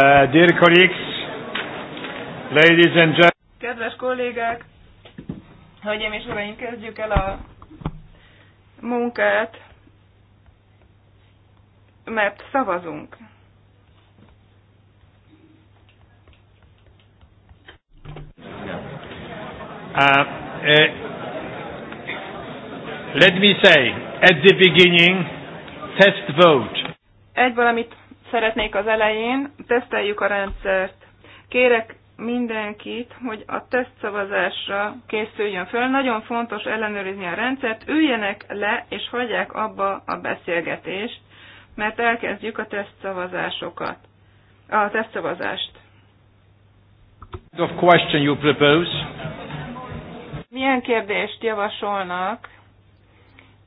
Uh, dear colleagues, ladies and gentlemen. Kedves kollégák, hölgyeim és uraim, kezdjük el a munkát, mert szavazunk. Uh, uh, let me say, at the beginning, test vote. Egy valamit szeretnék az elején, teszteljük a rendszert. Kérek mindenkit, hogy a tesztszavazásra készüljön föl. Nagyon fontos ellenőrizni a rendszert, üljenek le és hagyják abba a beszélgetést, mert elkezdjük a tesztszavazásokat. A tesztszavazást. Of question you propose. Milyen kérdést javasolnak?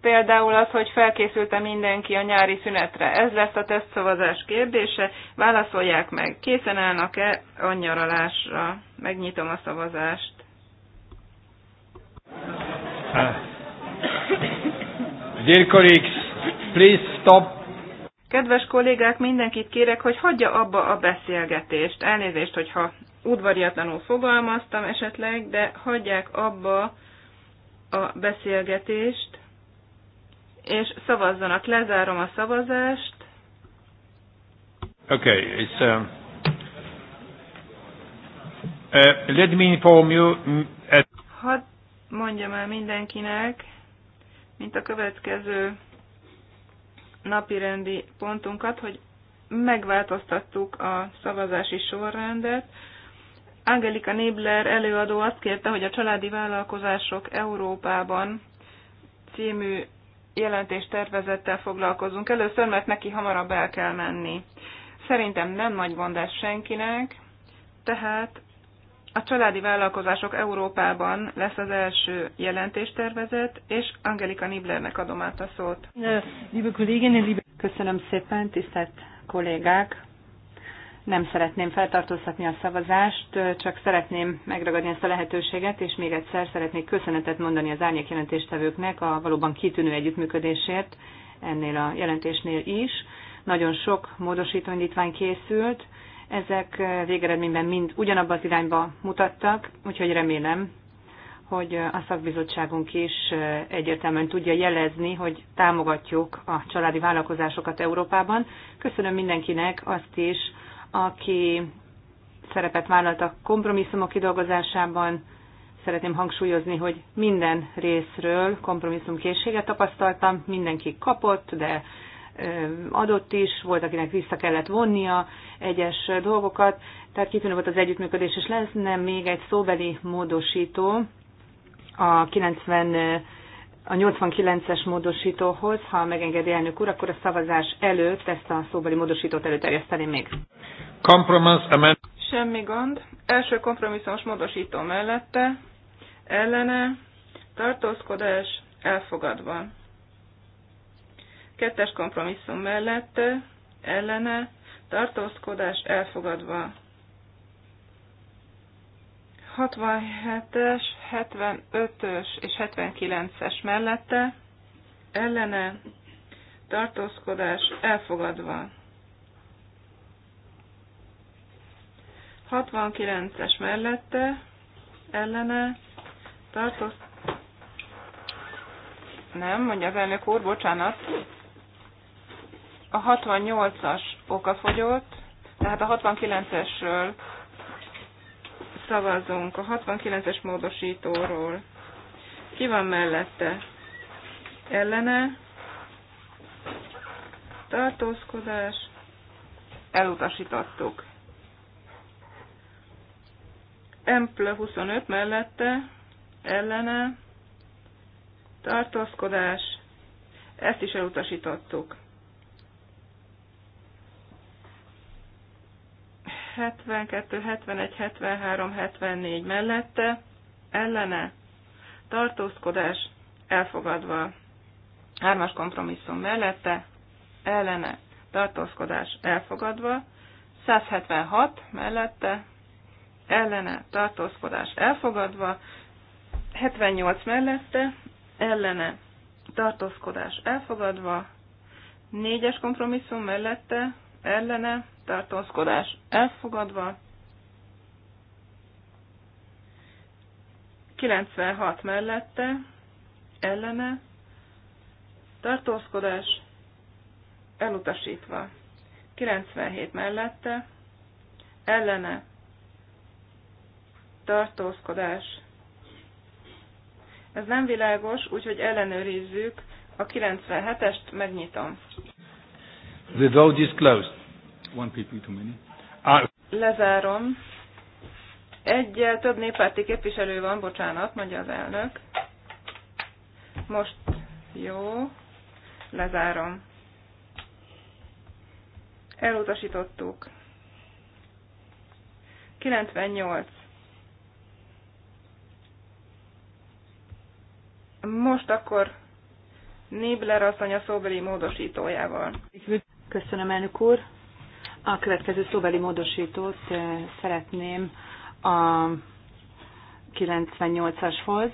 Például az, hogy felkészült-e mindenki a nyári szünetre. Ez lesz a tesztszavazás kérdése. Válaszolják meg, készen állnak-e a nyaralásra? Megnyitom a szavazást. Ah. Dear colleagues, please stop. Kedves kollégák, mindenkit kérek, hogy hagyja abba a beszélgetést. Elnézést, hogyha udvariatlanul fogalmaztam esetleg, de hagyják abba a beszélgetést és szavazzanak. Lezárom a szavazást. Okay, it's, um, uh, let me inform you mm, at... Hadd mondjam el mindenkinek, mint a következő napirendi pontunkat, hogy megváltoztattuk a szavazási sorrendet. Angelika Nébler előadó azt kérte, hogy a Családi Vállalkozások Európában című jelentés tervezettel foglalkozunk először, mert neki hamarabb el kell menni. Szerintem nem nagy gondás senkinek, tehát a családi vállalkozások Európában lesz az első jelentéstervezet, és Angelika Niblernek adom át a szót. Köszönöm szépen, tisztelt kollégák! nem szeretném feltartóztatni a szavazást, csak szeretném megragadni ezt a lehetőséget, és még egyszer szeretnék köszönetet mondani az árnyék jelentéstevőknek a valóban kitűnő együttműködésért ennél a jelentésnél is. Nagyon sok módosítóindítvány indítvány készült, ezek végeredményben mind ugyanabba az irányba mutattak, úgyhogy remélem, hogy a szakbizottságunk is egyértelműen tudja jelezni, hogy támogatjuk a családi vállalkozásokat Európában. Köszönöm mindenkinek azt is, aki szerepet vállalt a kompromisszumok kidolgozásában. Szeretném hangsúlyozni, hogy minden részről kompromisszumkészséget tapasztaltam, mindenki kapott, de adott is, volt, akinek vissza kellett vonnia egyes dolgokat, tehát kitűnő volt az együttműködés, és lesz nem még egy szóbeli módosító a 90 a 89-es módosítóhoz, ha megengedi elnök úr, akkor a szavazás előtt ezt a szóbeli módosítót előterjeszteni még. Semmi gond. Első kompromisszumos módosító mellette, ellene, tartózkodás, elfogadva. Kettes kompromisszum mellette, ellene, tartózkodás, elfogadva. 67-es, 75-ös és 79-es mellette ellene tartózkodás elfogadva. 69-es mellette ellene tartózkodás. Nem, mondja az elnök úr, bocsánat. A 68-as okafogyott, tehát a 69-esről szavazunk a 69-es módosítóról. Ki van mellette? Ellene? Tartózkodás? Elutasítottuk. Emple 25 mellette? Ellene? Tartózkodás? Ezt is elutasítottuk. 72, 71, 73, 74 mellette, ellene, tartózkodás, elfogadva. Hármas kompromisszum mellette, ellene, tartózkodás, elfogadva. 176 mellette, ellene, tartózkodás, elfogadva. 78 mellette, ellene, tartózkodás, elfogadva. Négyes kompromisszum mellette, ellene, tartózkodás elfogadva, 96 mellette, ellene, tartózkodás elutasítva, 97 mellette, ellene, tartózkodás. Ez nem világos, úgyhogy ellenőrizzük, a 97-est megnyitom. The vote is closed. One people too many. Lezárom. Egy eh, több néppárti képviselő van, bocsánat, mondja az elnök. Most jó, lezárom. Elutasítottuk. 98. Most akkor Nibler asszony a szóbeli módosítójával. Köszönöm, elnök úr. A következő szóbeli módosítót eh, szeretném a 98-ashoz.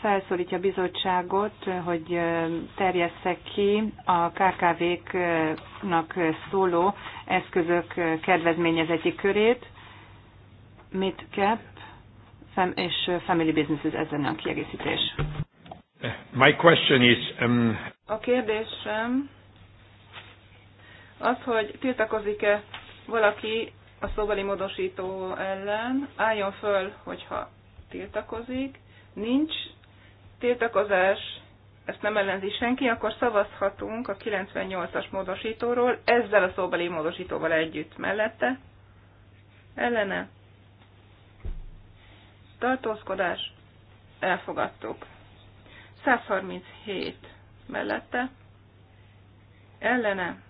Felszólítja a bizottságot, hogy eh, terjessze ki a KKV-knak szóló eszközök kedvezményezeti körét, mit fem és family businesses ezen a kiegészítés. Eh, my question is, um... A kérdésem az, hogy tiltakozik-e valaki a szóbeli módosító ellen, álljon föl, hogyha tiltakozik, nincs tiltakozás, ezt nem ellenzi senki, akkor szavazhatunk a 98-as módosítóról ezzel a szóbeli módosítóval együtt mellette. Ellene. Tartózkodás. Elfogadtuk. 137 mellette. Ellene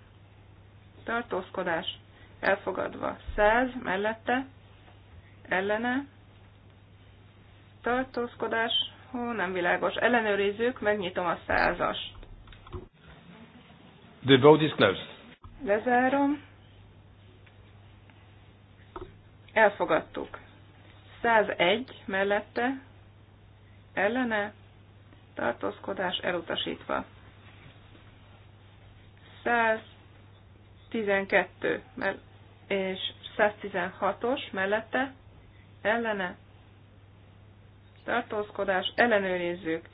tartózkodás elfogadva 100 mellette, ellene, tartózkodás, hú, nem világos, ellenőrizzük, megnyitom a százast. The vote is closed. Lezárom. Elfogadtuk. 101 mellette, ellene, tartózkodás elutasítva. 100 12 és 116-os mellette ellene tartózkodás ellenőrizzük.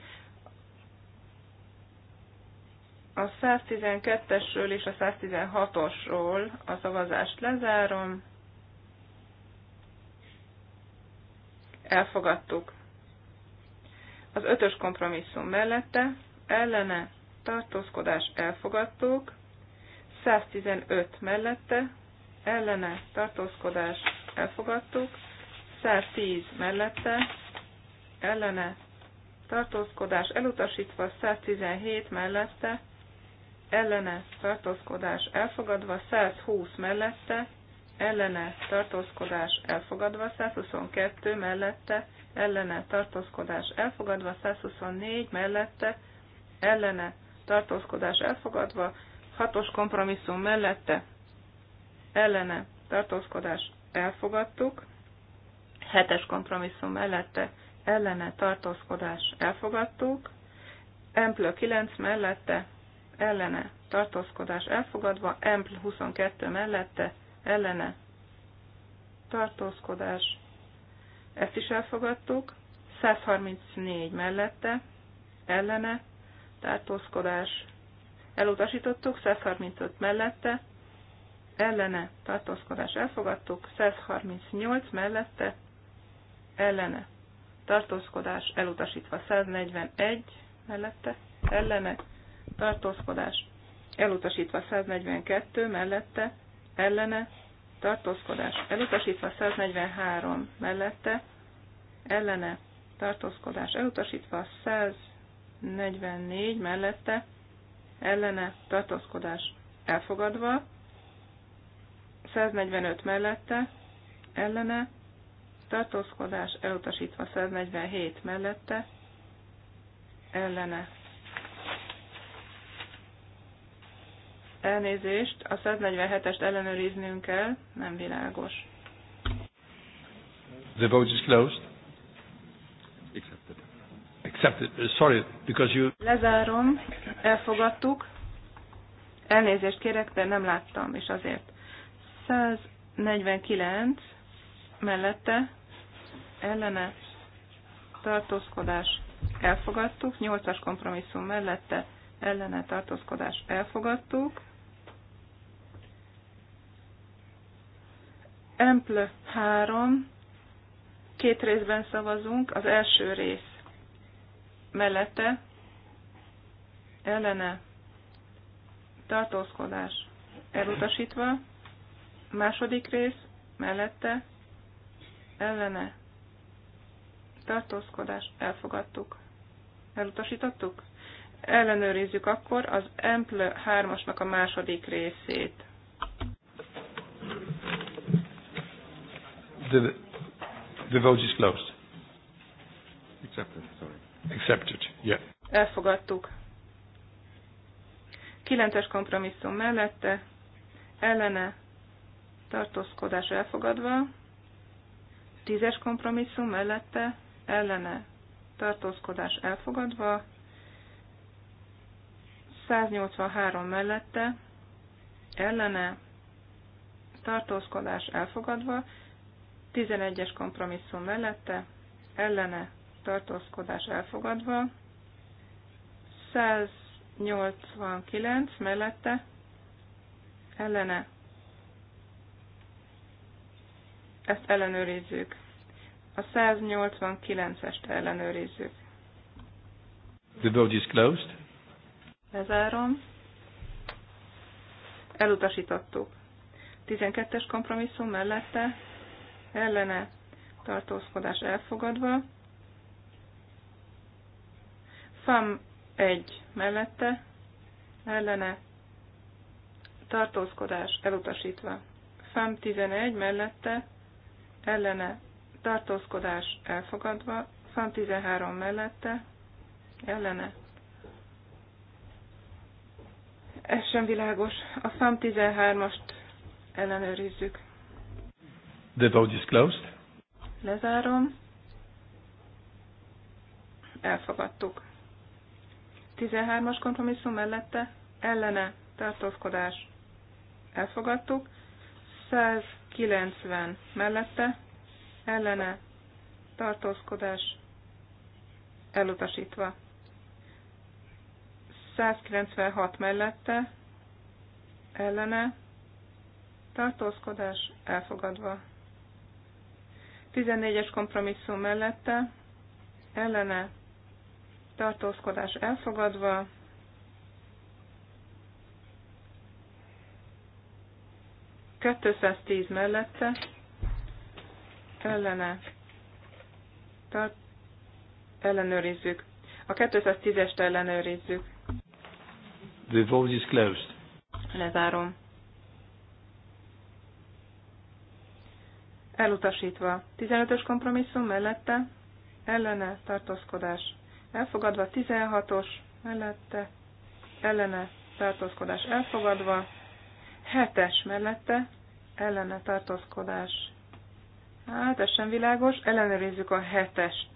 A 112-esről és a 116-osról a szavazást lezárom. Elfogadtuk. Az ötös kompromisszum mellette ellene tartózkodás elfogadtuk. 115 mellette, ellene tartózkodás elfogadtuk, 110 mellette, ellene tartózkodás elutasítva, 117 mellette, ellene tartózkodás elfogadva, 120 mellette, ellene tartózkodás elfogadva, 122 mellette, ellene tartózkodás elfogadva, 124 mellette, ellene tartózkodás elfogadva, Hatos kompromisszum mellette ellene tartózkodás elfogadtuk. Hetes kompromisszum mellette ellene tartózkodás elfogadtuk. Emplő 9 mellette ellene tartózkodás elfogadva, Empl 22 mellette ellene tartózkodás. Ezt is elfogadtuk. 134 mellette ellene tartózkodás elutasítottuk, 135 mellette, ellene tartózkodás elfogadtuk, 138 mellette, ellene tartózkodás elutasítva, 141 mellette, ellene tartózkodás elutasítva, 142 mellette, ellene tartózkodás elutasítva, 143 mellette, ellene tartózkodás elutasítva, 144 mellette, ellene tartózkodás elfogadva, 145 mellette ellene tartózkodás elutasítva, 147 mellette ellene. Elnézést, a 147-est ellenőriznünk kell, nem világos. The vote is closed. Accepted. Accepted. Sorry, because you... Lezárom, Elfogadtuk. Elnézést kérek, de nem láttam, és azért. 149 mellette ellene tartózkodás elfogadtuk, 8-as kompromisszum mellette ellene tartózkodás elfogadtuk, Empl 3, két részben szavazunk, az első rész mellette ellene tartózkodás elutasítva, második rész mellette ellene tartózkodás elfogadtuk, elutasítottuk. Ellenőrizzük akkor az Emple 3-asnak a második részét. The, the vote is closed. Accepted, sorry. Accepted, yeah. Elfogadtuk kilentes kompromisszum mellette ellene tartózkodás elfogadva, tízes kompromisszum mellette ellene tartózkodás elfogadva, 183 mellette ellene tartózkodás elfogadva, 11-es kompromisszum mellette ellene tartózkodás elfogadva, 100 89 mellette ellene. Ezt ellenőrizzük. A 189-est ellenőrizzük. The vote is closed. Lezárom. Elutasítottuk. 12-es kompromisszum mellette ellene tartózkodás elfogadva. FAM egy mellette, ellene, tartózkodás elutasítva. FAM 11 mellette, ellene, tartózkodás elfogadva. szám 13 mellette, ellene. Ez sem világos. A szám 13-ast ellenőrizzük. The vote is closed. Lezárom. Elfogadtuk. 13-as kompromisszum mellette ellene tartózkodás elfogadtuk, 190 mellette ellene tartózkodás elutasítva. 196 mellette ellene tartózkodás elfogadva. 14-es kompromisszum mellette ellene tartózkodás elfogadva, kettőszáztíz mellette, ellene, tart, ellenőrizzük. A 210-est ellenőrizzük. The vote is closed. Lezárom. Elutasítva. 15-ös kompromisszum mellette, ellene, tartózkodás elfogadva, 16-os mellette, ellene tartózkodás elfogadva, 7-es mellette, ellene tartózkodás. Hát ez sem világos, ellenőrizzük a 7-est.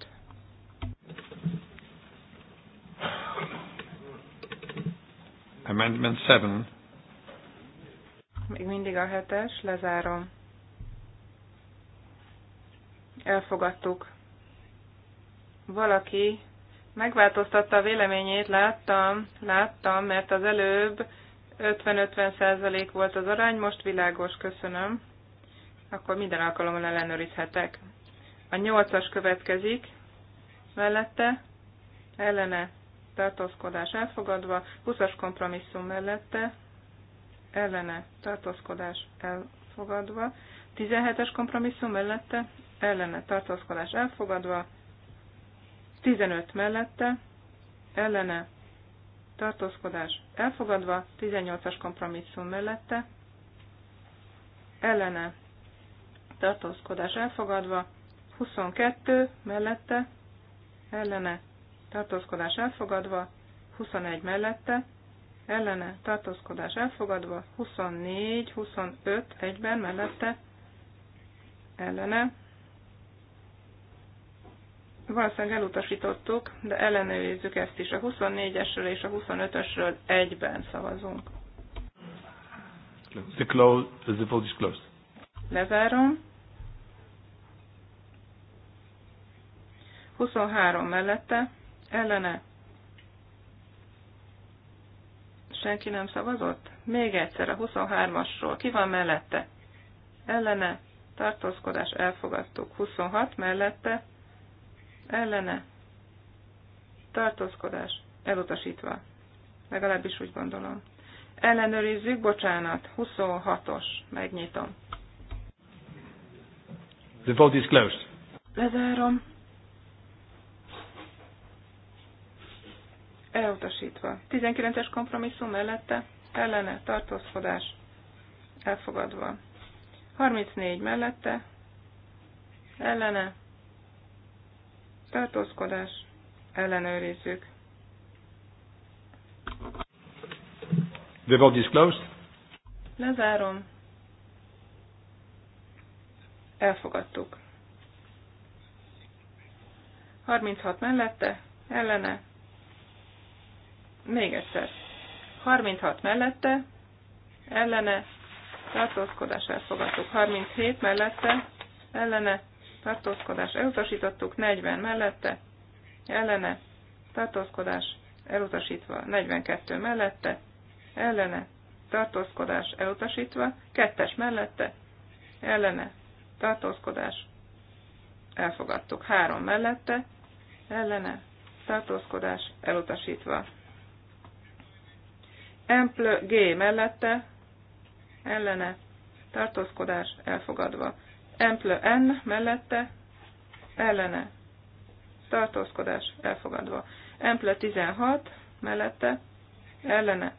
Amendment 7. Még mindig a 7-es, lezárom. Elfogadtuk. Valaki megváltoztatta a véleményét, láttam, láttam, mert az előbb 50-50 százalék -50 volt az arány, most világos, köszönöm. Akkor minden alkalommal ellenőrizhetek. A nyolcas következik, mellette, ellene, tartózkodás elfogadva, 20-as kompromisszum mellette, ellene, tartózkodás elfogadva, 17-es kompromisszum mellette, ellene, tartózkodás elfogadva, 15 mellette, ellene, tartózkodás elfogadva, 18-as kompromisszum mellette, ellene, tartózkodás elfogadva, 22 mellette, ellene, tartózkodás elfogadva, 21 mellette, ellene, tartózkodás elfogadva, 24, 25 egyben mellette, ellene, Valószínűleg elutasítottuk, de ellenőrizzük ezt is. A 24-esről és a 25-ösről egyben szavazunk. The, close, the vote is closed. Lezárom. 23 mellette, ellene. Senki nem szavazott? Még egyszer a 23-asról. Ki van mellette? Ellene. Tartózkodás elfogadtuk. 26 mellette, ellene tartózkodás elutasítva. Legalábbis úgy gondolom. Ellenőrizzük, bocsánat, 26-os, megnyitom. The vote is closed. Lezárom. Elutasítva. 19-es kompromisszum mellette, ellene tartózkodás elfogadva. 34 mellette, ellene tartózkodás, ellenőrizzük. The vote is closed. Lezárom. Elfogadtuk. 36 mellette, ellene. Még egyszer. 36 mellette, ellene, tartózkodás elfogadtuk. 37 mellette, ellene, tartózkodás elutasítottuk, 40 mellette, ellene, tartózkodás elutasítva, 42 mellette, ellene, tartózkodás elutasítva, 2-es mellette, ellene, tartózkodás elfogadtuk, 3 mellette, ellene, tartózkodás elutasítva. Empl G mellette, ellene, tartózkodás elfogadva. Emple N mellette ellene tartózkodás elfogadva. Emple 16 mellette ellene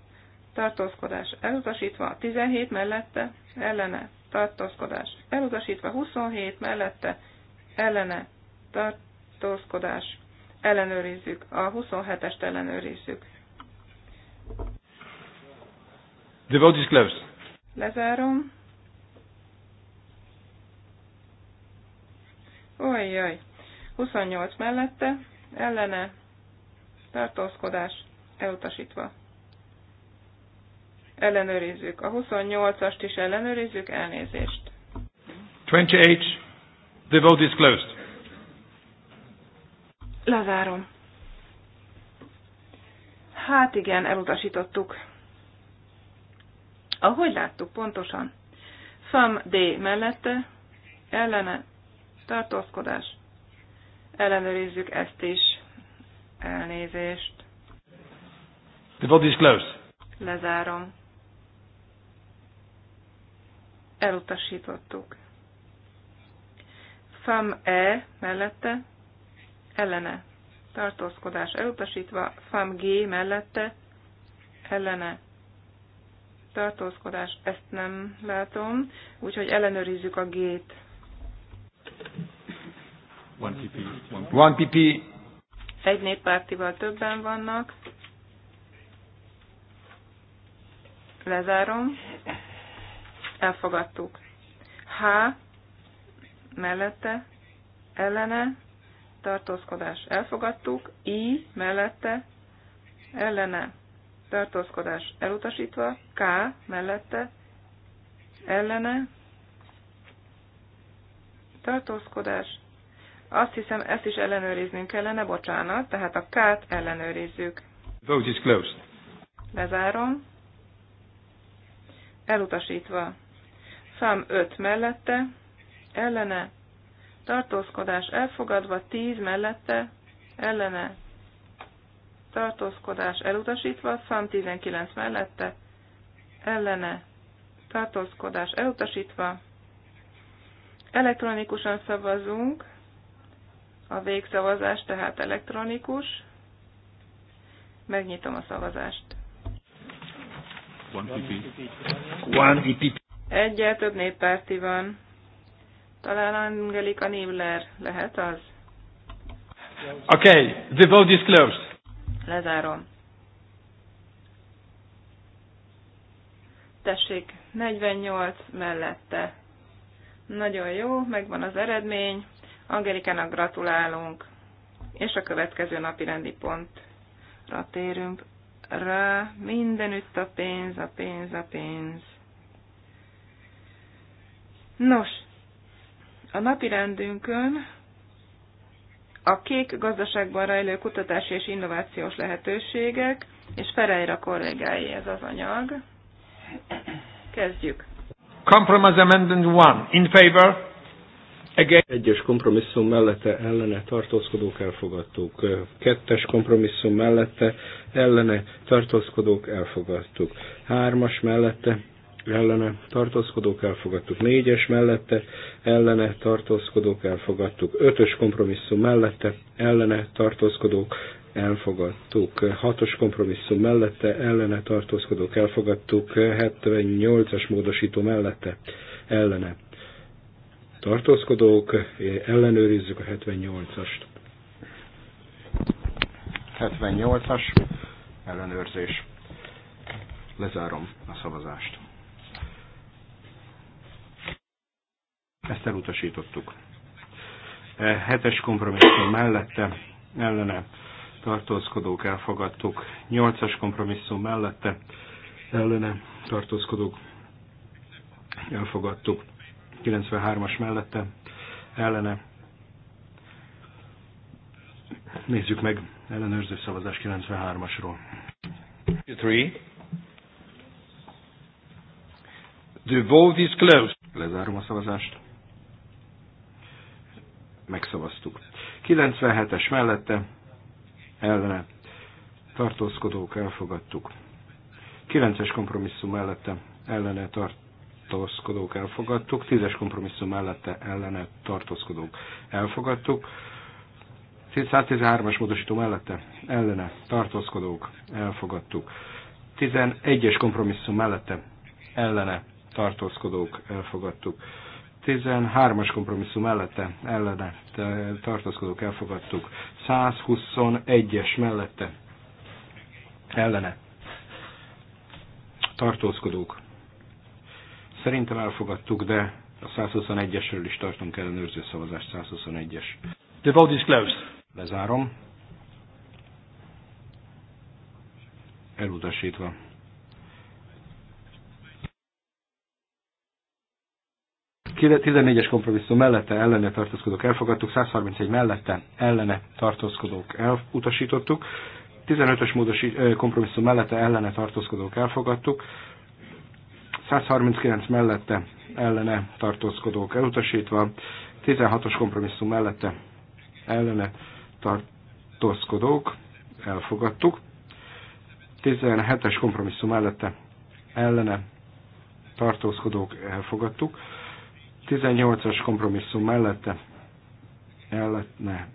tartózkodás elutasítva, 17 mellette ellene tartózkodás elutasítva, 27 mellette ellene tartózkodás ellenőrizzük, a 27-est ellenőrizzük. The vote is closed. Lezárom. Ojjaj. 28 mellette, ellene, tartózkodás, elutasítva. Ellenőrizzük. A 28-ast is ellenőrizzük, elnézést. 28. The vote is closed. Lezárom. Hát igen, elutasítottuk. Ahogy láttuk pontosan. Fam D mellette, ellene tartózkodás. Ellenőrizzük ezt is. Elnézést. The vote is closed. Lezárom. Elutasítottuk. Fam E mellette, ellene. Tartózkodás elutasítva, Fam G mellette, ellene. Tartózkodás, ezt nem látom, úgyhogy ellenőrizzük a G-t. One PP. One PP. Egy néppártival többen vannak. Lezárom. Elfogadtuk. H. Mellette. Ellene. Tartózkodás. Elfogadtuk. I. Mellette. Ellene. Tartózkodás. Elutasítva. K. Mellette. Ellene. Tartózkodás azt hiszem, ezt is ellenőriznünk kellene, bocsánat, tehát a K-t ellenőrizzük. Vote is closed. Lezárom. Elutasítva. Szám 5 mellette, ellene, tartózkodás elfogadva, 10 mellette, ellene, tartózkodás elutasítva, szám 19 mellette, ellene, tartózkodás elutasítva. Elektronikusan szavazunk a végszavazás tehát elektronikus. Megnyitom a szavazást. One EPP. Egyel több néppárti van. Talán Angelika Nibler lehet az. Okay, the vote is closed. Lezárom. Tessék, 48 mellette. Nagyon jó, megvan az eredmény. Angelikának gratulálunk, és a következő napi rendi pontra térünk rá. Mindenütt a pénz, a pénz, a pénz. Nos, a napi rendünkön a kék gazdaságban rejlő kutatási és innovációs lehetőségek, és Ferejra kollégái ez az anyag. Kezdjük. Compromise Amendment 1. In favor? Egyes kompromisszum mellette ellene tartózkodók elfogadtuk. Kettes kompromisszum mellette ellene tartózkodók elfogadtuk. Hármas mellette ellene tartózkodók elfogadtuk. Négyes mellette ellene tartózkodók elfogadtuk. Ötös kompromisszum mellette ellene tartózkodók elfogadtuk. Hatos kompromisszum mellette ellene tartózkodók elfogadtuk. 78-as módosító mellette ellene tartózkodók, ellenőrizzük a 78-ast. 78-as ellenőrzés. Lezárom a szavazást. Ezt elutasítottuk. E, hetes kompromisszum mellette, ellene tartózkodók elfogadtuk. Nyolcas kompromisszum mellette, ellene tartózkodók elfogadtuk. 93-as mellette ellene. Nézzük meg ellenőrző szavazás 93-asról. The vote is closed. Lezárom a szavazást. Megszavaztuk. 97-es mellette ellene tartózkodók elfogadtuk. 9-es kompromisszum mellette ellene tart tartózkodók elfogadtuk, tízes kompromisszum mellette ellene tartózkodók elfogadtuk, 113-as módosító mellette ellene tartózkodók elfogadtuk, 11-es kompromisszum mellette ellene tartózkodók elfogadtuk, 13-as kompromisszum mellette ellene tartózkodók elfogadtuk, 121-es mellette ellene tartózkodók Szerintem elfogadtuk, de a 121-esről is tartunk ellenőrző szavazást, 121-es. The vote is closed. Lezárom. Elutasítva. Kire 14-es kompromisszum mellette ellene tartózkodók elfogadtuk, 131 mellette ellene tartózkodók elutasítottuk, 15-ös módos kompromisszum mellette ellene tartózkodók elfogadtuk, 139 mellette ellene tartózkodók elutasítva, 16-os kompromisszum mellette ellene tartózkodók elfogadtuk, 17-es kompromisszum mellette ellene tartózkodók elfogadtuk, 18-as kompromisszum mellette ellene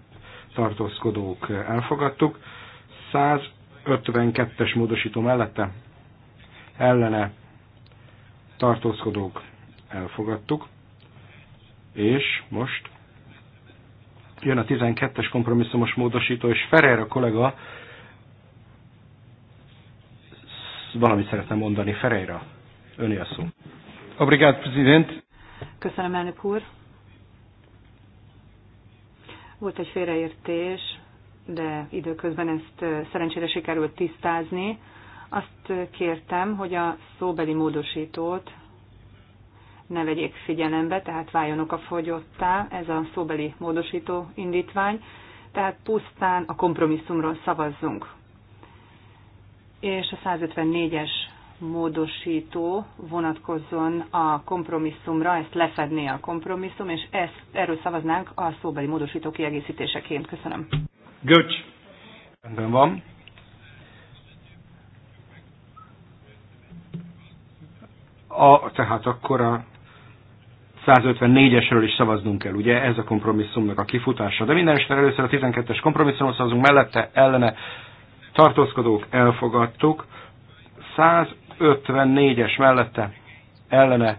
tartózkodók elfogadtuk, 152-es módosító mellette ellene tartózkodók elfogadtuk, és most jön a 12-es kompromisszumos módosító, és Ferrer a kollega valamit szeretne mondani. Ferreira, öné a szó. Obrigado, President. Köszönöm, elnök úr. Volt egy félreértés, de időközben ezt szerencsére sikerült tisztázni. Azt kértem, hogy a szóbeli módosítót ne vegyék figyelembe, tehát váljonok a fogyottá ez a szóbeli módosító indítvány, tehát pusztán a kompromisszumról szavazzunk. És a 154-es módosító vonatkozzon a kompromisszumra, ezt lefedné a kompromisszum, és ezt, erről szavaznánk a szóbeli módosító kiegészítéseként. Köszönöm. Göcs. Rendben van. A, tehát akkor a 154-esről is szavaznunk kell, ugye ez a kompromisszumnak a kifutása. De minden esetre először a 12-es kompromisszumot szavazunk, mellette ellene tartózkodók elfogadtuk. 154-es mellette ellene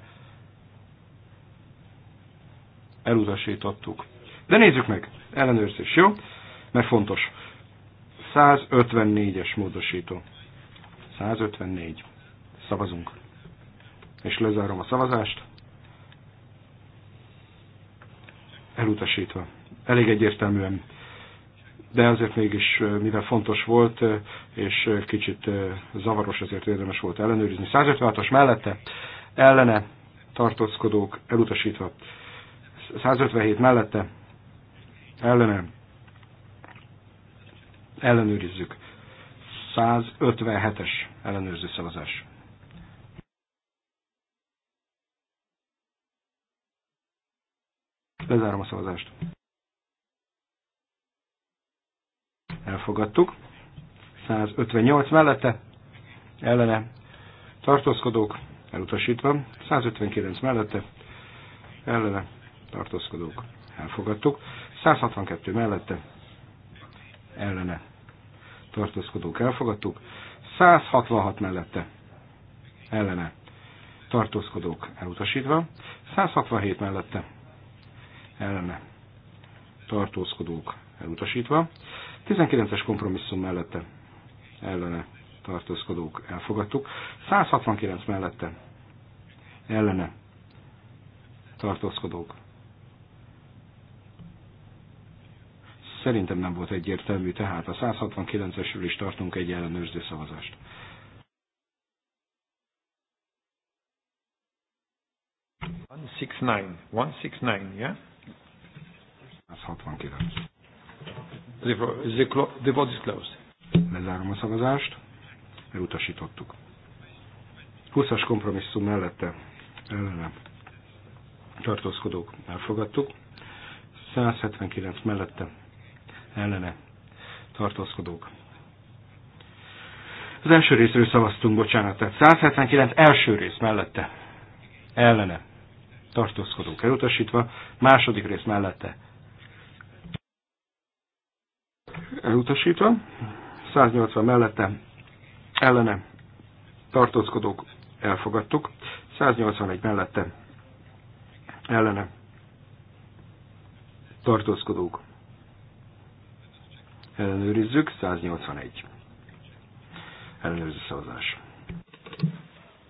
elutasítottuk. De nézzük meg, ellenőrzés, jó? Mert fontos. 154-es módosító. 154. Szavazunk és lezárom a szavazást. Elutasítva. Elég egyértelműen. De azért mégis, mivel fontos volt, és kicsit zavaros, ezért érdemes volt ellenőrizni. 156-os mellette, ellene tartózkodók elutasítva. 157 mellette, ellene ellenőrizzük. 157-es ellenőrző szavazás. Lezárom a szavazást. Elfogadtuk. 158 mellette, ellene tartózkodók, elutasítva. 159 mellette, ellene tartózkodók, elfogadtuk. 162 mellette, ellene tartózkodók, elfogadtuk. 166 mellette, ellene tartózkodók, elutasítva. 167 mellette, ellene tartózkodók elutasítva, 19-es kompromisszum mellette ellene tartózkodók elfogadtuk, 169 mellette ellene tartózkodók. Szerintem nem volt egyértelmű, tehát a 169-esről is tartunk egy ellenőrző szavazást. One six nine, one six nine, yeah. 169. The vote is closed. Lezárom a szavazást. Elutasítottuk. 20-as kompromisszum mellette ellene tartózkodók elfogadtuk. 179 mellette ellene tartózkodók. Az első részről szavaztunk, bocsánat, tehát 179 első rész mellette ellene tartózkodók elutasítva, második rész mellette elutasítva, 180 mellette ellene tartózkodók elfogadtuk, 181 mellette ellene tartózkodók ellenőrizzük, 181 ellenőrző szavazás.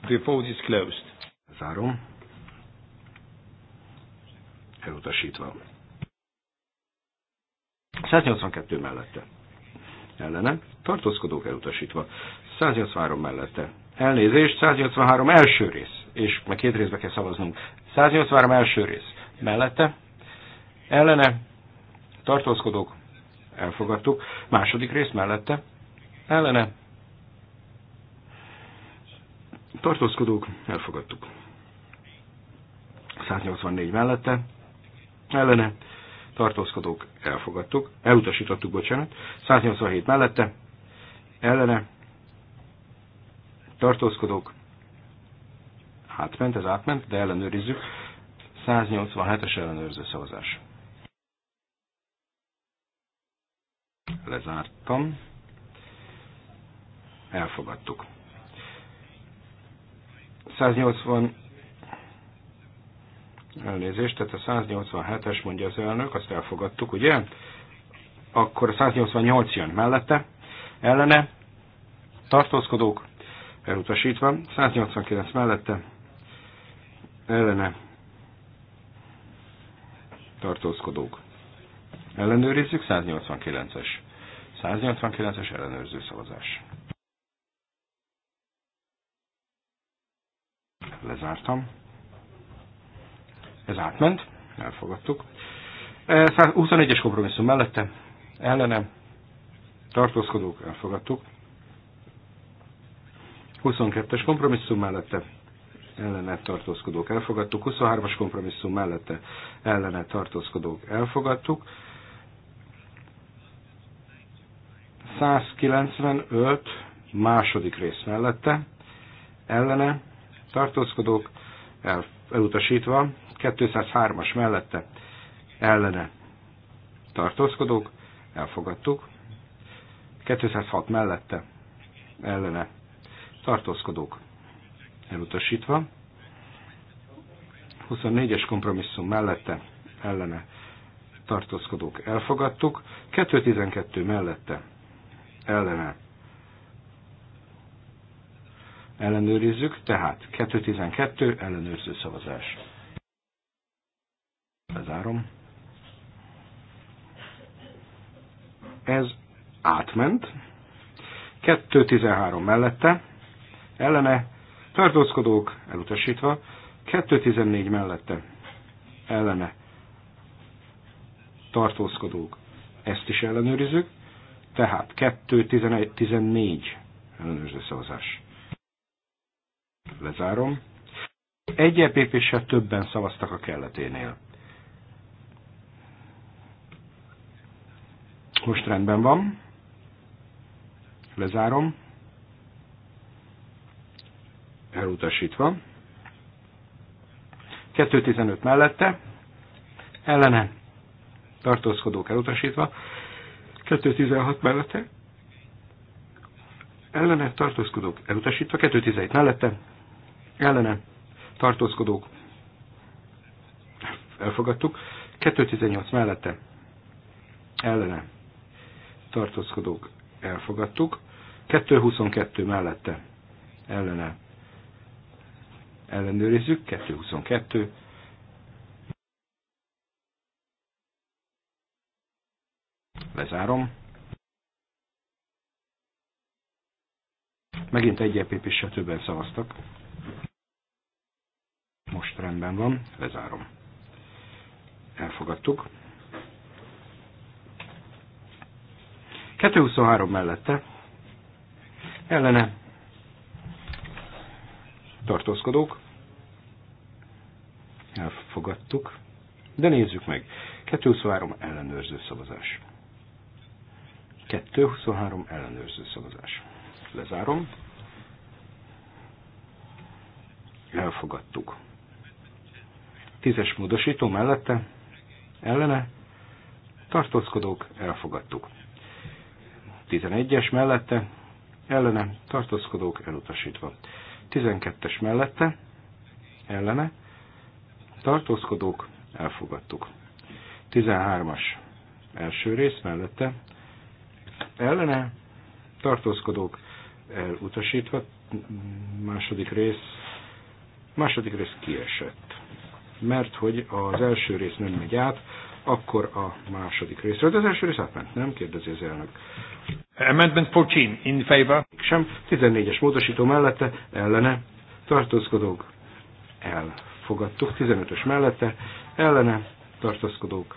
The vote is closed. Zárom. Elutasítva. 182 mellette. Ellene. Tartózkodók elutasítva. 183 mellette. Elnézést, 183 első rész. És meg két részbe kell szavaznunk. 183 első rész. Mellette. Ellene. Tartózkodók. Elfogadtuk. Második rész mellette. Ellene. Tartózkodók. Elfogadtuk. 184 mellette. Ellene tartózkodók elfogadtuk, elutasítottuk, bocsánat, 187 mellette, ellene, tartózkodók, átment, ez átment, de ellenőrizzük, 187-es ellenőrző szavazás. Lezártam, elfogadtuk. 180 elnézést, tehát a 187-es mondja az elnök, azt elfogadtuk, ugye? Akkor a 188 jön mellette, ellene, tartózkodók, elutasítva, 189 mellette, ellene, tartózkodók. Ellenőrizzük 189-es. 189-es ellenőrző szavazás. Lezártam. Ez átment, elfogadtuk. 21-es e, kompromisszum mellette, ellene, tartózkodók, elfogadtuk. 22-es kompromisszum mellette, ellene tartózkodók elfogadtuk, 23-as kompromisszum mellette ellene tartózkodók elfogadtuk, 195 második rész mellette ellene tartózkodók el, elutasítva, 203-as mellette ellene tartózkodók, elfogadtuk. 206 mellette ellene tartózkodók, elutasítva. 24-es kompromisszum mellette ellene tartózkodók elfogadtuk, 212 mellette ellene ellenőrizzük, tehát 212 ellenőrző szavazás. Bezárom. Ez átment. 2.13 mellette, ellene tartózkodók elutasítva, 2.14 mellette, ellene tartózkodók. Ezt is ellenőrizzük, tehát 2.14 ellenőrző szavazás. Lezárom. Egy EPP sel többen szavaztak a kelleténél. Most rendben van. Lezárom. Elutasítva. 2.15 mellette. Ellene. Tartózkodók elutasítva. 2.16 mellette. Ellene. Tartózkodók elutasítva. 2.17 mellette. Ellene. Tartózkodók. Elfogadtuk. 2.18 mellette. Ellene tartózkodók elfogadtuk. 222 mellette ellene ellenőrizzük, 222. Lezárom. Megint egy epp se többen szavaztak. Most rendben van, lezárom. Elfogadtuk. 223 mellette ellene tartózkodók. Elfogadtuk. De nézzük meg. 223 ellenőrző szavazás. 223 ellenőrző szavazás. Lezárom. Elfogadtuk. Tízes módosító mellette, ellene, tartózkodók, elfogadtuk. 11-es mellette, ellene tartózkodók elutasítva. 12-es mellette, ellene tartózkodók elfogadtuk. 13-as első rész mellette, ellene tartózkodók elutasítva, második rész, második rész kiesett. Mert hogy az első rész nem megy át, akkor a második részről. De az első rész átment, nem? Kérdezi az elnök. Amendment 14 in favor. Sem 14-es módosító mellette ellene tartózkodók elfogadtuk. 15-ös mellette ellene tartózkodók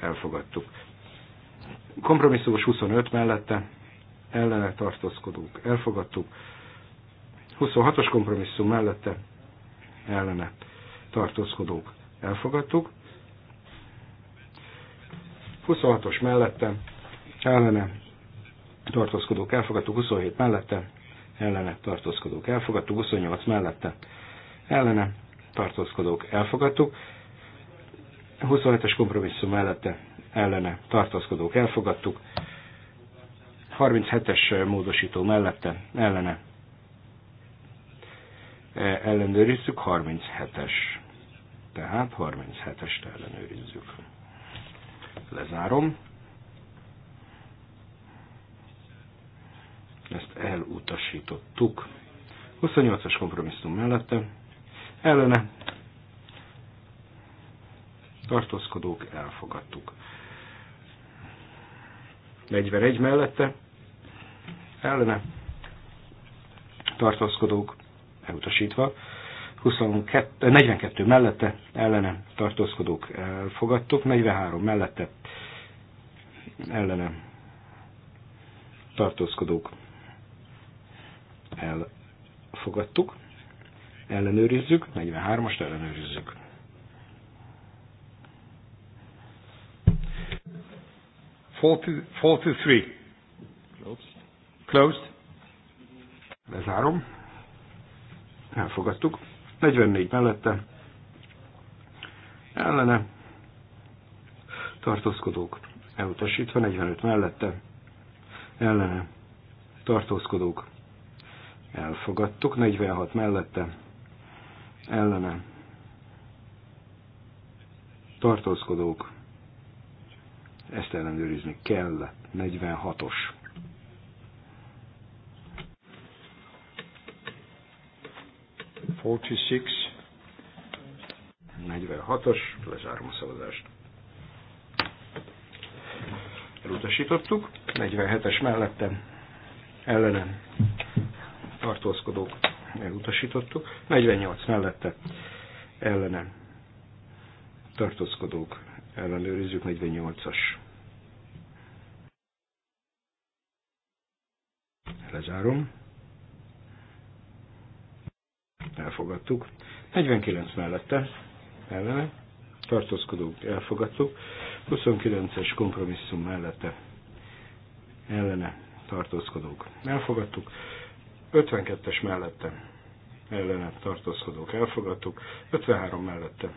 elfogadtuk. Kompromisszumos 25 mellette ellene tartózkodók elfogadtuk. 26-os kompromisszum mellette ellene tartózkodók elfogadtuk. 26-os mellette ellene tartózkodók elfogadtuk, 27 mellette, ellene tartózkodók elfogadtuk, 28 mellette, ellene tartózkodók elfogadtuk, 27-es kompromisszum mellette, ellene tartózkodók elfogadtuk, 37-es módosító mellette, ellene e, ellenőrizzük, 37-es. Tehát 37-est ellenőrizzük. Lezárom. ezt elutasítottuk. 28-as kompromisszum mellette, ellene tartózkodók elfogadtuk. 41 mellette, ellene tartózkodók elutasítva, 22, 42 mellette ellene tartózkodók elfogadtuk, 43 mellette ellene tartózkodók elfogadtuk, ellenőrizzük, 43-ast ellenőrizzük. Forty, forty-three. Closed. Closed. Lezárom. Elfogadtuk. 44 mellette. Ellene. Tartózkodók. Elutasítva. 45 mellette. Ellene. Tartózkodók elfogadtuk, 46 mellette ellene tartózkodók, ezt ellenőrizni kell, 46-os. Forty-six. 46-os, lezárom a szavazást. Elutasítottuk, 47-es mellettem, ellenem tartózkodók elutasítottuk, 48 mellette ellene tartózkodók ellenőrizzük, 48-as. Lezárom. Elfogadtuk. 49 mellette ellene tartózkodók elfogadtuk. 29-es kompromisszum mellette ellene tartózkodók elfogadtuk. 52-es mellette ellene tartózkodók elfogadtuk, 53 mellette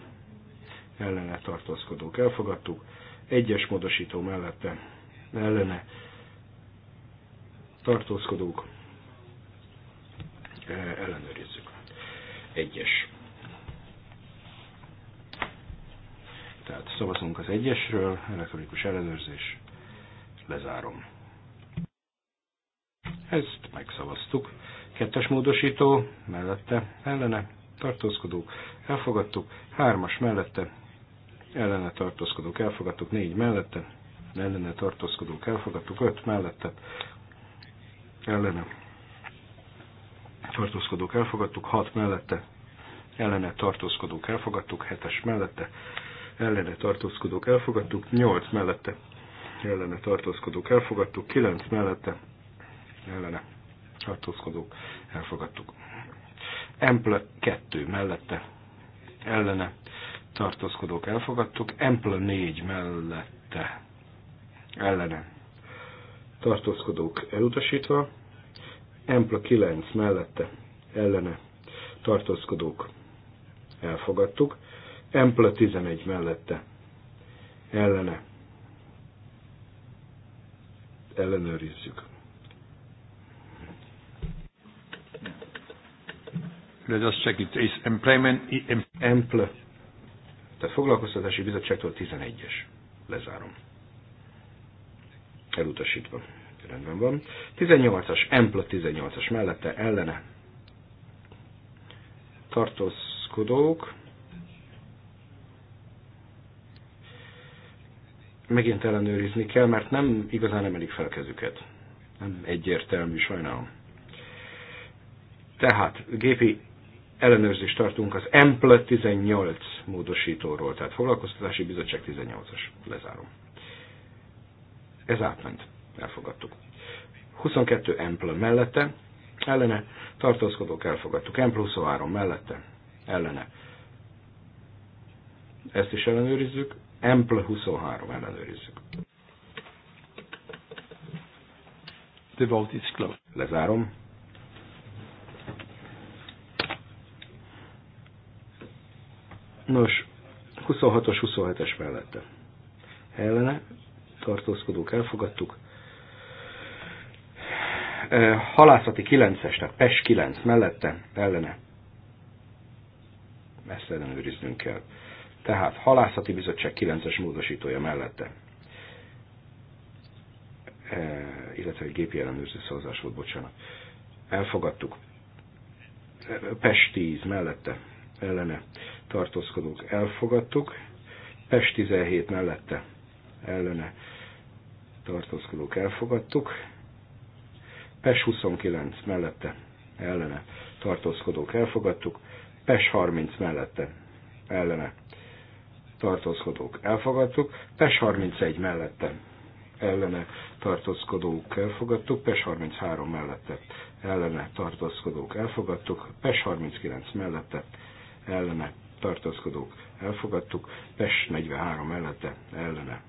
ellene tartózkodók elfogadtuk, egyes módosító mellette ellene tartózkodók e, ellenőrizzük. Egyes. Tehát szavazunk az egyesről, elektronikus ellenőrzés, lezárom. Ezt megszavaztuk. Kettes módosító, mellette, ellene, tartózkodók, elfogadtuk. Hármas mellette, ellene tartózkodók, elfogadtuk. Négy mellette, ellene tartózkodók, elfogadtuk. Öt mellette, ellene tartózkodók, elfogadtuk. Hat mellette, ellene tartózkodók, elfogadtuk. Hetes mellette, ellene tartózkodók, elfogadtuk. Nyolc mellette, ellene tartózkodók, elfogadtuk. Kilenc mellette, ellene tartózkodók elfogadtuk. Emple 2 mellette ellene tartózkodók elfogadtuk, Emple 4 mellette ellene tartózkodók elutasítva, Emple 9 mellette ellene tartózkodók elfogadtuk, Emple 11 mellette ellene ellenőrizzük. Let us check it. It's employment... employ. Tehát foglalkoztatási bizottságtól 11-es. Lezárom. Elutasítva. Rendben van. 18-as. empla 18-as mellette. Ellene. Tartózkodók. Megint ellenőrizni kell, mert nem igazán emelik fel kezüket. Nem egyértelmű, sajnálom. Tehát gépi ellenőrzést tartunk az EMPL 18 módosítóról, tehát foglalkoztatási bizottság 18-as, lezárom. Ez átment, elfogadtuk. 22 EMPL mellette, ellene, tartózkodók elfogadtuk, EMPL 23 mellette, ellene. Ezt is ellenőrizzük, EMPL 23 ellenőrizzük. The vote is closed. Lezárom Nos, 26-os, 27-es mellette. Ellene tartózkodók elfogadtuk. Halászati 9-es, tehát PES 9 mellette, ellene. Ezt ellenőriznünk kell. Tehát Halászati Bizottság 9-es módosítója mellette. E, illetve egy gépi ellenőrző szavazás volt, bocsánat. Elfogadtuk. PES 10 mellette ellene tartózkodók elfogadtuk, Pest 17 mellette ellene tartózkodók elfogadtuk, Pes 29 mellette ellene tartózkodók elfogadtuk, Pes 30 mellette ellene tartózkodók elfogadtuk, Pes 31 mellette ellene tartózkodók elfogadtuk, PES 33 mellette ellene tartózkodók elfogadtuk, PES 39 mellette ellene tartózkodók elfogadtuk, PES 43 mellette ellene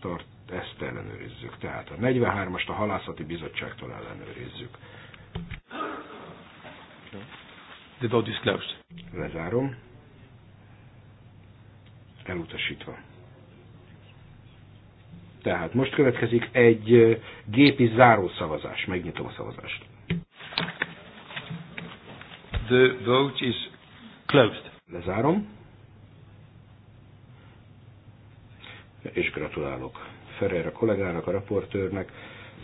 tart, ezt ellenőrizzük. Tehát a 43-ast a halászati bizottságtól ellenőrizzük. De vote is closed. Lezárom. Elutasítva. Tehát most következik egy gépi zárószavazás. Megnyitom a szavazást. The vote is Closed. Lezárom. És gratulálok Ferreira kollégának, a raportőrnek.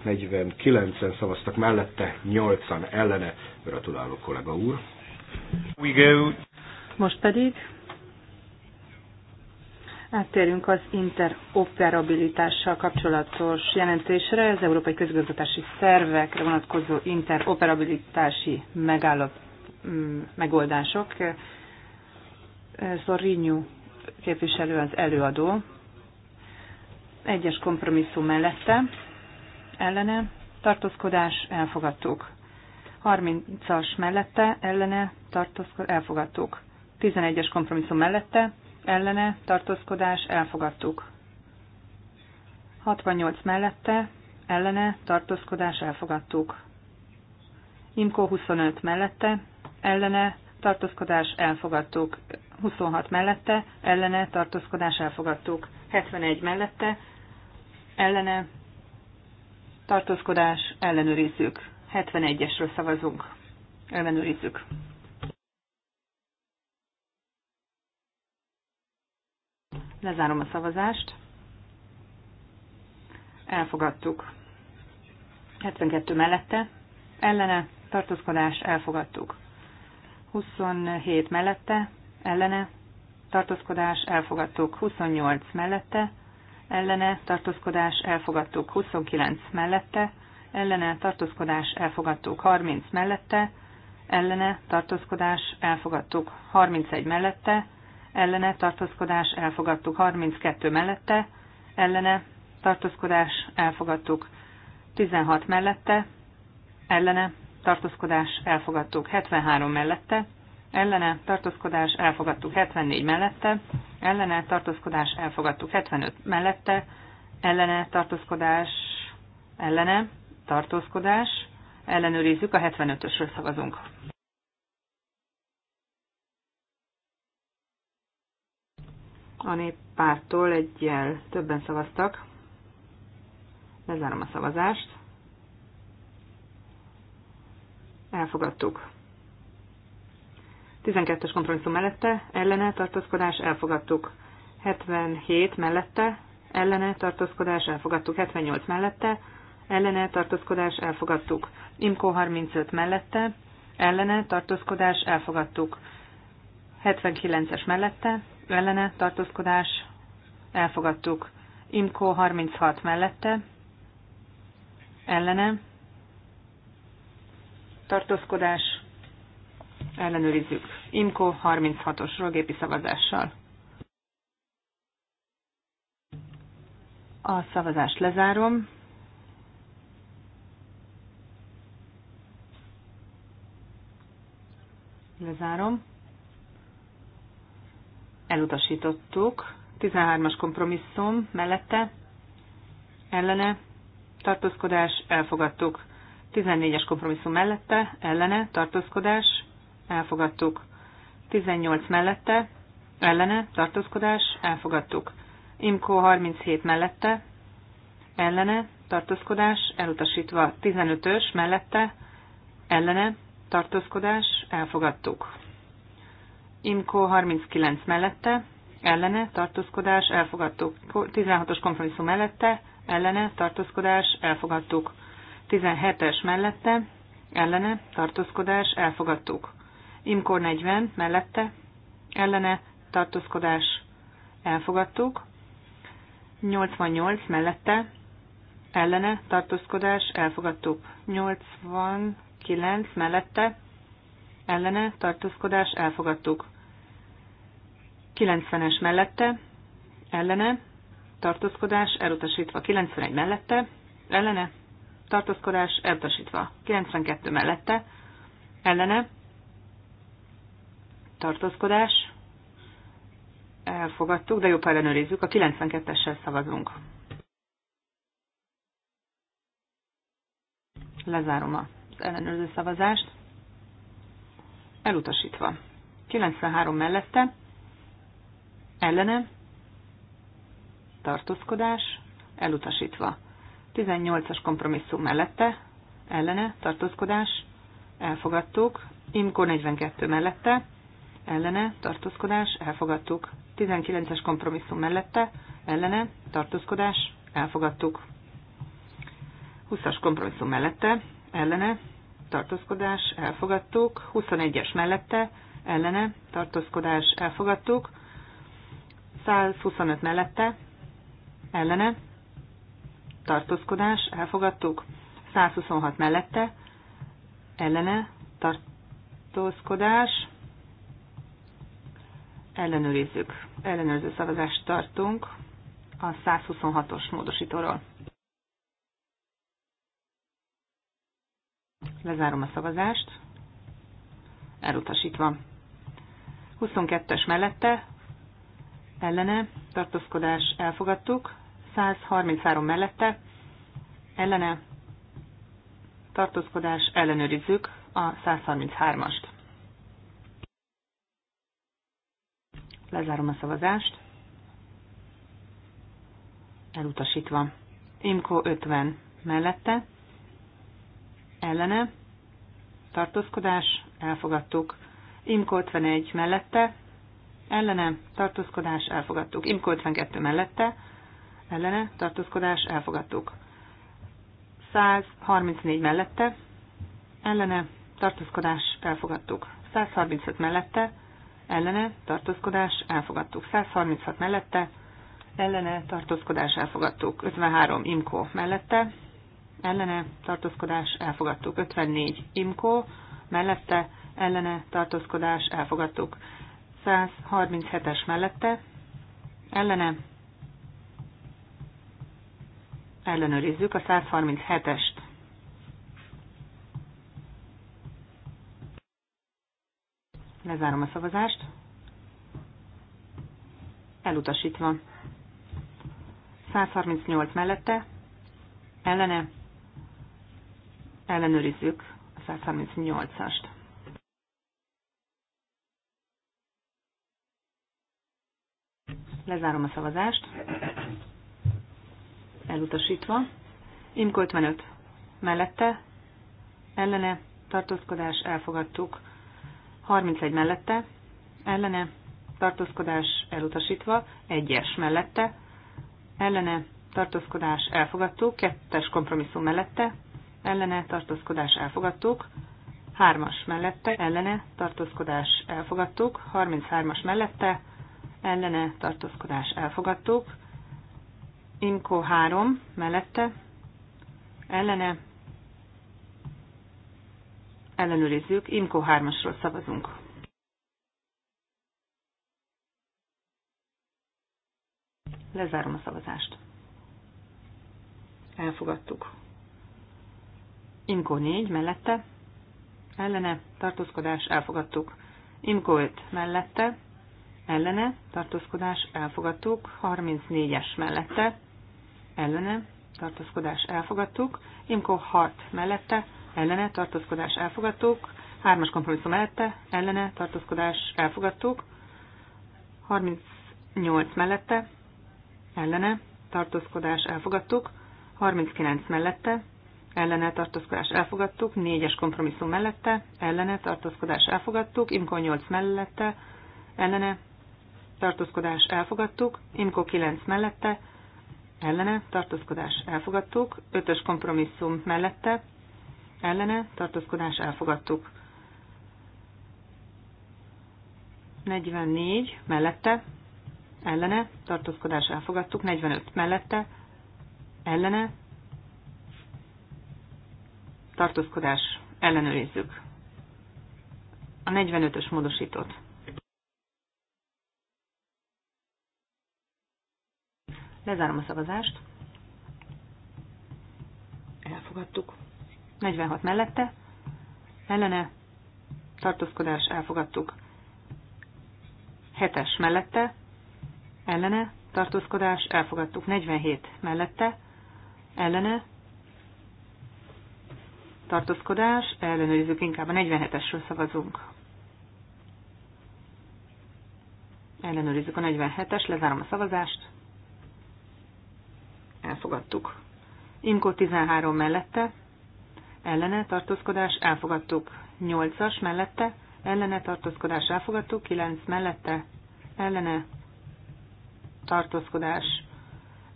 49-en szavaztak mellette, 80 ellene. Gratulálok, kollega úr. We go. Most pedig áttérünk az interoperabilitással kapcsolatos jelentésre, az Európai Közgazdasági Szervekre vonatkozó interoperabilitási megállap, mm, megoldások. Zorinyu képviselő az előadó. Egyes kompromisszum mellette, ellene, tartózkodás, elfogadtuk. 30-as mellette, ellene, tartózkodás, elfogadtuk. 11-es kompromisszum mellette, ellene, tartózkodás, elfogadtuk. 68 mellette, ellene, tartózkodás, elfogadtuk. Imko 25 mellette, ellene, tartózkodás, elfogadtuk. 26 mellette, ellene tartózkodás elfogadtuk. 71 mellette, ellene tartózkodás ellenőrizzük. 71-esről szavazunk. Ellenőrizzük. Lezárom a szavazást. Elfogadtuk. 72 mellette, ellene tartózkodás elfogadtuk. 27 mellette, ellene tartózkodás elfogadtuk 28 mellette, ellene tartózkodás elfogadtuk 29 mellette, ellene tartózkodás elfogadtuk 30 mellette, ellene tartózkodás elfogadtuk 31 mellette, ellene tartózkodás elfogadtuk 32 mellette, ellene tartózkodás elfogadtuk 16 mellette, ellene tartózkodás elfogadtuk 73 mellette, ellene tartózkodás elfogadtuk 74 mellette, ellene tartózkodás elfogadtuk 75 mellette, ellene tartózkodás ellene tartózkodás, ellenőrizzük a 75-ösről szavazunk. A néppártól egyel többen szavaztak. Lezárom a szavazást. Elfogadtuk. 12-es kompromisszum mellette, ellene tartózkodás elfogadtuk. 77 mellette, ellene tartózkodás elfogadtuk. 78 mellette, ellene tartózkodás elfogadtuk. Imko 35 mellette, ellene tartózkodás elfogadtuk. 79-es mellette, ellene tartózkodás elfogadtuk. Imko 36 mellette, ellene tartózkodás ellenőrizzük. Imko 36 os rogépi szavazással. A szavazást lezárom. Lezárom. Elutasítottuk. 13-as kompromisszum mellette. Ellene. Tartózkodás. Elfogadtuk. 14-es kompromisszum mellette. Ellene. Tartózkodás elfogadtuk. 18 mellette, ellene, tartózkodás, elfogadtuk. Imko 37 mellette, ellene, tartózkodás, elutasítva. 15-ös mellette, ellene, tartózkodás, elfogadtuk. Imko 39 mellette, ellene, tartózkodás, elfogadtuk. 16-os kompromisszum mellette, ellene, tartózkodás, elfogadtuk. 17-es mellette, ellene, tartózkodás, elfogadtuk. Imkor 40 mellette, ellene tartózkodás elfogadtuk. 88 mellette, ellene tartózkodás elfogadtuk. 89 mellette, ellene tartózkodás elfogadtuk. 90-es mellette, ellene tartózkodás elutasítva. 91 mellette, ellene tartózkodás elutasítva. 92 mellette, ellene tartózkodás, elfogadtuk, de jobb, ellenőrizzük, a 92-essel szavazunk. Lezárom az ellenőrző szavazást. Elutasítva. 93 mellette, ellene, tartózkodás, elutasítva. 18-as kompromisszum mellette, ellene, tartózkodás, elfogadtuk. Imko 42 mellette, ellene, tartózkodás, elfogadtuk. 19-es kompromisszum mellette, ellene, tartózkodás, elfogadtuk. 20-as kompromisszum mellette, ellene, tartózkodás, elfogadtuk. 21-es mellette, ellene, tartózkodás, elfogadtuk. 125 mellette, ellene, tartózkodás, elfogadtuk. 126 mellette, ellene, tartózkodás, ellenőrizzük. Ellenőrző szavazást tartunk a 126-os módosítóról. Lezárom a szavazást. Elutasítva. 22-es mellette, ellene, tartózkodás elfogadtuk. 133 mellette, ellene, tartózkodás ellenőrizzük a 133-ast. Lezárom a szavazást. Elutasítva. Imko 50 mellette. Ellene. Tartózkodás. Elfogadtuk. Imko 51 mellette. Ellene. Tartózkodás. Elfogadtuk. Imko 52 mellette. Ellene. Tartózkodás. Elfogadtuk. 134 mellette. Ellene. Tartózkodás. Elfogadtuk. 135 mellette ellene tartózkodás elfogadtuk. 136 mellette ellene tartózkodás elfogadtuk. 53 imko mellette ellene tartózkodás elfogadtuk. 54 imko mellette ellene tartózkodás elfogadtuk. 137-es mellette ellene ellenőrizzük a 137-est. Lezárom a szavazást. Elutasítva. 138 mellette. Ellene. Ellenőrizzük a 138-ast. Lezárom a szavazást. Elutasítva. Imko 55. Mellette. Ellene. Tartózkodás. Elfogadtuk. 31 mellette, ellene, tartózkodás elutasítva, 1-es mellette, ellene, tartózkodás elfogadtuk, 2-es kompromisszum mellette, ellene, tartózkodás elfogadtuk, 3-as mellette, ellene, tartózkodás elfogadtuk, 33-as mellette, ellene, tartózkodás elfogadtuk, Imko 3 mellette, ellene, ellenőrizzük, IMCO 3-asról szavazunk. Lezárom a szavazást. Elfogadtuk. IMCO 4 mellette, ellene, tartózkodás, elfogadtuk. IMCO 5 mellette, ellene, tartózkodás, elfogadtuk. 34-es mellette, ellene, tartózkodás, elfogadtuk. IMCO 6 mellette, ellene tartózkodás elfogadtuk, hármas kompromisszum mellette ellene tartózkodás elfogadtuk, 38 mellette ellene tartózkodás elfogadtuk, 39 mellette ellene tartózkodás elfogadtuk, 4-es kompromisszum mellette ellene tartózkodás elfogadtuk, IMKO 8 mellette ellene tartózkodás elfogadtuk, IMKO 9 mellette ellene tartózkodás elfogadtuk, 5-ös kompromisszum mellette ellene tartózkodás elfogadtuk. 44 mellette ellene tartózkodás elfogadtuk, 45 mellette ellene tartózkodás ellenőrizzük. A 45-ös módosított. Lezárom a szavazást. Elfogadtuk. 46 mellette, ellene, tartózkodás elfogadtuk. 7-es mellette, ellene, tartózkodás elfogadtuk. 47 mellette, ellene, tartózkodás, ellenőrizzük inkább a 47-esről szavazunk. Ellenőrizzük a 47-es, lezárom a szavazást. Elfogadtuk. Imkó 13 mellette, ellene tartózkodás elfogadtuk. 8-as mellette ellene tartózkodás elfogadtuk, 9 mellette ellene tartózkodás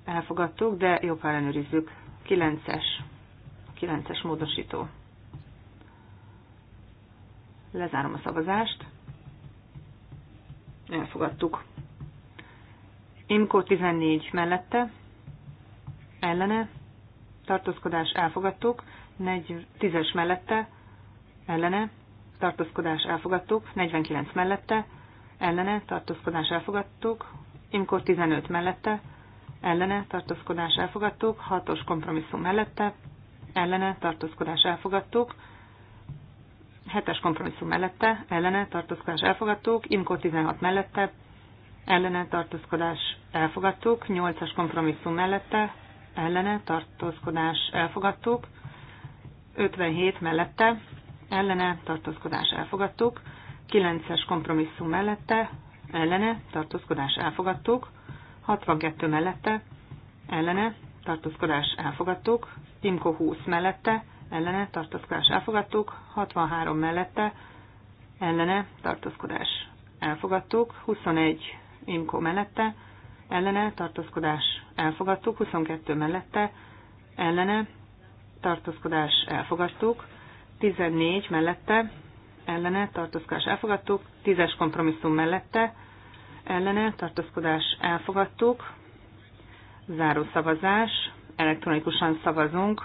elfogadtuk, de jobb ellenőrizzük. 9-es, 9-es módosító. Lezárom a szavazást. Elfogadtuk. Imkó 14 mellette, ellene, tartózkodás elfogadtuk, 10-es mellette, ellene, tartózkodás elfogadtuk, 49 mellette, ellene, tartózkodás elfogadtuk, Imkor 15 mellette, ellene, tartózkodás elfogadtuk, 6-os kompromisszum mellette, ellene, tartózkodás elfogadtuk, 7-es kompromisszum mellette, ellene, tartózkodás elfogadtuk, Imkor 16 mellette, ellene, tartózkodás elfogadtuk, 8-as kompromisszum mellette, ellene, tartózkodás elfogadtuk, 57 mellette, ellene tartózkodás elfogadtuk, 9-es kompromisszum mellette, ellene tartózkodás elfogadtuk, 62 mellette, ellene tartózkodás elfogadtuk, Timko 20 mellette, ellene tartózkodás elfogadtuk, 63 mellette, ellene tartózkodás elfogadtuk, 21 Imko mellette, ellene tartózkodás elfogadtuk, 22 mellette, ellene tartózkodás elfogadtuk, 14 mellette ellene tartózkodás elfogadtuk, 10-es kompromisszum mellette ellene tartózkodás elfogadtuk, záró szavazás, elektronikusan szavazunk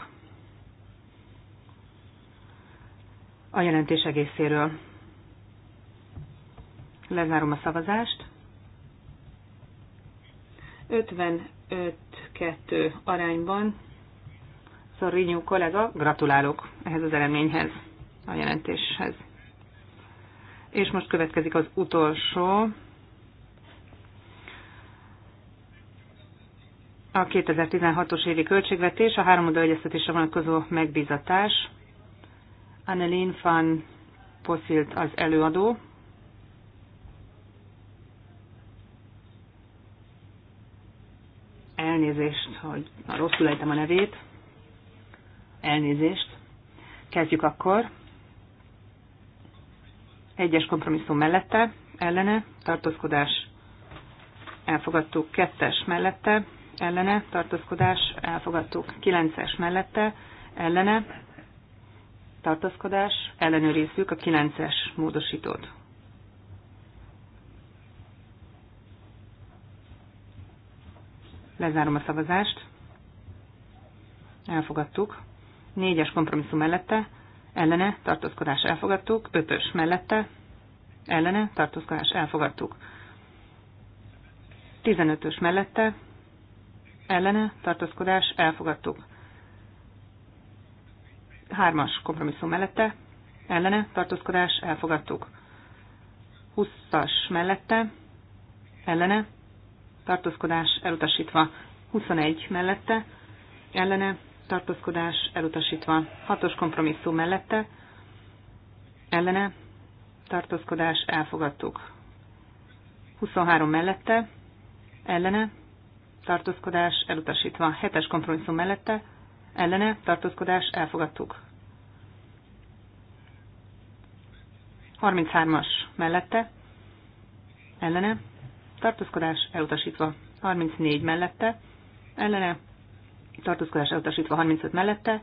a jelentés egészéről. Lezárom a szavazást. 55-2 arányban Szorinyú kollega, gratulálok ehhez az eredményhez, a jelentéshez. És most következik az utolsó, a 2016-os évi költségvetés, a háromoldal egyeztetésre vonatkozó megbízatás. Annelien van Poszilt az előadó. Elnézést, hogy rosszul ejtem a nevét. Elnézést. Kezdjük akkor. Egyes kompromisszum mellette, ellene, tartózkodás, elfogadtuk. Kettes mellette, ellene, tartózkodás, elfogadtuk. Kilences mellette, ellene, tartózkodás, ellenőrizzük a kilences módosítót. Lezárom a szavazást. Elfogadtuk. Négyes kompromisszum mellette, ellene, tartózkodás elfogadtuk. Ötös mellette, ellene, tartózkodás elfogadtuk. 15-ös mellette, ellene, tartózkodás elfogadtuk. Hármas kompromisszum mellette, ellene, tartózkodás elfogadtuk. 20-as mellette, ellene, tartózkodás elutasítva. 21 mellette, ellene, tartózkodás elutasítva. Hatos kompromisszum mellette, ellene, tartózkodás elfogadtuk. 23 mellette, ellene, tartózkodás elutasítva. Hetes kompromisszum mellette, ellene, tartózkodás elfogadtuk. 33-as mellette, ellene, tartózkodás elutasítva. 34 mellette, ellene, tartózkodás elutasítva 35 mellette,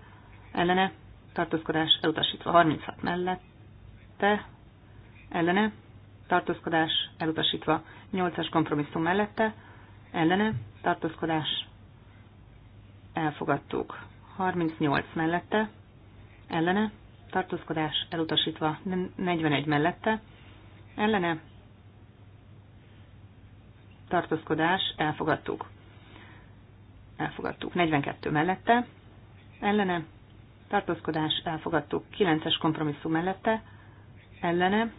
ellene, tartózkodás elutasítva 36 mellette, ellene, tartózkodás elutasítva 8-as kompromisszum mellette, ellene, tartózkodás elfogadtuk 38 mellette, ellene, tartózkodás elutasítva 41 mellette, ellene, tartózkodás elfogadtuk elfogadtuk. 42 mellette, ellene, tartózkodás, elfogadtuk. 9-es kompromisszum mellette, ellene,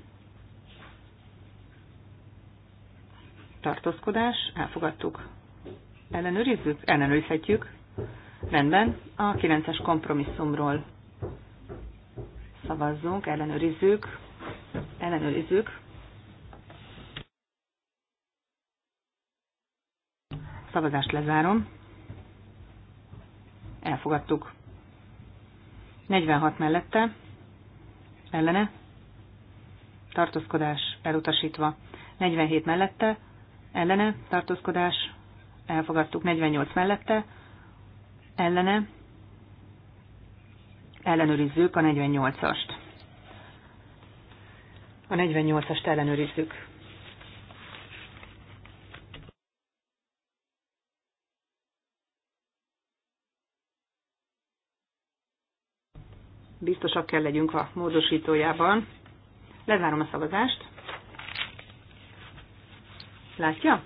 tartózkodás, elfogadtuk. Ellenőrizzük? Ellenőrizhetjük. Rendben, a 9-es kompromisszumról szavazzunk, ellenőrizzük, ellenőrizzük. Szavazást lezárom elfogadtuk. 46 mellette, ellene, tartózkodás elutasítva. 47 mellette, ellene, tartózkodás, elfogadtuk. 48 mellette, ellene, ellenőrizzük a 48-ast. A 48-ast ellenőrizzük. biztosak kell legyünk a módosítójában. Lezárom a szavazást. Látja?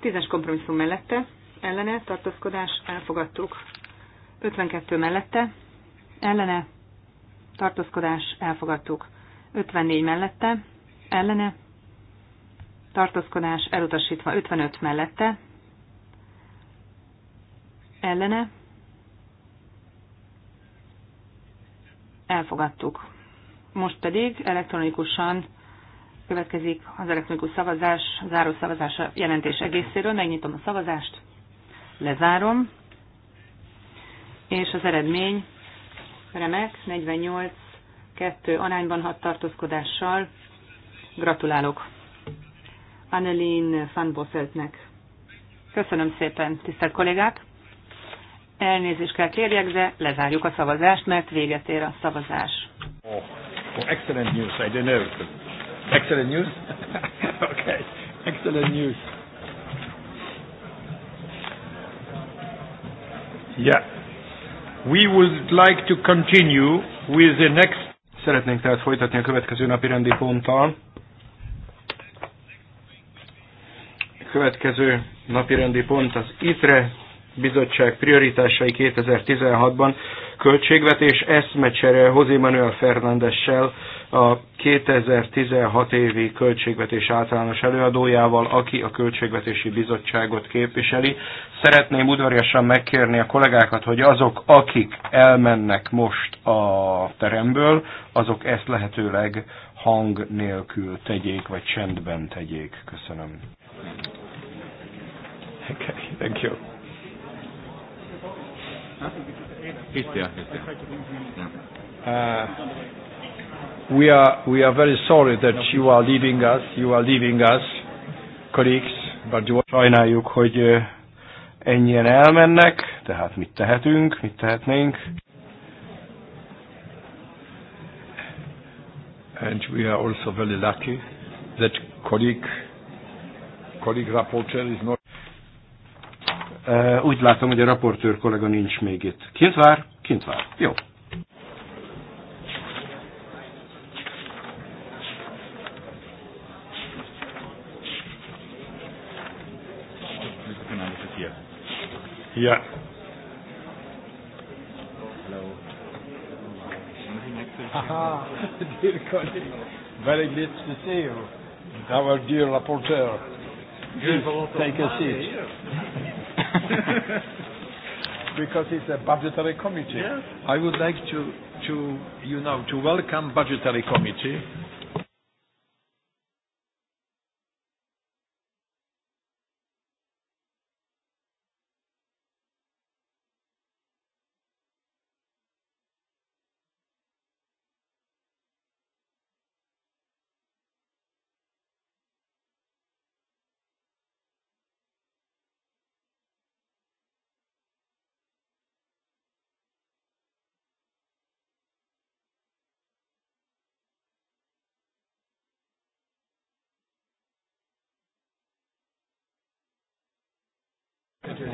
Tízes kompromisszum mellette, ellene, tartózkodás, elfogadtuk. 52 mellette, ellene, tartózkodás, elfogadtuk. 54 mellette, ellene, tartózkodás, elutasítva 55 mellette, ellene elfogadtuk. Most pedig elektronikusan következik az elektronikus szavazás, záró szavazás a jelentés egészéről. Megnyitom a szavazást, lezárom, és az eredmény remek, 48 2 arányban hat tartózkodással. Gratulálok Annelien van Bosseltnek. Köszönöm szépen, tisztelt kollégák! Elnézést kell kérjek, de lezárjuk a szavazást, mert véget ér a szavazás. Oh, oh excellent news, I don't know. Excellent news? okay, excellent news. Yeah. We would like to continue with the next... Szeretnénk tehát folytatni a következő napi rendi ponttal. A következő napi rendi pont az ITRE bizottság prioritásai 2016-ban költségvetés eszmecsere José Manuel Fernándessel, a 2016 évi költségvetés általános előadójával, aki a Költségvetési Bizottságot képviseli. Szeretném udvariasan megkérni a kollégákat, hogy azok, akik elmennek most a teremből, azok ezt lehetőleg hang nélkül tegyék, vagy csendben tegyék. Köszönöm. Okay, thank you. Uh, we are we are very sorry that you are leaving us. You are leaving us, colleagues. But you are sajnáljuk, hogy uh, ennyien elmennek, tehát mit tehetünk, mit tehetnénk. And we are also very lucky that colleague colleague rapporteur is not úgy látom, hogy a raportőr kollega nincs még itt. Kint vár? Kint vár. Jó. Ja. Haha, dear colleague, very glad to see you. Our dear rapporteur. Please take a seat. because it's a budgetary committee. Yes. I would like to, to, you know, to welcome budgetary committee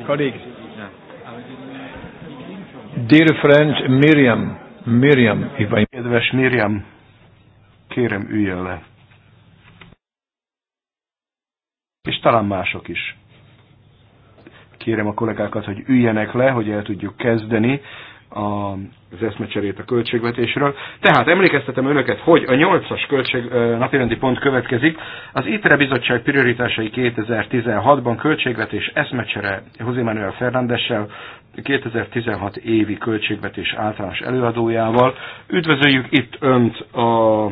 Colleague. Dear friend Miriam, Miriam, if I... Kedves Miriam, kérem üljön le. És talán mások is. Kérem a kollégákat, hogy üljenek le, hogy el tudjuk kezdeni az eszmecserét a költségvetésről. Tehát emlékeztetem önöket, hogy a 8-as költség, napirendi pont következik. Az ITRE bizottság prioritásai 2016-ban költségvetés eszmecsere José Manuel Fernándessel, 2016 évi költségvetés általános előadójával. Üdvözöljük itt önt a,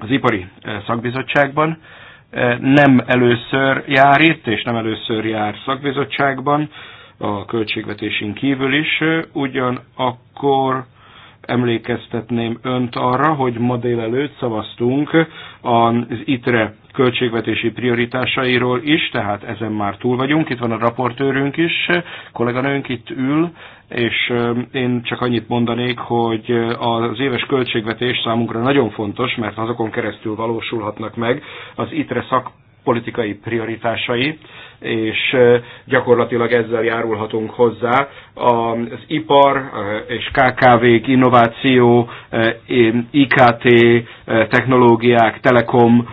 az ipari szakbizottságban nem először jár itt, és nem először jár szakbizottságban a költségvetésén kívül is. Ugyanakkor emlékeztetném önt arra, hogy ma délelőtt szavaztunk az ITRE költségvetési prioritásairól is, tehát ezen már túl vagyunk. Itt van a raportőrünk is, kolléganőnk itt ül, és én csak annyit mondanék, hogy az éves költségvetés számunkra nagyon fontos, mert azokon keresztül valósulhatnak meg az ITRE szak politikai prioritásai, és gyakorlatilag ezzel járulhatunk hozzá. Az ipar és kkv innováció, IKT, technológiák, telekom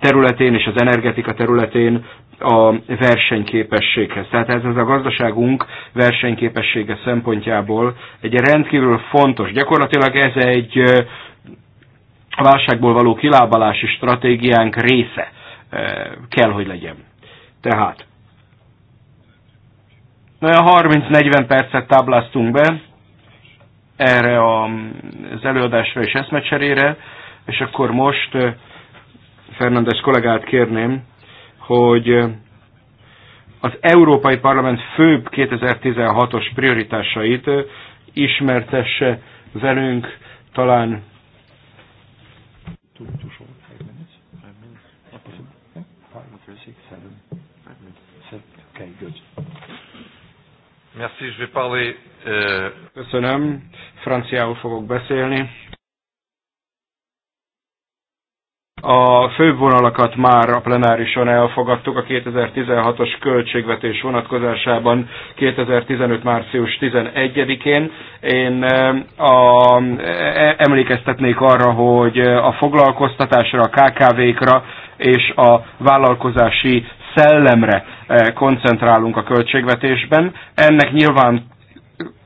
területén és az energetika területén a versenyképességhez. Tehát ez az a gazdaságunk versenyképessége szempontjából egy rendkívül fontos, gyakorlatilag ez egy a válságból való kilábalási stratégiánk része kell, hogy legyen. Tehát, olyan 30-40 percet tábláztunk be erre az előadásra és eszmecserére, és akkor most Fernandes kollégát kérném, hogy az Európai Parlament főbb 2016-os prioritásait ismertesse velünk talán Okay, good. Merci, je vais parler. Euh... Köszönöm. Franciául fogok beszélni. A főbb vonalakat már a plenárison elfogadtuk a 2016-os költségvetés vonatkozásában 2015. március 11-én. Én a, e, emlékeztetnék arra, hogy a foglalkoztatásra, a KKV-kra és a vállalkozási szellemre eh, koncentrálunk a költségvetésben. Ennek nyilván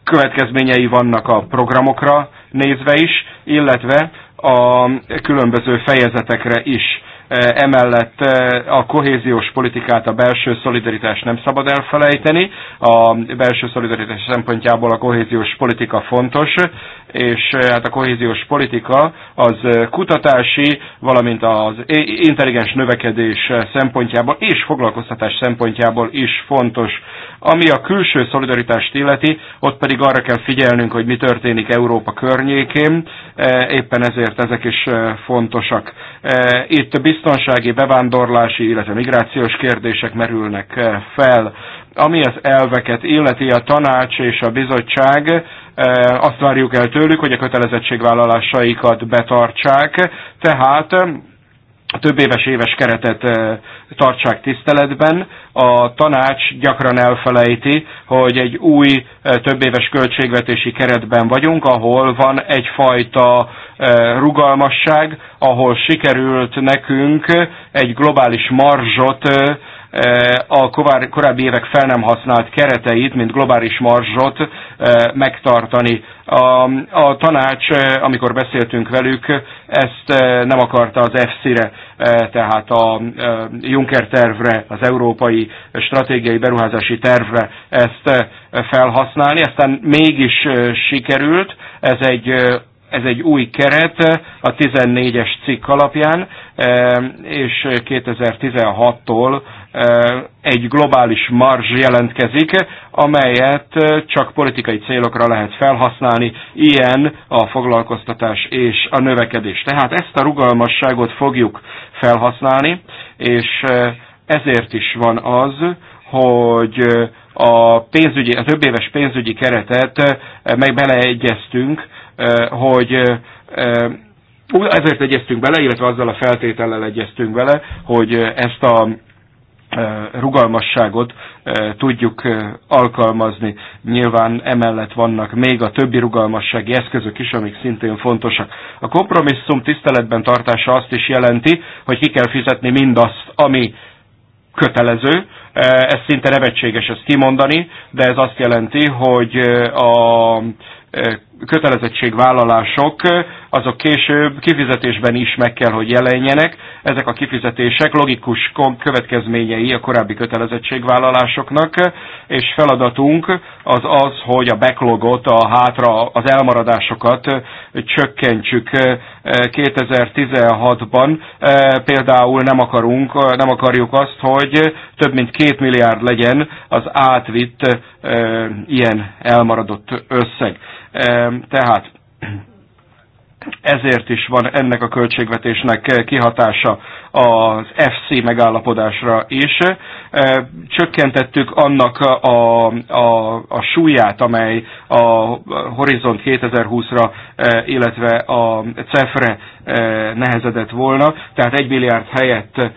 következményei vannak a programokra nézve is, illetve a különböző fejezetekre is emellett a kohéziós politikát, a belső szolidaritást nem szabad elfelejteni. A belső szolidaritás szempontjából a kohéziós politika fontos, és hát a kohéziós politika az kutatási, valamint az intelligens növekedés szempontjából és foglalkoztatás szempontjából is fontos. Ami a külső szolidaritást illeti, ott pedig arra kell figyelnünk, hogy mi történik Európa környékén, e, éppen ezért ezek is e, fontosak. E, itt biztonsági, bevándorlási, illetve migrációs kérdések merülnek fel. Ami az elveket illeti a tanács és a bizottság, azt várjuk el tőlük, hogy a kötelezettségvállalásaikat betartsák, tehát több éves éves keretet eh, tartsák tiszteletben. A tanács gyakran elfelejti, hogy egy új eh, több éves költségvetési keretben vagyunk, ahol van egyfajta eh, rugalmasság, ahol sikerült nekünk egy globális marzsot Eh, a korábbi évek fel nem használt kereteit, mint globális marzsot eh, megtartani. A, a tanács, eh, amikor beszéltünk velük, ezt nem akarta az EFSZ-re, tehát a Juncker tervre, az Európai Stratégiai Beruházási Tervre ezt felhasználni. Aztán mégis sikerült, ez egy ez egy új keret a 14-es cikk alapján, és 2016-tól egy globális marzs jelentkezik, amelyet csak politikai célokra lehet felhasználni, ilyen a foglalkoztatás és a növekedés. Tehát ezt a rugalmasságot fogjuk felhasználni, és ezért is van az, hogy a, pénzügyi, a több éves pénzügyi keretet meg beleegyeztünk, hogy ezért egyeztünk bele, illetve azzal a feltétellel egyeztünk vele, hogy ezt a rugalmasságot tudjuk alkalmazni. Nyilván emellett vannak még a többi rugalmassági eszközök is, amik szintén fontosak. A kompromisszum tiszteletben tartása azt is jelenti, hogy ki kell fizetni mindazt, ami kötelező. Ez szinte nevetséges ezt kimondani, de ez azt jelenti, hogy a kötelezettségvállalások, azok később kifizetésben is meg kell, hogy jelenjenek. Ezek a kifizetések logikus következményei a korábbi kötelezettségvállalásoknak, és feladatunk az az, hogy a backlogot, a hátra, az elmaradásokat csökkentsük 2016-ban. Eh, például nem akarunk, nem akarjuk azt, hogy több mint két milliárd legyen az átvitt eh, ilyen elmaradott összeg. Tehát ezért is van ennek a költségvetésnek kihatása az FC megállapodásra is. E, csökkentettük annak a, a, a súlyát, amely a Horizont 2020-ra, e, illetve a CEF-re e, nehezedett volna, tehát egy milliárd helyett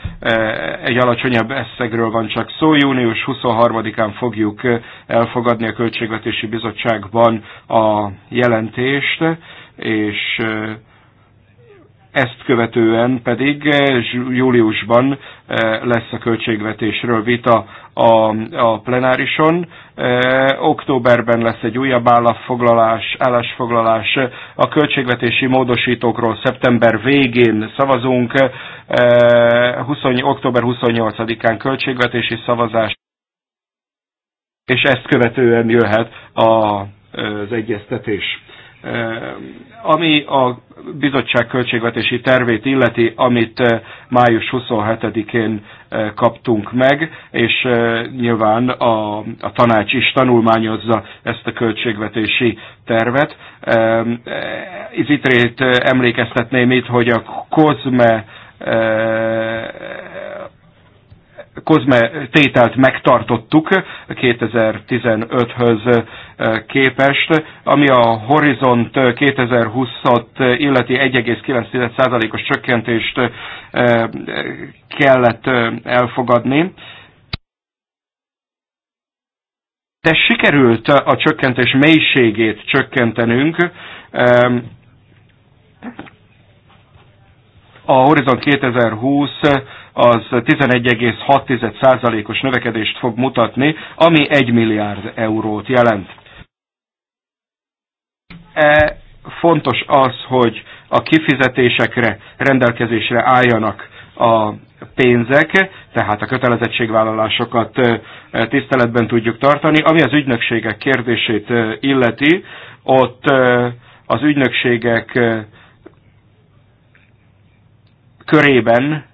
egy alacsonyabb összegről van csak szó. Június 23-án fogjuk elfogadni a Költségvetési Bizottságban a jelentést, és ezt követően pedig júliusban lesz a költségvetésről vita a, a plenárison. Októberben lesz egy újabb állásfoglalás, állásfoglalás a költségvetési módosítókról szeptember végén szavazunk. 20, október 28-án költségvetési szavazás, és ezt követően jöhet a, az egyeztetés. Ami a bizottság költségvetési tervét illeti, amit május 27-én kaptunk meg, és nyilván a, a tanács is tanulmányozza ezt a költségvetési tervet. Itt emlékeztetném itt, hogy a kozme Kozme tételt megtartottuk 2015-höz eh, képest, ami a Horizont 2020-at eh, illeti 1,9%-os csökkentést eh, kellett elfogadni. De sikerült a csökkentés mélységét csökkentenünk, a Horizont 2020 az 11,6%-os növekedést fog mutatni, ami 1 milliárd eurót jelent. E, fontos az, hogy a kifizetésekre rendelkezésre álljanak a pénzek, tehát a kötelezettségvállalásokat e, tiszteletben tudjuk tartani. Ami az ügynökségek kérdését e, illeti, ott e, az ügynökségek körében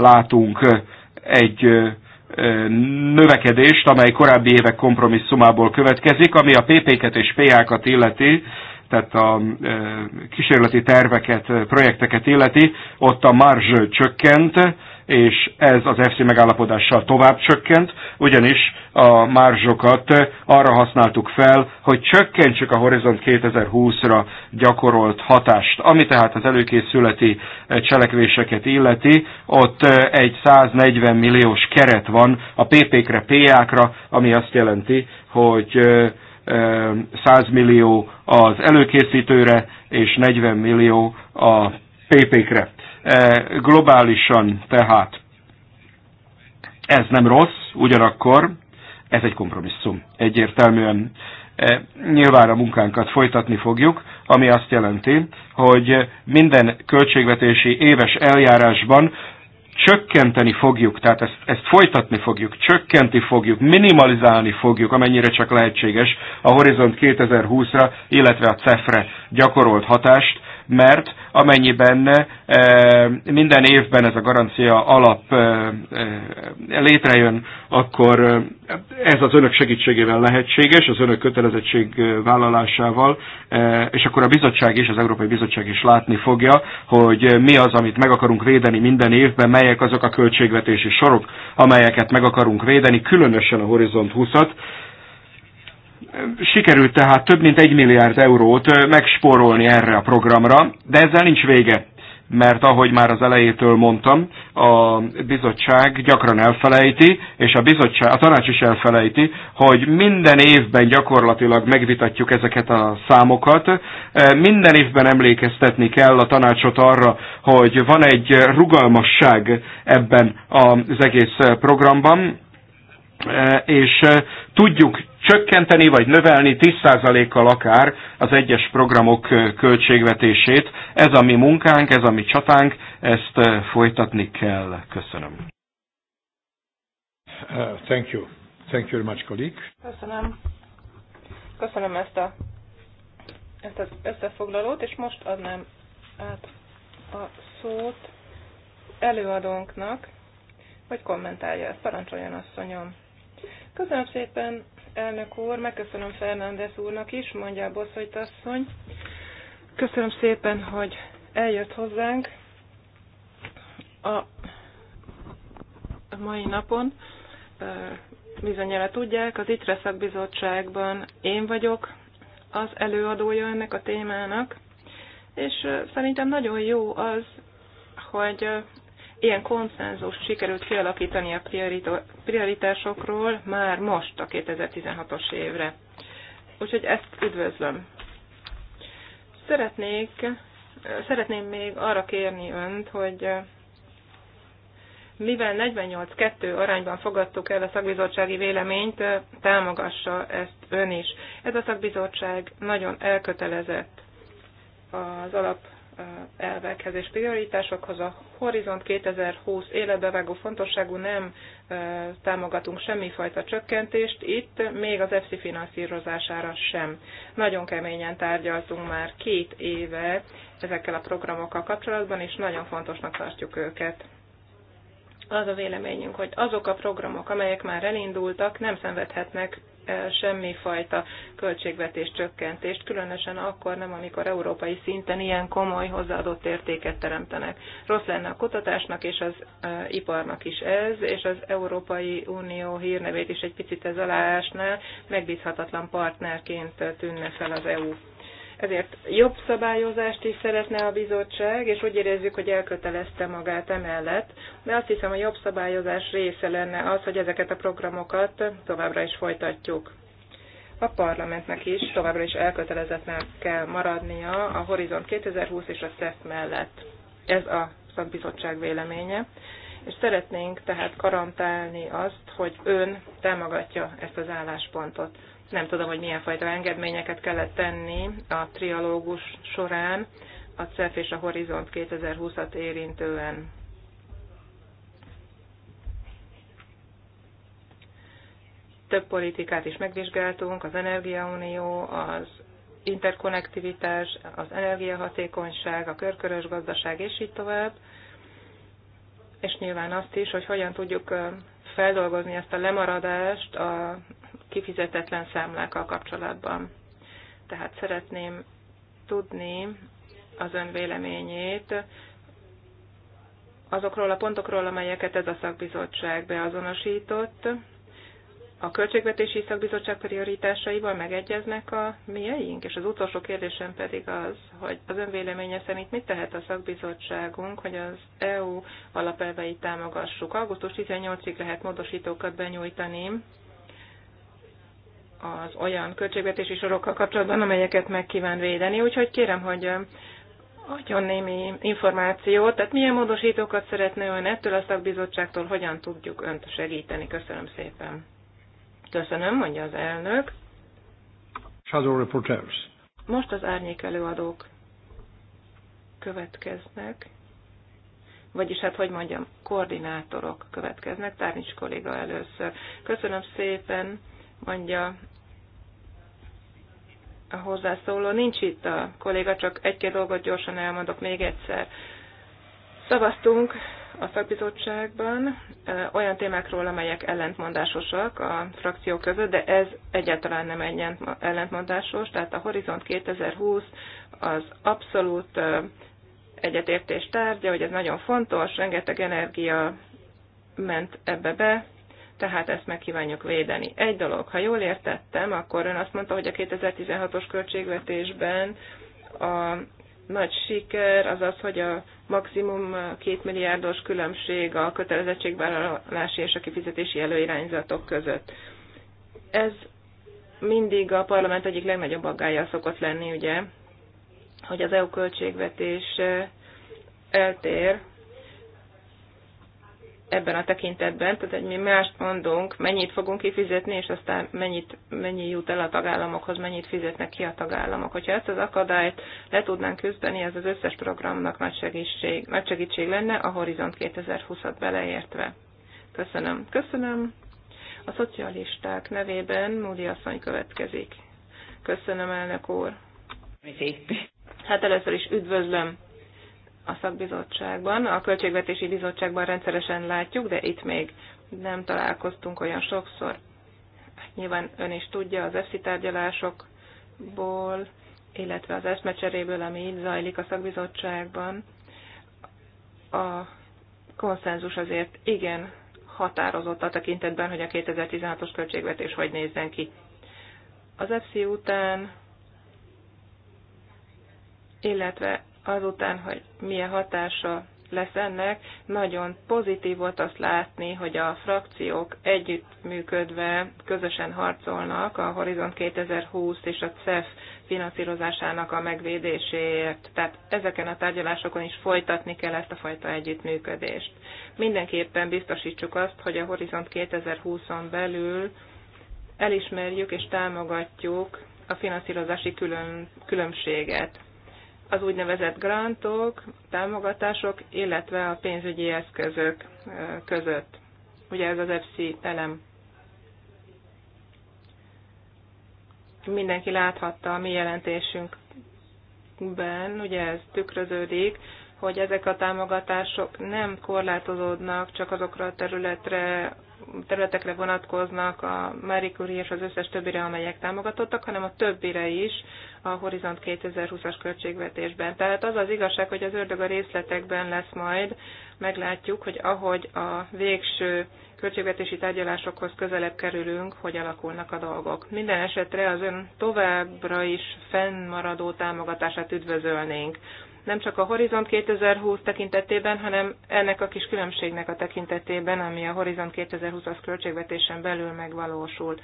látunk egy növekedést, amely korábbi évek kompromisszumából következik, ami a PP-ket és pa kat illeti, tehát a kísérleti terveket, projekteket illeti, ott a marzs csökkent, és ez az FC megállapodással tovább csökkent, ugyanis a márzsokat arra használtuk fel, hogy csökkentsük a Horizont 2020-ra gyakorolt hatást. Ami tehát az előkészületi eh, cselekvéseket illeti, ott eh, egy 140 milliós keret van a PP-kre, PA-kra, ami azt jelenti, hogy 100 eh, millió az előkészítőre, és 40 millió a PP-kre. Eh, globálisan tehát ez nem rossz, ugyanakkor ez egy kompromisszum. Egyértelműen eh, nyilván a munkánkat folytatni fogjuk, ami azt jelenti, hogy minden költségvetési éves eljárásban csökkenteni fogjuk, tehát ezt, ezt folytatni fogjuk, csökkenti fogjuk, minimalizálni fogjuk, amennyire csak lehetséges a Horizont 2020-ra, illetve a CEF-re gyakorolt hatást, mert amennyiben eh, minden évben ez a garancia alap eh, eh, létrejön, akkor ez az önök segítségével lehetséges, az önök kötelezettség vállalásával, és akkor a bizottság is, az Európai Bizottság is látni fogja, hogy mi az, amit meg akarunk védeni minden évben, melyek azok a költségvetési sorok, amelyeket meg akarunk védeni, különösen a Horizont 20-at, Sikerült tehát több mint egy milliárd eurót megspórolni erre a programra, de ezzel nincs vége mert ahogy már az elejétől mondtam, a bizottság gyakran elfelejti, és a, bizottság, a tanács is elfelejti, hogy minden évben gyakorlatilag megvitatjuk ezeket a számokat. Minden évben emlékeztetni kell a tanácsot arra, hogy van egy rugalmasság ebben az egész programban, E, és e, tudjuk csökkenteni vagy növelni 10%-kal akár az egyes programok e, költségvetését. Ez a mi munkánk, ez a mi csatánk, ezt folytatni kell. Köszönöm. Uh, thank you. Thank you very much, colleague. Köszönöm. Köszönöm ezt, a, ezt az összefoglalót, és most adnám át a szót előadónknak, hogy kommentálja ezt. Parancsoljon, asszonyom! Köszönöm szépen, elnök úr, megköszönöm Fernández úrnak is, mondja a bosszonyt asszony. Köszönöm szépen, hogy eljött hozzánk a mai napon. Bizonyára tudják, az ITRE szakbizottságban én vagyok az előadója ennek a témának, és szerintem nagyon jó az, hogy Ilyen konszenzus sikerült kialakítani a prioritásokról már most a 2016-os évre. Úgyhogy ezt üdvözlöm. Szeretnék, szeretném még arra kérni önt, hogy eh, mivel 48-2 arányban fogadtuk el a szakbizottsági véleményt, eh, támogassa ezt ön is. Ez a szakbizottság nagyon elkötelezett az alap elvekhez és prioritásokhoz. A Horizont 2020 életbevágó fontosságú nem támogatunk semmifajta csökkentést, itt még az EFSI finanszírozására sem. Nagyon keményen tárgyaltunk már két éve ezekkel a programokkal kapcsolatban, és nagyon fontosnak tartjuk őket. Az a véleményünk, hogy azok a programok, amelyek már elindultak, nem szenvedhetnek semmifajta költségvetés csökkentést, különösen akkor nem, amikor európai szinten ilyen komoly hozzáadott értéket teremtenek. Rossz lenne a kutatásnak és az iparnak is ez, és az Európai Unió hírnevét is egy picit ez alásnál megbízhatatlan partnerként tűnne fel az EU ezért jobb szabályozást is szeretne a bizottság, és úgy érezzük, hogy elkötelezte magát emellett, de azt hiszem a jobb szabályozás része lenne az, hogy ezeket a programokat továbbra is folytatjuk. A parlamentnek is továbbra is elkötelezetnek kell maradnia a Horizont 2020 és a CEF mellett. Ez a szakbizottság véleménye és szeretnénk tehát garantálni azt, hogy ön támogatja ezt az álláspontot. Nem tudom, hogy milyen fajta engedményeket kellett tenni a trialógus során a CEF és a Horizont 2020-at érintően. Több politikát is megvizsgáltunk, az Energiaunió, az interkonnektivitás, az energiahatékonyság, a körkörös gazdaság, és így tovább. És nyilván azt is, hogy hogyan tudjuk feldolgozni ezt a lemaradást a kifizetetlen számlákkal kapcsolatban. Tehát szeretném tudni az ön véleményét azokról a pontokról, amelyeket ez a szakbizottság beazonosított. A költségvetési szakbizottság prioritásaival megegyeznek a mieink, és az utolsó kérdésem pedig az, hogy az önvéleménye szerint mit tehet a szakbizottságunk, hogy az EU alapelveit támogassuk. Augusztus 18-ig lehet módosítókat benyújtani az olyan költségvetési sorokkal kapcsolatban, amelyeket meg kíván védeni. Úgyhogy kérem, hogy adjon némi információt, tehát milyen módosítókat szeretne ön ettől a szakbizottságtól, hogyan tudjuk önt segíteni. Köszönöm szépen. Köszönöm, mondja az elnök. Shadow Reporters. Most az árnyék előadók következnek, vagyis hát, hogy mondjam, koordinátorok következnek, Tárnics kolléga először. Köszönöm szépen mondja a hozzászóló. Nincs itt a kolléga, csak egy-két dolgot gyorsan elmondok még egyszer. Szavaztunk a szakbizottságban olyan témákról, amelyek ellentmondásosak a frakció között, de ez egyáltalán nem ellentmondásos, tehát a Horizont 2020 az abszolút egyetértés tárgya, hogy ez nagyon fontos, rengeteg energia ment ebbe be, tehát ezt meg kívánjuk védeni. Egy dolog, ha jól értettem, akkor ön azt mondta, hogy a 2016-os költségvetésben a nagy siker az az, hogy a maximum két milliárdos különbség a kötelezettségvállalási és a kifizetési előirányzatok között. Ez mindig a parlament egyik legnagyobb aggája szokott lenni, ugye, hogy az EU költségvetés eh, eltér ebben a tekintetben, tehát hogy mi mást mondunk, mennyit fogunk kifizetni, és aztán mennyit, mennyi jut el a tagállamokhoz, mennyit fizetnek ki a tagállamok. Hogyha ezt az akadályt le tudnánk küzdeni, ez az összes programnak nagy segítség, nagy segítség lenne a Horizont 2020-at beleértve. Köszönöm. Köszönöm. A szocialisták nevében Múli asszony következik. Köszönöm, elnök úr. Hát először is üdvözlöm a szakbizottságban, a költségvetési bizottságban rendszeresen látjuk, de itt még nem találkoztunk olyan sokszor. Nyilván ön is tudja az EFSZI tárgyalásokból, illetve az eszmecseréből, ami így zajlik a szakbizottságban, a konszenzus azért igen határozott a tekintetben, hogy a 2016-os költségvetés hogy nézzen ki. Az EFSZI után, illetve azután, hogy milyen hatása lesz ennek, nagyon pozitív volt azt látni, hogy a frakciók együttműködve közösen harcolnak a Horizont 2020 és a CEF finanszírozásának a megvédéséért. Tehát ezeken a tárgyalásokon is folytatni kell ezt a fajta együttműködést. Mindenképpen biztosítsuk azt, hogy a Horizont 2020-on belül elismerjük és támogatjuk a finanszírozási külön, különbséget az úgynevezett grantok, támogatások, illetve a pénzügyi eszközök között. Ugye ez az FC elem. Mindenki láthatta a mi jelentésünkben, ugye ez tükröződik, hogy ezek a támogatások nem korlátozódnak csak azokra a területre, területekre vonatkoznak, a Marie Curie és az összes többire, amelyek támogatottak, hanem a többire is, a Horizont 2020-as költségvetésben. Tehát az az igazság, hogy az ördög a részletekben lesz majd, meglátjuk, hogy ahogy a végső költségvetési tárgyalásokhoz közelebb kerülünk, hogy alakulnak a dolgok. Minden esetre az ön továbbra is fennmaradó támogatását üdvözölnénk nem csak a Horizont 2020 tekintetében, hanem ennek a kis különbségnek a tekintetében, ami a Horizont 2020-as költségvetésen belül megvalósul.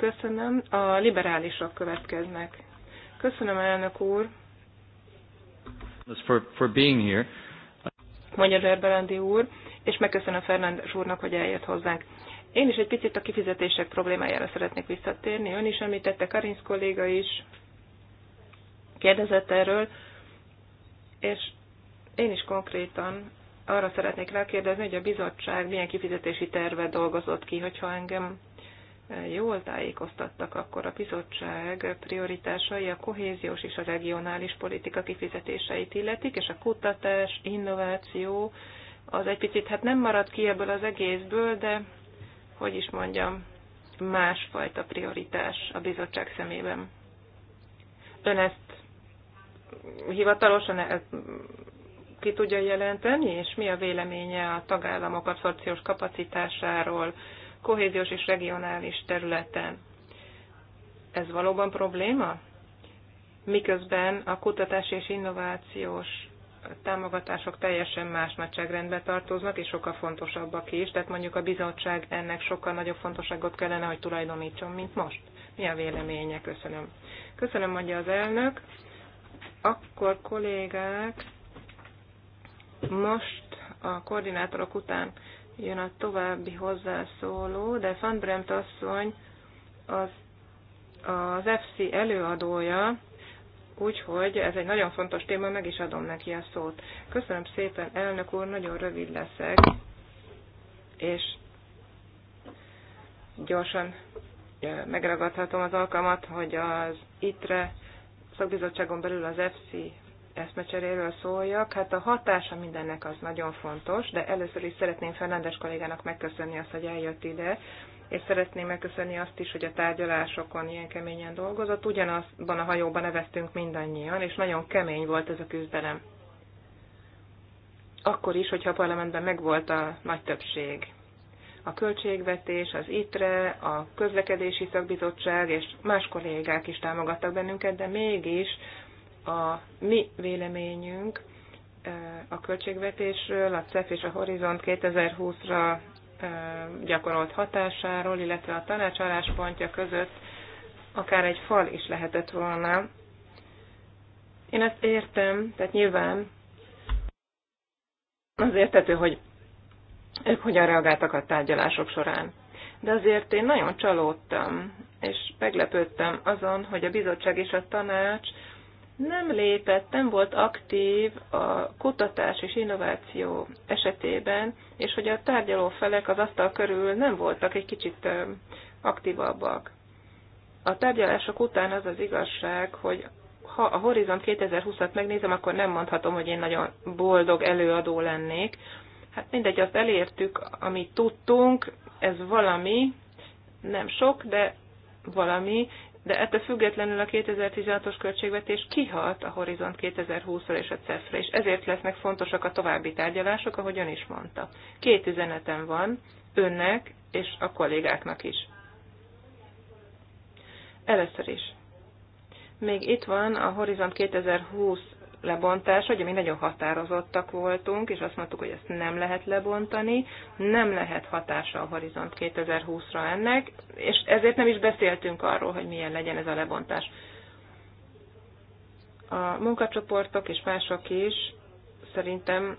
Köszönöm. A liberálisok következnek. Köszönöm, elnök úr. For, for being here. Mondja Zserbelendi úr, és megköszönöm Fernándes úrnak, hogy eljött hozzánk. Én is egy picit a kifizetések problémájára szeretnék visszatérni. Ön is említette, Karinsz kolléga is kérdezett erről, és én is konkrétan arra szeretnék rákérdezni, hogy a bizottság milyen kifizetési terve dolgozott ki, hogyha engem jól tájékoztattak, akkor a bizottság prioritásai a kohéziós és a regionális politika kifizetéseit illetik, és a kutatás, innováció az egy picit, hát nem marad ki ebből az egészből, de hogy is mondjam, másfajta prioritás a bizottság szemében. Ön ezt hivatalosan ezt eh, ki tudja jelenteni, és mi a véleménye a tagállamok abszorpciós kapacitásáról, kohéziós és regionális területen. Ez valóban probléma? Miközben a kutatás és innovációs támogatások teljesen más nagyságrendbe tartoznak, és sokkal fontosabbak is, tehát mondjuk a bizottság ennek sokkal nagyobb fontosságot kellene, hogy tulajdonítson, mint most. Mi a véleménye? Köszönöm. Köszönöm, mondja az elnök. Akkor kollégák, most a koordinátorok után jön a további hozzászóló, de Van Bremt asszony az, az FC előadója, úgyhogy ez egy nagyon fontos téma, meg is adom neki a szót. Köszönöm szépen, elnök úr, nagyon rövid leszek, és gyorsan megragadhatom az alkalmat, hogy az ITRE szakbizottságon belül az FC eszmecseréről szóljak. Hát a hatása mindennek az nagyon fontos, de először is szeretném Fernándes kollégának megköszönni azt, hogy eljött ide, és szeretném megköszönni azt is, hogy a tárgyalásokon ilyen keményen dolgozott. Ugyanazban a hajóban neveztünk mindannyian, és nagyon kemény volt ez a küzdelem. Akkor is, hogyha a parlamentben megvolt a nagy többség a költségvetés, az ITRE, a közlekedési szakbizottság és más kollégák is támogattak bennünket, de mégis a mi véleményünk a költségvetésről, a CEF és a Horizont 2020-ra gyakorolt hatásáról, illetve a tanácsáráspontja között akár egy fal is lehetett volna. Én ezt értem, tehát nyilván az értető, hogy ők hogyan reagáltak a tárgyalások során. De azért én nagyon csalódtam, és meglepődtem azon, hogy a bizottság és a tanács nem lépett, nem volt aktív a kutatás és innováció esetében, és hogy a tárgyaló felek az asztal körül nem voltak egy kicsit aktívabbak. A tárgyalások után az az igazság, hogy ha a horizont 2020-at megnézem, akkor nem mondhatom, hogy én nagyon boldog előadó lennék. Hát mindegy, azt elértük, amit tudtunk, ez valami, nem sok, de valami, de ettől függetlenül a 2016-os költségvetés kihalt a Horizont 2020-ra és a CEF-re, és ezért lesznek fontosak a további tárgyalások, ahogy ön is mondta. Két üzenetem van, önnek és a kollégáknak is. Először is. Még itt van a Horizont 2020 lebontás, ugye mi nagyon határozottak voltunk, és azt mondtuk, hogy ezt nem lehet lebontani, nem lehet hatása a Horizont 2020-ra ennek, és ezért nem is beszéltünk arról, hogy milyen legyen ez a lebontás. A munkacsoportok és mások is szerintem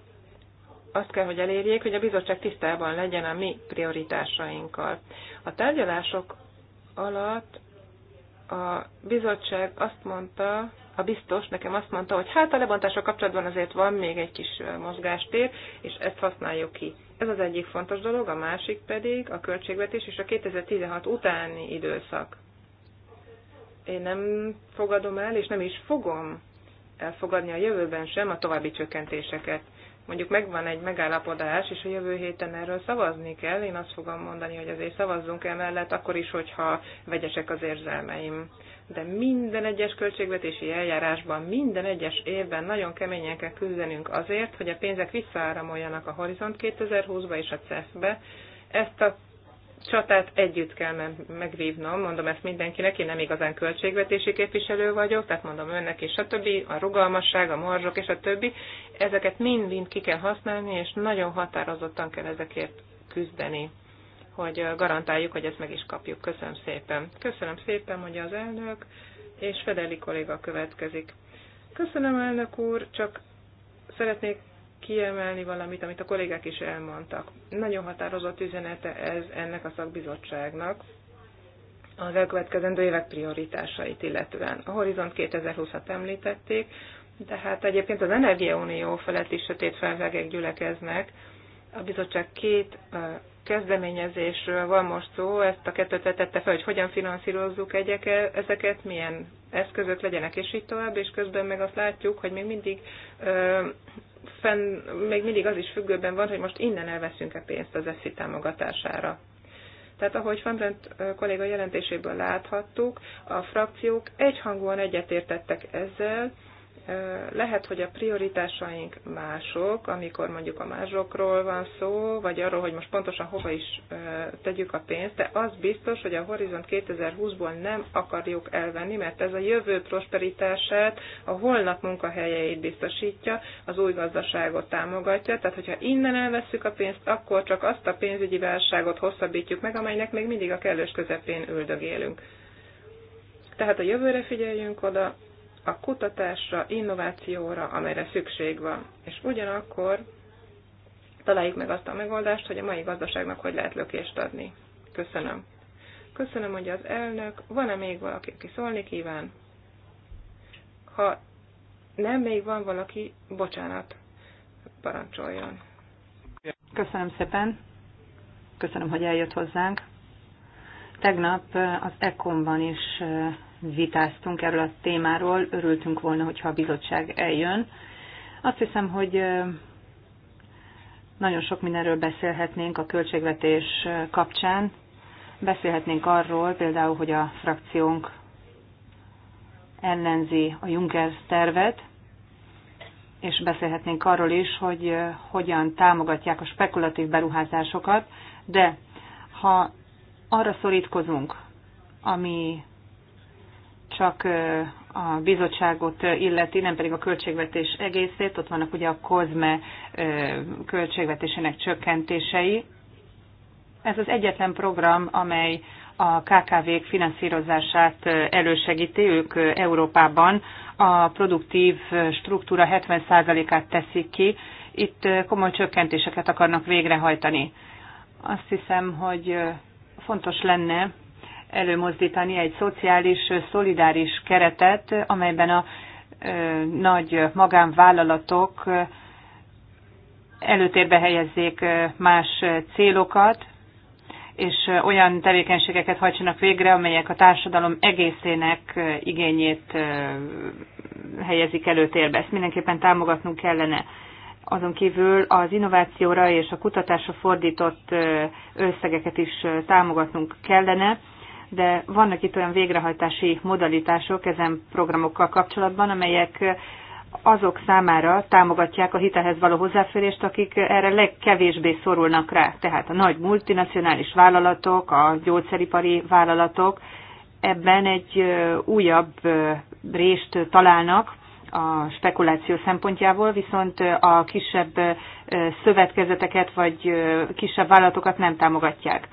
azt kell, hogy elérjék, hogy a bizottság tisztában legyen a mi prioritásainkkal. A tárgyalások alatt a bizottság azt mondta, a biztos nekem azt mondta, hogy hát a lebontással kapcsolatban azért van még egy kis mozgástér, és ezt használjuk ki. Ez az egyik fontos dolog, a másik pedig a költségvetés és a 2016 utáni időszak. Én nem fogadom el, és nem is fogom elfogadni a jövőben sem a további csökkentéseket mondjuk megvan egy megállapodás, és a jövő héten erről szavazni kell, én azt fogom mondani, hogy azért szavazzunk emellett, akkor is, hogyha vegyesek az érzelmeim. De minden egyes költségvetési eljárásban, minden egyes évben nagyon keményen kell küzdenünk azért, hogy a pénzek visszaáramoljanak a Horizont 2020-ba és a CEF-be. Ezt a csatát együtt kell megvívnom, mondom ezt mindenkinek, én nem igazán költségvetési képviselő vagyok, tehát mondom önnek és a többi, a rugalmasság, a marzsok és a többi, ezeket mind-mind ki kell használni, és nagyon határozottan kell ezekért küzdeni, hogy garantáljuk, hogy ezt meg is kapjuk. Köszönöm szépen. Köszönöm szépen, mondja az elnök, és Fedeli kolléga következik. Köszönöm, elnök úr, csak szeretnék kiemelni valamit, amit a kollégák is elmondtak. Nagyon határozott üzenete ez ennek a szakbizottságnak az elkövetkezendő évek prioritásait illetően. A Horizont 2020-at említették, de hát egyébként az Energiaunió felett is sötét felvegek gyülekeznek. A bizottság két kezdeményezésről van most szó, ezt a kettőt vetette fel, hogy hogyan finanszírozzuk egyeke, ezeket, milyen eszközök legyenek, és így tovább, és közben meg azt látjuk, hogy még mindig ö, fenn, még mindig az is függőben van, hogy most innen elveszünk-e pénzt az eszi támogatására. Tehát ahogy Van Brent kolléga jelentéséből láthattuk, a frakciók egyhangúan egyetértettek ezzel, lehet, hogy a prioritásaink mások, amikor mondjuk a másokról van szó, vagy arról, hogy most pontosan hova is tegyük a pénzt, de az biztos, hogy a Horizont 2020-ból nem akarjuk elvenni, mert ez a jövő prosperitását, a holnap munkahelyeit biztosítja, az új gazdaságot támogatja, tehát hogyha innen elveszük a pénzt, akkor csak azt a pénzügyi válságot hosszabbítjuk meg, amelynek még mindig a kellős közepén üldögélünk. Tehát a jövőre figyeljünk oda, a kutatásra, innovációra, amelyre szükség van. És ugyanakkor találjuk meg azt a megoldást, hogy a mai gazdaságnak hogy lehet lökést adni. Köszönöm. Köszönöm, hogy az elnök. Van-e még valaki, aki szólni kíván? Ha nem, még van valaki, bocsánat, parancsoljon. Köszönöm szépen. Köszönöm, hogy eljött hozzánk. Tegnap az ECOM-ban is vitáztunk erről a témáról, örültünk volna, hogyha a bizottság eljön. Azt hiszem, hogy nagyon sok mindenről beszélhetnénk a költségvetés kapcsán. Beszélhetnénk arról például, hogy a frakciónk ellenzi a Juncker tervet, és beszélhetnénk arról is, hogy hogyan támogatják a spekulatív beruházásokat, de ha arra szorítkozunk, ami csak a bizottságot illeti, nem pedig a költségvetés egészét. Ott vannak ugye a kozme költségvetésének csökkentései. Ez az egyetlen program, amely a KKV-k finanszírozását elősegíti, ők Európában a produktív struktúra 70%-át teszik ki, itt komoly csökkentéseket akarnak végrehajtani. Azt hiszem, hogy fontos lenne előmozdítani egy szociális, szolidáris keretet, amelyben a nagy magánvállalatok előtérbe helyezzék más célokat, és olyan tevékenységeket hajtsanak végre, amelyek a társadalom egészének igényét helyezik előtérbe. Ezt mindenképpen támogatnunk kellene. Azon kívül az innovációra és a kutatásra fordított összegeket is támogatnunk kellene, de vannak itt olyan végrehajtási modalitások ezen programokkal kapcsolatban, amelyek azok számára támogatják a hitelhez való hozzáférést, akik erre legkevésbé szorulnak rá. Tehát a nagy multinacionális vállalatok, a gyógyszeripari vállalatok ebben egy újabb részt találnak a spekuláció szempontjából, viszont a kisebb szövetkezeteket vagy kisebb vállalatokat nem támogatják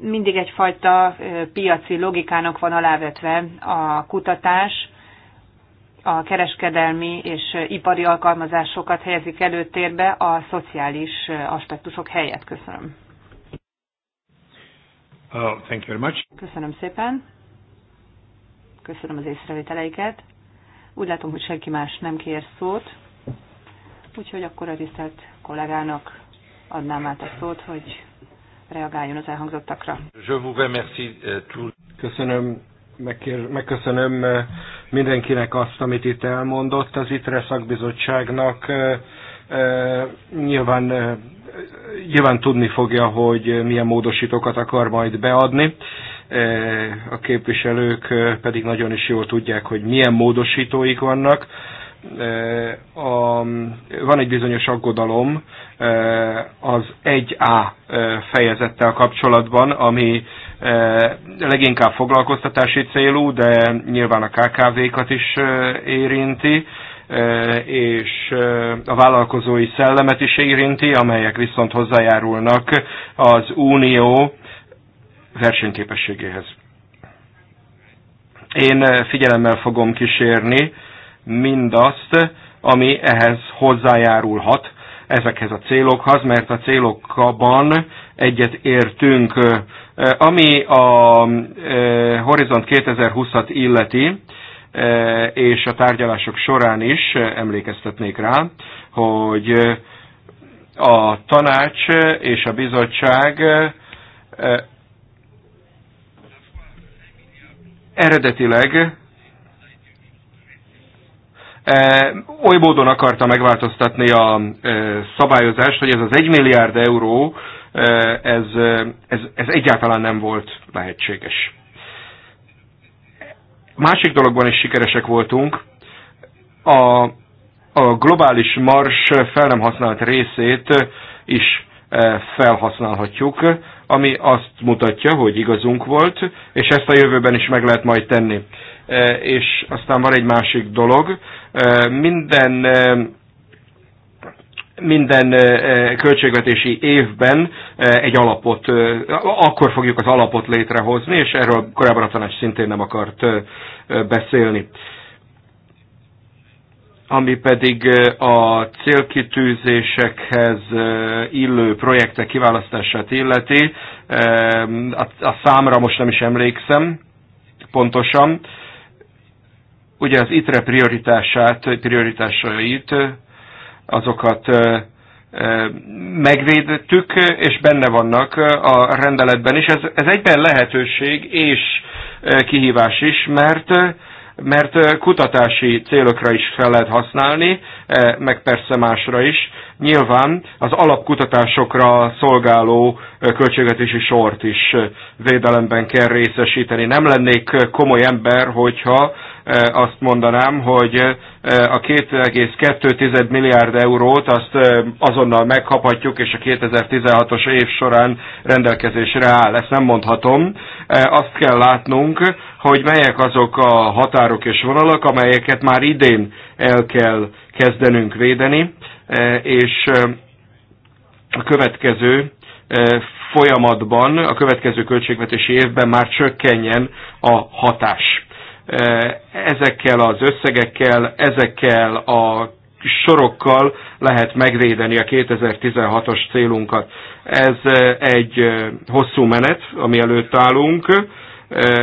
mindig egyfajta piaci logikának van alávetve a kutatás, a kereskedelmi és ipari alkalmazásokat helyezik előtérbe a szociális aspektusok helyett. Köszönöm. Oh, thank you very much. Köszönöm szépen. Köszönöm az észrevételeiket. Úgy látom, hogy senki más nem kér szót, úgyhogy akkor a tisztelt kollégának adnám át a szót, hogy reagáljon az elhangzottakra. Euh, Köszönöm, megkér, megköszönöm euh, mindenkinek azt, amit itt elmondott. Az ITRE szakbizottságnak euh, nyilván, nyilván tudni fogja, hogy milyen módosítókat akar majd beadni. A képviselők pedig nagyon is jól tudják, hogy milyen módosítóik vannak a, van egy bizonyos aggodalom e, az 1A e, fejezettel kapcsolatban, ami e, leginkább foglalkoztatási célú, de nyilván a KKV-kat is érinti, és a vállalkozói szellemet is érinti, amelyek viszont hozzájárulnak az unió versenyképességéhez. Én figyelemmel fogom kísérni, mindazt, ami ehhez hozzájárulhat, ezekhez a célokhoz, mert a célokban egyet értünk. Ami a Horizont 2020-at illeti, és a tárgyalások során is emlékeztetnék rá, hogy a tanács és a bizottság eredetileg E, oly módon akarta megváltoztatni a e, szabályozást, hogy ez az 1 milliárd euró, e, ez, ez, ez egyáltalán nem volt lehetséges. Másik dologban is sikeresek voltunk. A, a globális mars fel nem használt részét is felhasználhatjuk, ami azt mutatja, hogy igazunk volt, és ezt a jövőben is meg lehet majd tenni. Eh, és aztán van egy másik dolog. Eh, minden eh, minden költségvetési évben egy alapot, akkor fogjuk az alapot létrehozni, és erről korábban a tanács szintén nem akart beszélni. Ami pedig a célkitűzésekhez illő projektek kiválasztását illeti, a számra most nem is emlékszem pontosan, ugye az ITRE prioritását, prioritásait, azokat megvédtük, és benne vannak a rendeletben is. Ez, ez egyben lehetőség és kihívás is, mert mert kutatási célokra is fel lehet használni, meg persze másra is. Nyilván az alapkutatásokra szolgáló költségvetési sort is védelemben kell részesíteni. Nem lennék komoly ember, hogyha Eh, azt mondanám, hogy eh, a 2,2 milliárd eurót azt eh, azonnal megkaphatjuk, és a 2016-os év során rendelkezésre áll. Ezt nem mondhatom. Azt kell látnunk, hogy melyek azok a határok és vonalak, amelyeket már idén el kell kezdenünk védeni, és a következő folyamatban, a következő költségvetési évben már csökkenjen a hatás. Ezekkel az összegekkel, ezekkel a sorokkal lehet megvédeni a 2016-os célunkat. Ez egy hosszú menet, ami előtt állunk.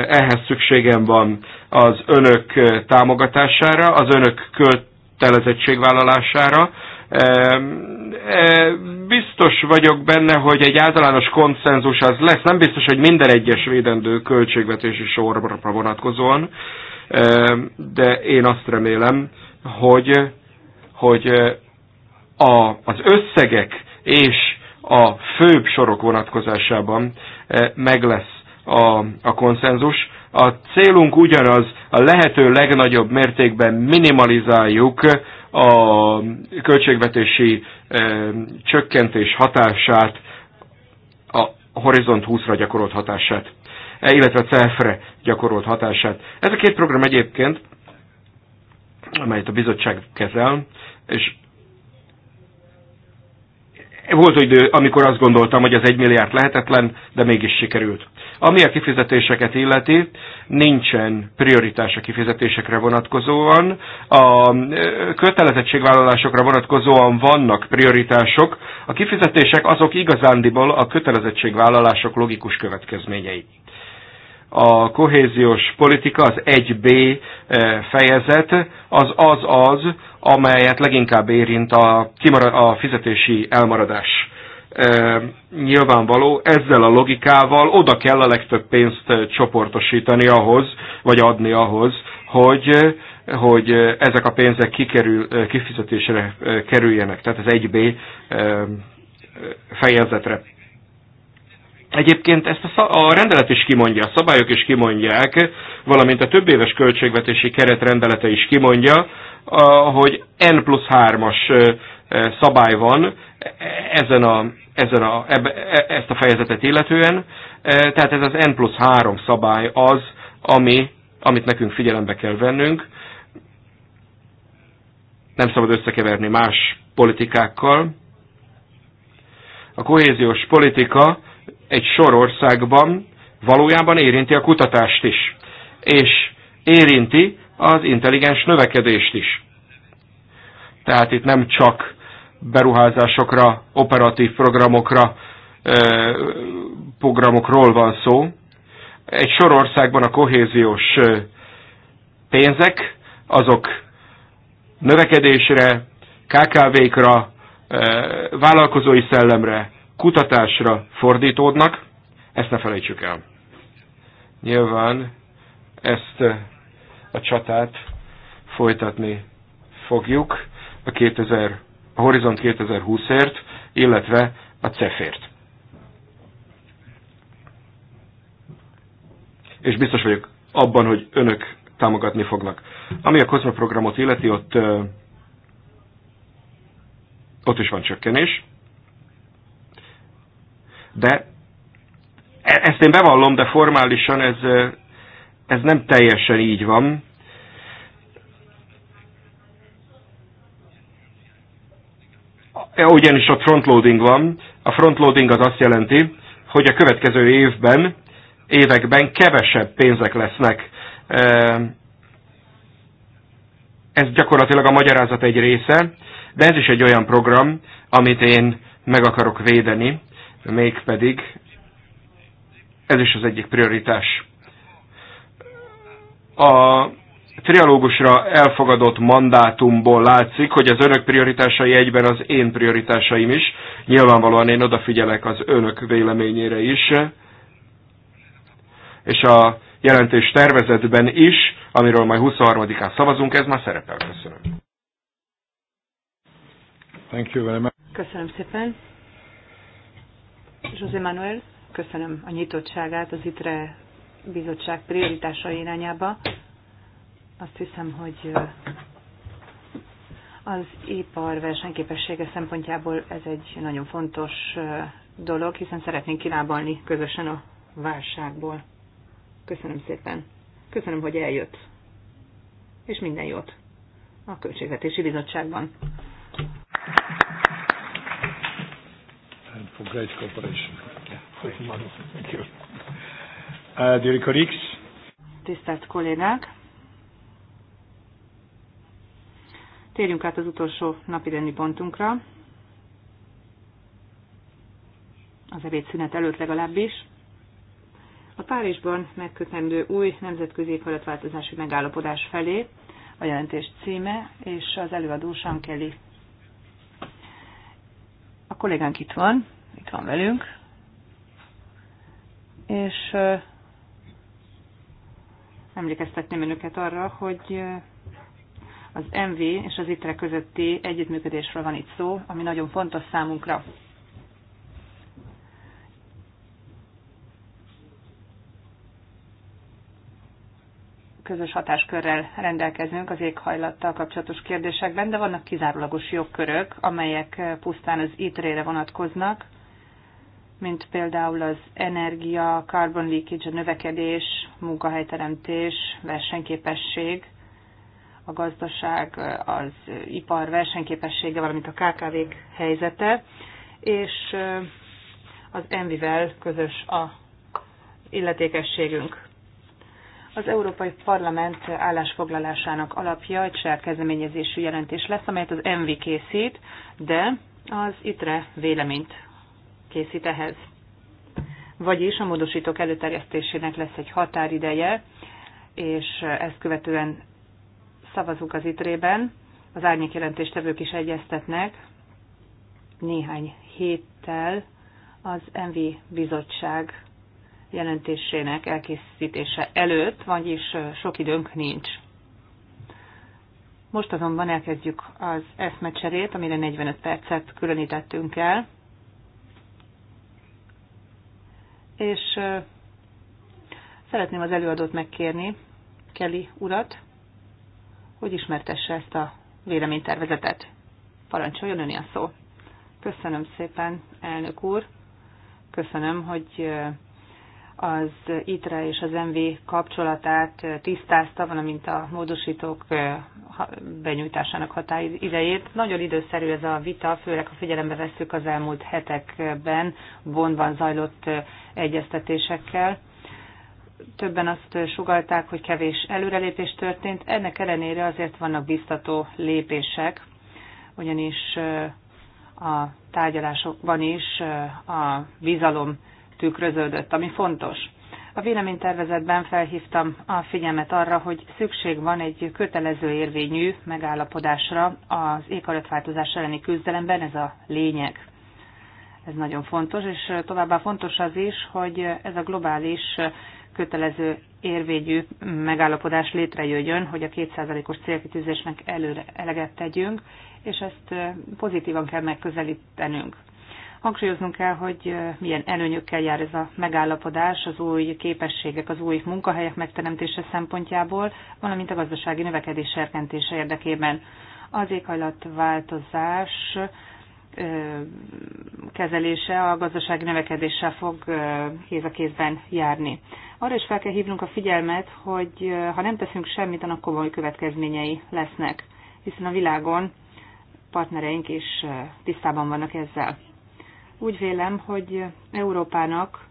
Ehhez szükségem van az önök támogatására, az önök költ kötelezettségvállalására, E, biztos vagyok benne, hogy egy általános konszenzus az lesz. Nem biztos, hogy minden egyes védendő költségvetési sorra vonatkozóan, de én azt remélem, hogy, hogy e, a, az összegek és a főbb sorok vonatkozásában e, meg lesz a, a konszenzus. A célunk ugyanaz, a lehető legnagyobb mértékben minimalizáljuk a költségvetési e, csökkentés hatását, a Horizont 20-ra gyakorolt hatását, e, illetve a CEF-re gyakorolt hatását. Ez a két program egyébként, amelyet a bizottság kezel, és volt idő, amikor azt gondoltam, hogy az egy milliárd lehetetlen, de mégis sikerült. Ami a kifizetéseket illeti, nincsen prioritás a kifizetésekre vonatkozóan. A kötelezettségvállalásokra vonatkozóan vannak prioritások. A kifizetések azok igazándiból a kötelezettségvállalások logikus következményei a kohéziós politika, az 1B fejezet, az az az, amelyet leginkább érint a, a fizetési elmaradás nyilvánvaló, ezzel a logikával oda kell a legtöbb pénzt csoportosítani ahhoz, vagy adni ahhoz, hogy, hogy ezek a pénzek kikerül, kifizetésre kerüljenek. Tehát ez 1B fejezetre. Egyébként ezt a, a rendelet is kimondja, a szabályok is kimondják, valamint a több éves költségvetési keret rendelete is kimondja, hogy N plusz 3-as szabály van e-, ezen a ezen a, ebbe, e, ezt a fejezetet illetően. E, tehát ez az N plusz 3 szabály az, ami, amit nekünk figyelembe kell vennünk. Nem szabad összekeverni más politikákkal. A kohéziós politika egy sor országban valójában érinti a kutatást is, és érinti az intelligens növekedést is. Tehát itt nem csak beruházásokra, operatív programokra, programokról van szó. Egy sor országban a kohéziós pénzek, azok növekedésre, KKV-kra, vállalkozói szellemre, kutatásra fordítódnak, ezt ne felejtsük el. Nyilván ezt a csatát folytatni fogjuk a 2000 a Horizont 2020-ért, illetve a CEF-ért. És biztos vagyok abban, hogy önök támogatni fognak. Ami a COSME programot illeti, ott, ott is van csökkenés, de e-, ezt én bevallom, de formálisan ez, ez nem teljesen így van. E, ugyanis ott frontloading van. A frontloading az azt jelenti, hogy a következő évben, években kevesebb pénzek lesznek. E, ez gyakorlatilag a magyarázat egy része, de ez is egy olyan program, amit én meg akarok védeni, mégpedig ez is az egyik prioritás. A trialógusra elfogadott mandátumból látszik, hogy az önök prioritásai egyben az én prioritásaim is. Nyilvánvalóan én odafigyelek az önök véleményére is, és a jelentés tervezetben is, amiről majd 23-án szavazunk, ez már szerepel. Köszönöm. Thank you very much. Köszönöm szépen. José Manuel, köszönöm a nyitottságát az ITRE bizottság prioritásai irányába. Azt hiszem, hogy az ipar versenyképessége szempontjából ez egy nagyon fontos dolog, hiszen szeretnénk kilábalni közösen a válságból. Köszönöm szépen. Köszönöm, hogy eljött. És minden jót a Költségvetési Bizottságban. for great cooperation. Thank you. Uh, dear colleagues. Tisztelt kollégák! Térjünk át az utolsó rendi pontunkra, az ebédszünet előtt legalábbis. A Párizsban megkötendő új nemzetközi éghajlatváltozási megállapodás felé a jelentés címe, és az előadó Sankeli. A kollégánk itt van, itt van velünk, és emlékeztetném önöket arra, hogy az MV és az ITRE közötti együttműködésről van itt szó, ami nagyon fontos számunkra. közös hatáskörrel rendelkezünk az éghajlattal kapcsolatos kérdésekben, de vannak kizárólagos jogkörök, amelyek pusztán az ITRE-re vonatkoznak, mint például az energia, carbon leakage, a növekedés, munkahelyteremtés, versenyképesség, a gazdaság, az ipar versenyképessége, valamint a KKV-k helyzete, és az Envivel közös a illetékességünk. Az Európai Parlament állásfoglalásának alapja egy saját kezdeményezésű jelentés lesz, amelyet az Envi készít, de az ITRE véleményt készít ehhez. Vagyis a módosítók előterjesztésének lesz egy határideje, és ezt követően Szavazunk az itrében, az árnyékjelentéstevők is egyeztetnek néhány héttel az MV bizottság jelentésének elkészítése előtt, vagyis sok időnk nincs. Most azonban elkezdjük az eszmecserét, amire 45 percet különítettünk el. És szeretném az előadót megkérni, Kelly urat, hogy ismertesse ezt a véleménytervezetet. Parancsoljon önni a szó. Köszönöm szépen, elnök úr. Köszönöm, hogy az ITRA és az MV kapcsolatát tisztázta, valamint a módosítók benyújtásának idejét. Nagyon időszerű ez a vita, főleg ha figyelembe veszük az elmúlt hetekben vonban zajlott egyeztetésekkel többen azt sugalták, hogy kevés előrelépés történt. Ennek ellenére azért vannak biztató lépések, ugyanis a tárgyalásokban is a bizalom tükröződött, ami fontos. A véleménytervezetben felhívtam a figyelmet arra, hogy szükség van egy kötelező érvényű megállapodásra az éghajlatváltozás elleni küzdelemben, ez a lényeg. Ez nagyon fontos, és továbbá fontos az is, hogy ez a globális kötelező érvényű megállapodás létrejöjjön, hogy a kétszázalékos célkitűzésnek előre eleget tegyünk, és ezt pozitívan kell megközelítenünk. Hangsúlyoznunk kell, hogy milyen előnyökkel jár ez a megállapodás az új képességek, az új munkahelyek megteremtése szempontjából, valamint a gazdasági növekedés serkentése érdekében. Az éghajlatváltozás kezelése a gazdasági növekedéssel fog kéz a kézben járni. Arra is fel kell hívnunk a figyelmet, hogy ha nem teszünk semmit, annak komoly következményei lesznek, hiszen a világon partnereink is tisztában vannak ezzel. Úgy vélem, hogy Európának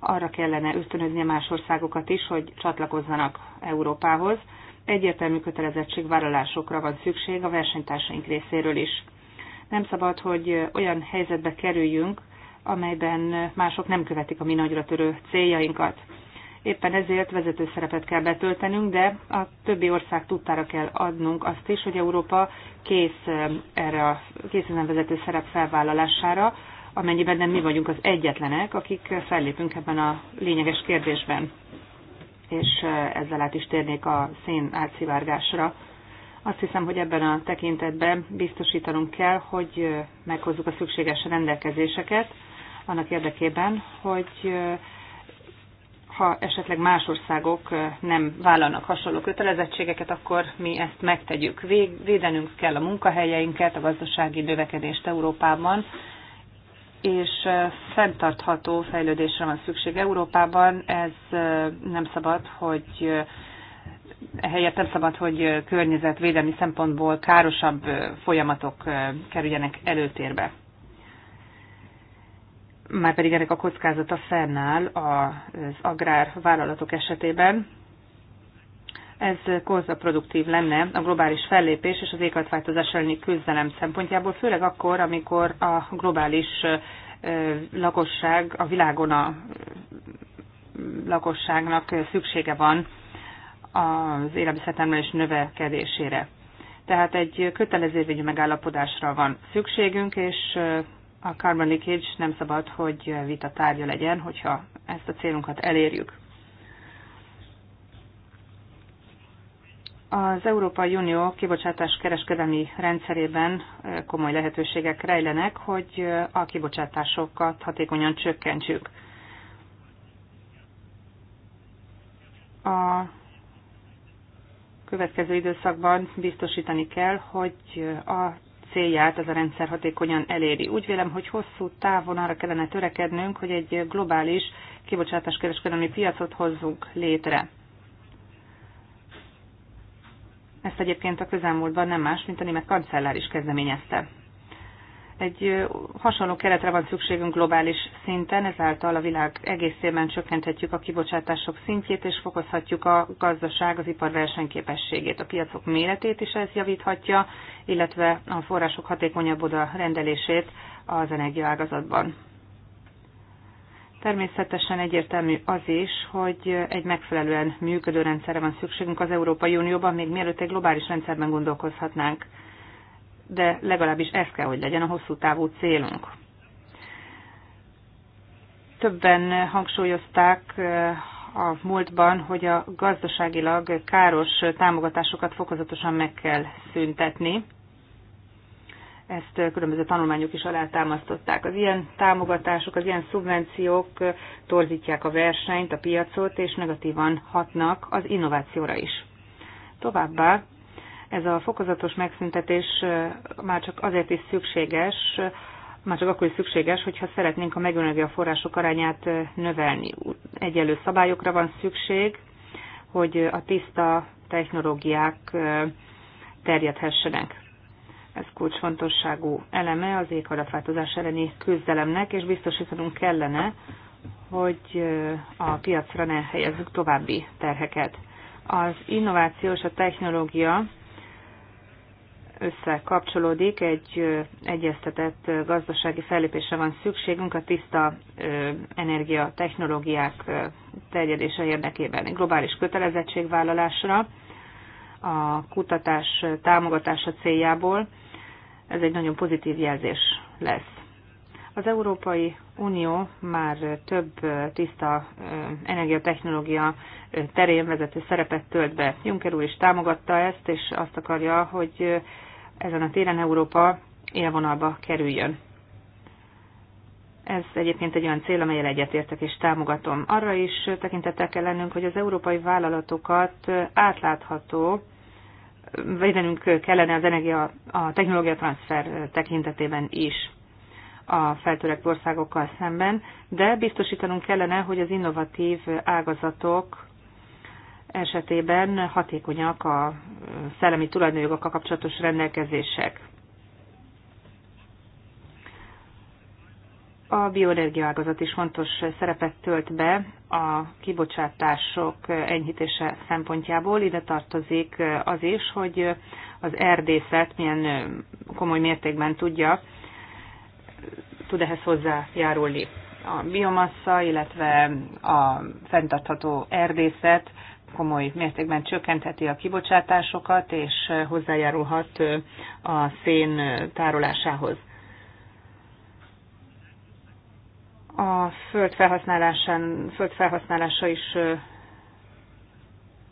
arra kellene ösztönöznie más országokat is, hogy csatlakozzanak Európához. Egyértelmű kötelezettségvállalásokra van szükség a versenytársaink részéről is nem szabad, hogy olyan helyzetbe kerüljünk, amelyben mások nem követik a mi nagyra törő céljainkat. Éppen ezért vezető szerepet kell betöltenünk, de a többi ország tudtára kell adnunk azt is, hogy Európa kész erre a kész ezen vezető szerep felvállalására, amennyiben nem mi vagyunk az egyetlenek, akik fellépünk ebben a lényeges kérdésben. És ezzel át is térnék a szén átszivárgásra azt hiszem, hogy ebben a tekintetben biztosítanunk kell, hogy meghozzuk a szükséges rendelkezéseket annak érdekében, hogy ha esetleg más országok nem vállalnak hasonló kötelezettségeket, akkor mi ezt megtegyük. Védenünk kell a munkahelyeinket, a gazdasági növekedést Európában, és fenntartható fejlődésre van szükség Európában. Ez nem szabad, hogy helyett nem szabad, hogy környezetvédelmi szempontból károsabb folyamatok kerüljenek előtérbe. Márpedig ennek a kockázata fennáll az agrárvállalatok esetében. Ez kontraproduktív lenne a globális fellépés és az éghajlatváltozás elleni küzdelem szempontjából, főleg akkor, amikor a globális lakosság, a világon a lakosságnak szüksége van az élelmiszertermelés növekedésére. Tehát egy kötelezérvényű megállapodásra van szükségünk, és a carbon leakage nem szabad, hogy vita tárgya legyen, hogyha ezt a célunkat elérjük. Az Európai Unió kibocsátás kereskedelmi rendszerében komoly lehetőségek rejlenek, hogy a kibocsátásokat hatékonyan csökkentsük. A következő időszakban biztosítani kell, hogy a célját ez a rendszer hatékonyan eléri. Úgy vélem, hogy hosszú távon arra kellene törekednünk, hogy egy globális kibocsátáskereskedelmi piacot hozzunk létre. Ezt egyébként a közelmúltban nem más, mint a német kancellár is kezdeményezte. Egy hasonló keretre van szükségünk globális szinten, ezáltal a világ egészében csökkenthetjük a kibocsátások szintjét, és fokozhatjuk a gazdaság, az ipar versenyképességét. A piacok méretét is ez javíthatja, illetve a források hatékonyabb oda rendelését az energiaágazatban. Természetesen egyértelmű az is, hogy egy megfelelően működő rendszerre van szükségünk az Európai Unióban, még mielőtt egy globális rendszerben gondolkozhatnánk de legalábbis ez kell, hogy legyen a hosszú távú célunk. Többen hangsúlyozták eh, a múltban, hogy a gazdaságilag káros támogatásokat fokozatosan meg kell szüntetni. Ezt eh, különböző tanulmányok is alátámasztották. Az ilyen támogatások, az ilyen szubvenciók eh, torzítják a versenyt, a piacot, és negatívan hatnak az innovációra is. Továbbá ez a fokozatos megszüntetés már csak azért is szükséges, már csak akkor is szükséges, hogyha szeretnénk a a források arányát növelni. Egyelő szabályokra van szükség, hogy a tiszta technológiák terjedhessenek. Ez kulcsfontosságú eleme az éghajlatváltozás elleni küzdelemnek, és biztosítanunk kellene, hogy a piacra ne helyezzük további terheket. Az innováció és a technológia összekapcsolódik, egy egyeztetett gazdasági fellépésre van szükségünk a tiszta energia technológiák terjedése érdekében. Globális kötelezettségvállalásra, a kutatás támogatása céljából, ez egy nagyon pozitív jelzés lesz. Az Európai Unió már több tiszta energiatechnológia terén vezető szerepet tölt be. Juncker úr is támogatta ezt, és azt akarja, hogy ezen a téren Európa élvonalba kerüljön. Ez egyébként egy olyan cél, amelyel egyetértek és támogatom. Arra is tekintettel kell lennünk, hogy az európai vállalatokat átlátható, védenünk kellene az energia, a technológia transfer tekintetében is a feltörekvő országokkal szemben, de biztosítanunk kellene, hogy az innovatív ágazatok esetében hatékonyak a szellemi tulajdonjogokkal kapcsolatos rendelkezések. A bioenergia ágazat is fontos szerepet tölt be a kibocsátások enyhítése szempontjából. Ide tartozik az is, hogy az erdészet milyen komoly mértékben tudja, tud ehhez hozzájárulni. A biomassa, illetve a fenntartható erdészet komoly mértékben csökkentheti a kibocsátásokat, és hozzájárulhat a szén tárolásához. A föld, felhasználásán, föld felhasználása is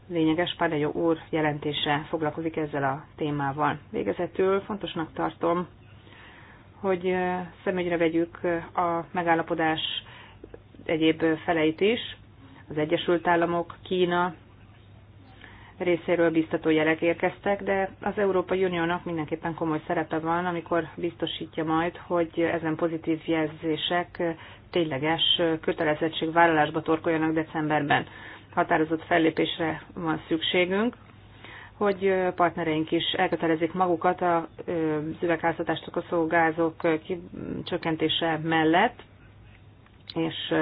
lényeges, Padejo úr jelentése foglalkozik ezzel a témával. Végezetül fontosnak tartom, hogy szemügyre vegyük a megállapodás egyéb feleit is, az Egyesült Államok, Kína részéről biztató jelek érkeztek, de az Európai Uniónak mindenképpen komoly szerepe van, amikor biztosítja majd, hogy ezen pozitív jelzések tényleges kötelezettségvállalásba torkoljanak decemberben. Határozott fellépésre van szükségünk, hogy partnereink is elkötelezik magukat a üvegházhatást okozó gázok csökkentése mellett, és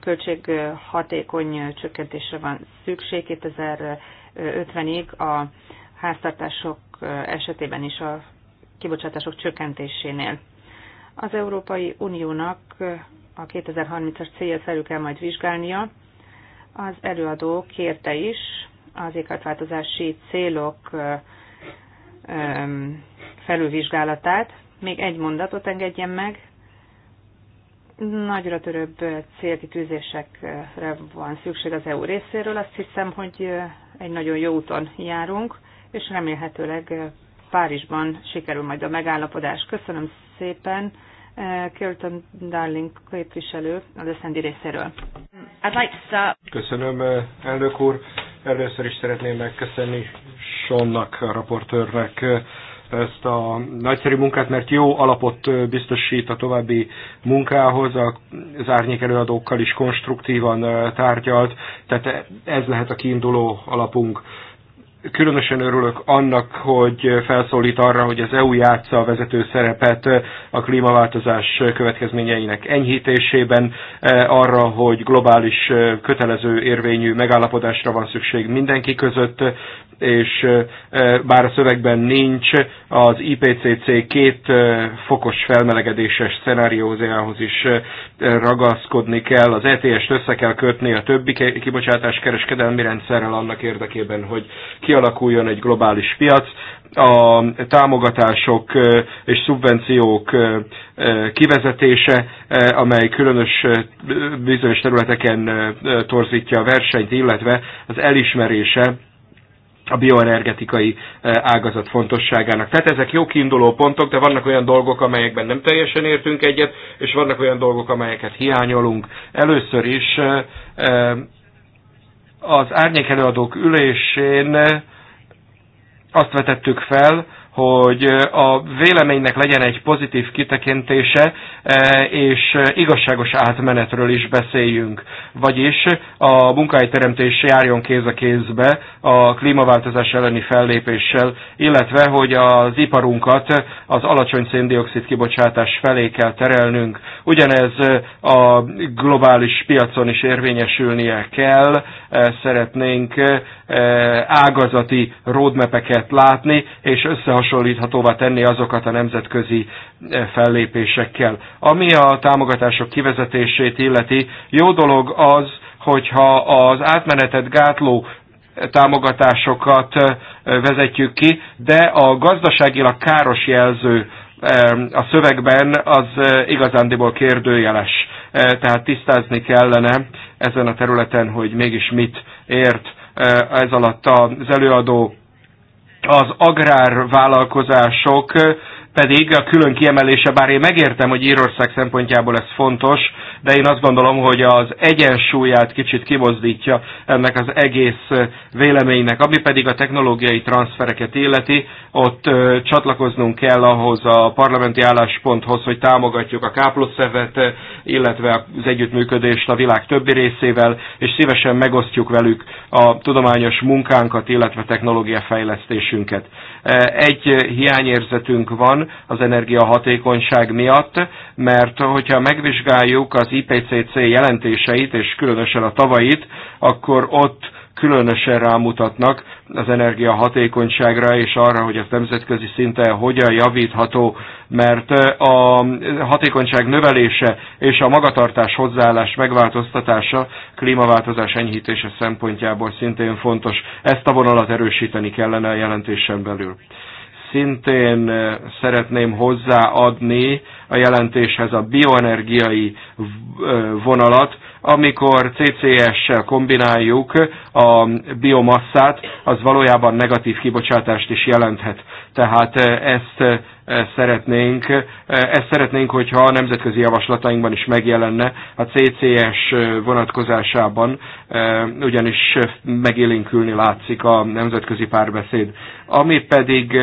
költséghatékony csökkentésre van szükség. 2000 50-ig a háztartások esetében is a kibocsátások csökkentésénél. Az Európai Uniónak a 2030-as célja felül kell majd vizsgálnia. Az előadó kérte is az éghajlatváltozási célok felülvizsgálatát. Még egy mondatot engedjen meg nagyra törőbb célkitűzésekre van szükség az EU részéről. Azt hiszem, hogy egy nagyon jó úton járunk, és remélhetőleg Párizsban sikerül majd a megállapodás. Köszönöm szépen, Kirton Darling képviselő az SZND részéről. Köszönöm, elnök úr. Először is szeretném megköszönni Sonnak, a raportőrnek ezt a nagyszerű munkát, mert jó alapot biztosít a további munkához, az árnyék előadókkal is konstruktívan tárgyalt, tehát e- ez lehet a kiinduló alapunk különösen örülök annak, hogy felszólít arra, hogy az EU játsza a vezető szerepet a klímaváltozás következményeinek enyhítésében, eh, arra, hogy globális eh, kötelező érvényű megállapodásra van szükség mindenki között, és eh, bár a szövegben nincs, az IPCC két fokos felmelegedéses szenáriózéjához is ragaszkodni kell, az ETS-t össze kell kötni a többi kibocsátás kereskedelmi rendszerrel annak érdekében, hogy ki kialakuljon egy globális piac, a támogatások és szubvenciók kivezetése, amely különös bizonyos területeken torzítja a versenyt, illetve az elismerése a bioenergetikai ágazat fontosságának. Tehát ezek jó kiinduló pontok, de vannak olyan dolgok, amelyekben nem teljesen értünk egyet, és vannak olyan dolgok, amelyeket hiányolunk. Először is az árnyékelőadók ülésén azt vetettük fel, hogy a véleménynek legyen egy pozitív kitekintése, és igazságos átmenetről is beszéljünk. Vagyis a munkahelyteremtés járjon kéz a kézbe a klímaváltozás elleni fellépéssel, illetve hogy az iparunkat az alacsony széndiokszid kibocsátás felé kell terelnünk. Ugyanez a globális piacon is érvényesülnie kell, szeretnénk ágazati roadmapeket látni, és összehasonlítani összehasonlíthatóvá tenni azokat a nemzetközi eh, fellépésekkel. Ami a támogatások kivezetését illeti, jó dolog az, hogyha az átmenetet gátló eh, támogatásokat eh, vezetjük ki, de a gazdaságilag káros jelző a szövegben az igazándiból kérdőjeles. Tehát tisztázni kellene ezen a területen, hogy mégis mit ért ez alatt az előadó az agrárvállalkozások pedig a külön kiemelése, bár én megértem, hogy Írország szempontjából ez fontos, de én azt gondolom, hogy az egyensúlyát kicsit kimozdítja ennek az egész véleménynek. Ami pedig a technológiai transfereket illeti, ott csatlakoznunk kell ahhoz a parlamenti állásponthoz, hogy támogatjuk a K szervet, illetve az együttműködést a világ többi részével, és szívesen megosztjuk velük a tudományos munkánkat, illetve technológiafejlesztésünket. Eh, egy hiányérzetünk van az energiahatékonyság miatt, mert hogyha megvizsgáljuk az IPCC jelentéseit, és különösen a tavait, akkor ott különösen rámutatnak az energiahatékonyságra és arra, hogy ez nemzetközi szinten hogyan javítható, mert a hatékonyság növelése és a magatartás hozzáállás megváltoztatása klímaváltozás enyhítése szempontjából szintén fontos. Ezt a vonalat erősíteni kellene a jelentésen belül szintén szeretném hozzáadni a jelentéshez a bioenergiai vonalat, amikor CCS-sel kombináljuk a biomasszát, az valójában negatív kibocsátást is jelenthet. Tehát eh, ezt eh, szeretnénk, eh, ezt szeretnénk, hogyha a nemzetközi javaslatainkban is megjelenne a CCS vonatkozásában, ugyanis megélénkülni látszik a nemzetközi párbeszéd. Ami pedig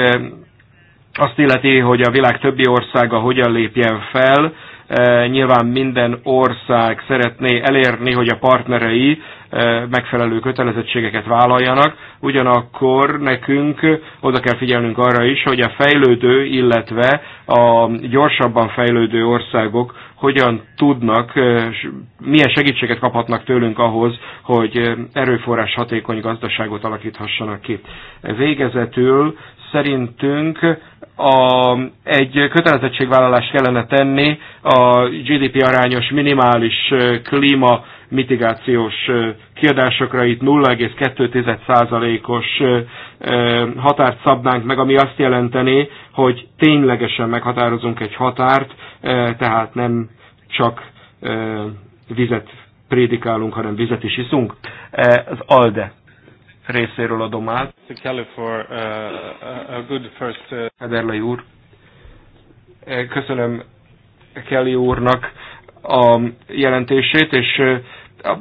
azt illeti, hogy a világ többi országa hogyan lépjen fel, Eh, nyilván minden ország szeretné elérni, hogy a partnerei eh, megfelelő kötelezettségeket vállaljanak, ugyanakkor nekünk oda kell figyelnünk arra is, hogy a fejlődő, illetve a gyorsabban fejlődő országok hogyan tudnak, eh, milyen segítséget kaphatnak tőlünk ahhoz, hogy erőforrás hatékony gazdaságot alakíthassanak ki. Végezetül szerintünk a, egy kötelezettségvállalás kellene tenni a GDP arányos minimális klíma mitigációs kiadásokra itt 0,2%-os határt szabnánk meg, ami azt jelenteni, hogy ténylegesen meghatározunk egy határt, tehát nem csak vizet prédikálunk, hanem vizet is iszunk. Az ALDE részéről adom át. Uh, uh, Federlei úr, eh, köszönöm Kelly úrnak a jelentését, és eh, a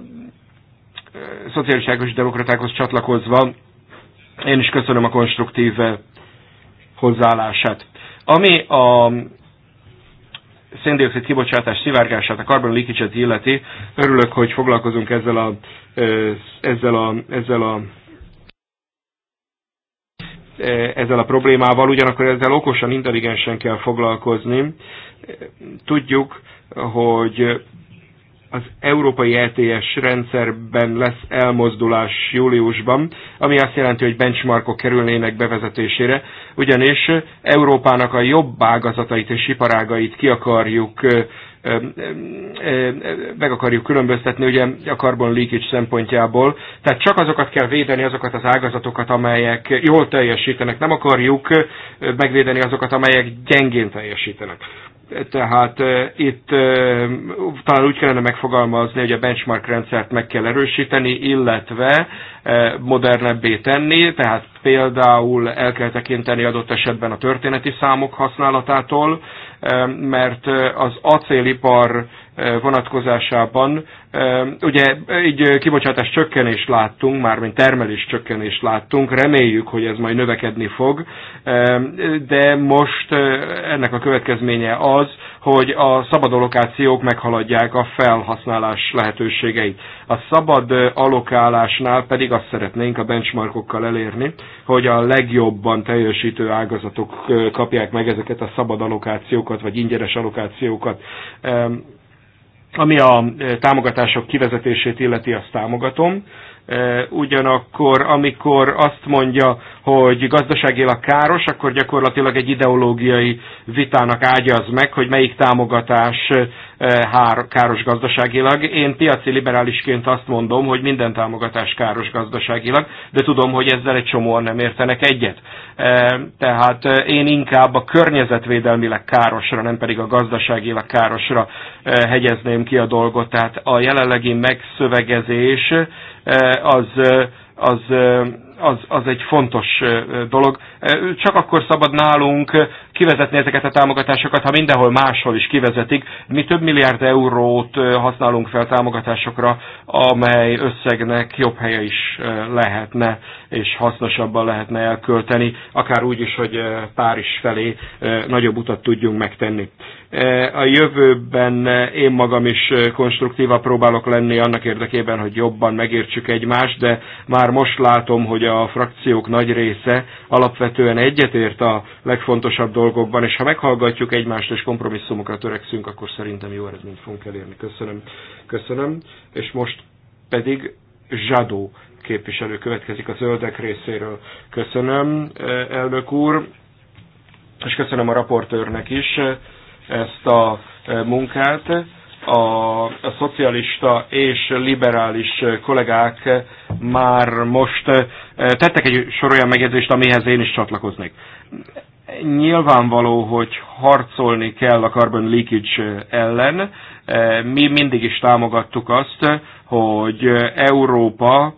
eh, szociális demokratákhoz csatlakozva én is köszönöm a konstruktív hozzáállását. Ami a széndiokszid kibocsátás szivárgását, a carbon leakage illeti, örülök, hogy foglalkozunk ezzel a, ezzel a, ezzel a Eh, ezzel a problémával, ugyanakkor ezzel okosan, intelligensen kell foglalkozni. Tudjuk, hogy az európai ETS rendszerben lesz elmozdulás júliusban, ami azt jelenti, hogy benchmarkok kerülnének bevezetésére, ugyanis Európának a jobb ágazatait és iparágait ki akarjuk meg akarjuk különböztetni ugye a carbon leakage szempontjából. Tehát csak azokat kell védeni, azokat az ágazatokat, amelyek jól teljesítenek. Nem akarjuk megvédeni azokat, amelyek gyengén teljesítenek. Tehát eh, itt eh, talán úgy kellene megfogalmazni, hogy a benchmark rendszert meg kell erősíteni, illetve eh, modernebbé tenni, tehát például el kell tekinteni adott esetben a történeti számok használatától, mert az acélipar vonatkozásában. Ugye így kibocsátás csökkenést láttunk, mármint termelés csökkenést láttunk, reméljük, hogy ez majd növekedni fog, de most ennek a következménye az, hogy a szabad allokációk meghaladják a felhasználás lehetőségeit. A szabad allokálásnál pedig azt szeretnénk a benchmarkokkal elérni, hogy a legjobban teljesítő ágazatok kapják meg ezeket a szabad allokációkat, vagy ingyenes allokációkat. Ami a támogatások kivezetését illeti, azt támogatom. Eh, ugyanakkor amikor azt mondja, hogy gazdaságilag káros, akkor gyakorlatilag egy ideológiai vitának ágyaz meg, hogy melyik támogatás eh, káros gazdaságilag. Én piaci liberálisként azt mondom, hogy minden támogatás káros gazdaságilag, de tudom, hogy ezzel egy csomóan nem értenek egyet. Eh, tehát én inkább a környezetvédelmileg károsra, nem pedig a gazdaságilag károsra hegyezném ki a dolgot. Tehát a jelenlegi megszövegezés Eh, az, eh, az, eh, az, az egy fontos dolog. Csak akkor szabad nálunk kivezetni ezeket a támogatásokat, ha mindenhol máshol is kivezetik. Mi több milliárd eurót használunk fel támogatásokra, amely összegnek jobb helye is lehetne, és hasznosabban lehetne elkölteni, akár úgy is, hogy Párizs felé nagyobb utat tudjunk megtenni. A jövőben eh, én magam is eh, konstruktíva próbálok lenni annak érdekében, hogy jobban megértsük egymást, de már most látom, hogy a frakciók nagy része alapvetően egyetért a legfontosabb dolgokban, és ha meghallgatjuk egymást és kompromisszumokra törekszünk, akkor szerintem jó eredményt fogunk elérni. Köszönöm. Köszönöm. És most pedig Zsadó képviselő következik a zöldek részéről. Köszönöm, eh, elnök úr, és köszönöm a raportőrnek is ezt a e, munkát. A, a szocialista és liberális kollégák már most e, tettek egy sor olyan megjegyzést, amihez én is csatlakoznék. Nyilvánvaló, hogy harcolni kell a carbon leakage ellen. E, mi mindig is támogattuk azt, hogy Európa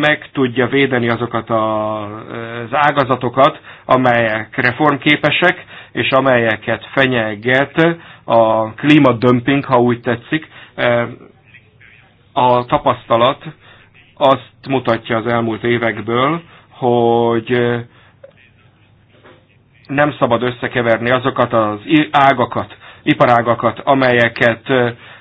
meg tudja védeni azokat az ágazatokat, amelyek reformképesek, és amelyeket fenyeget a klímadömping, ha úgy tetszik, e, a tapasztalat azt mutatja az elmúlt évekből, hogy nem szabad összekeverni azokat az ágakat, iparágakat, amelyeket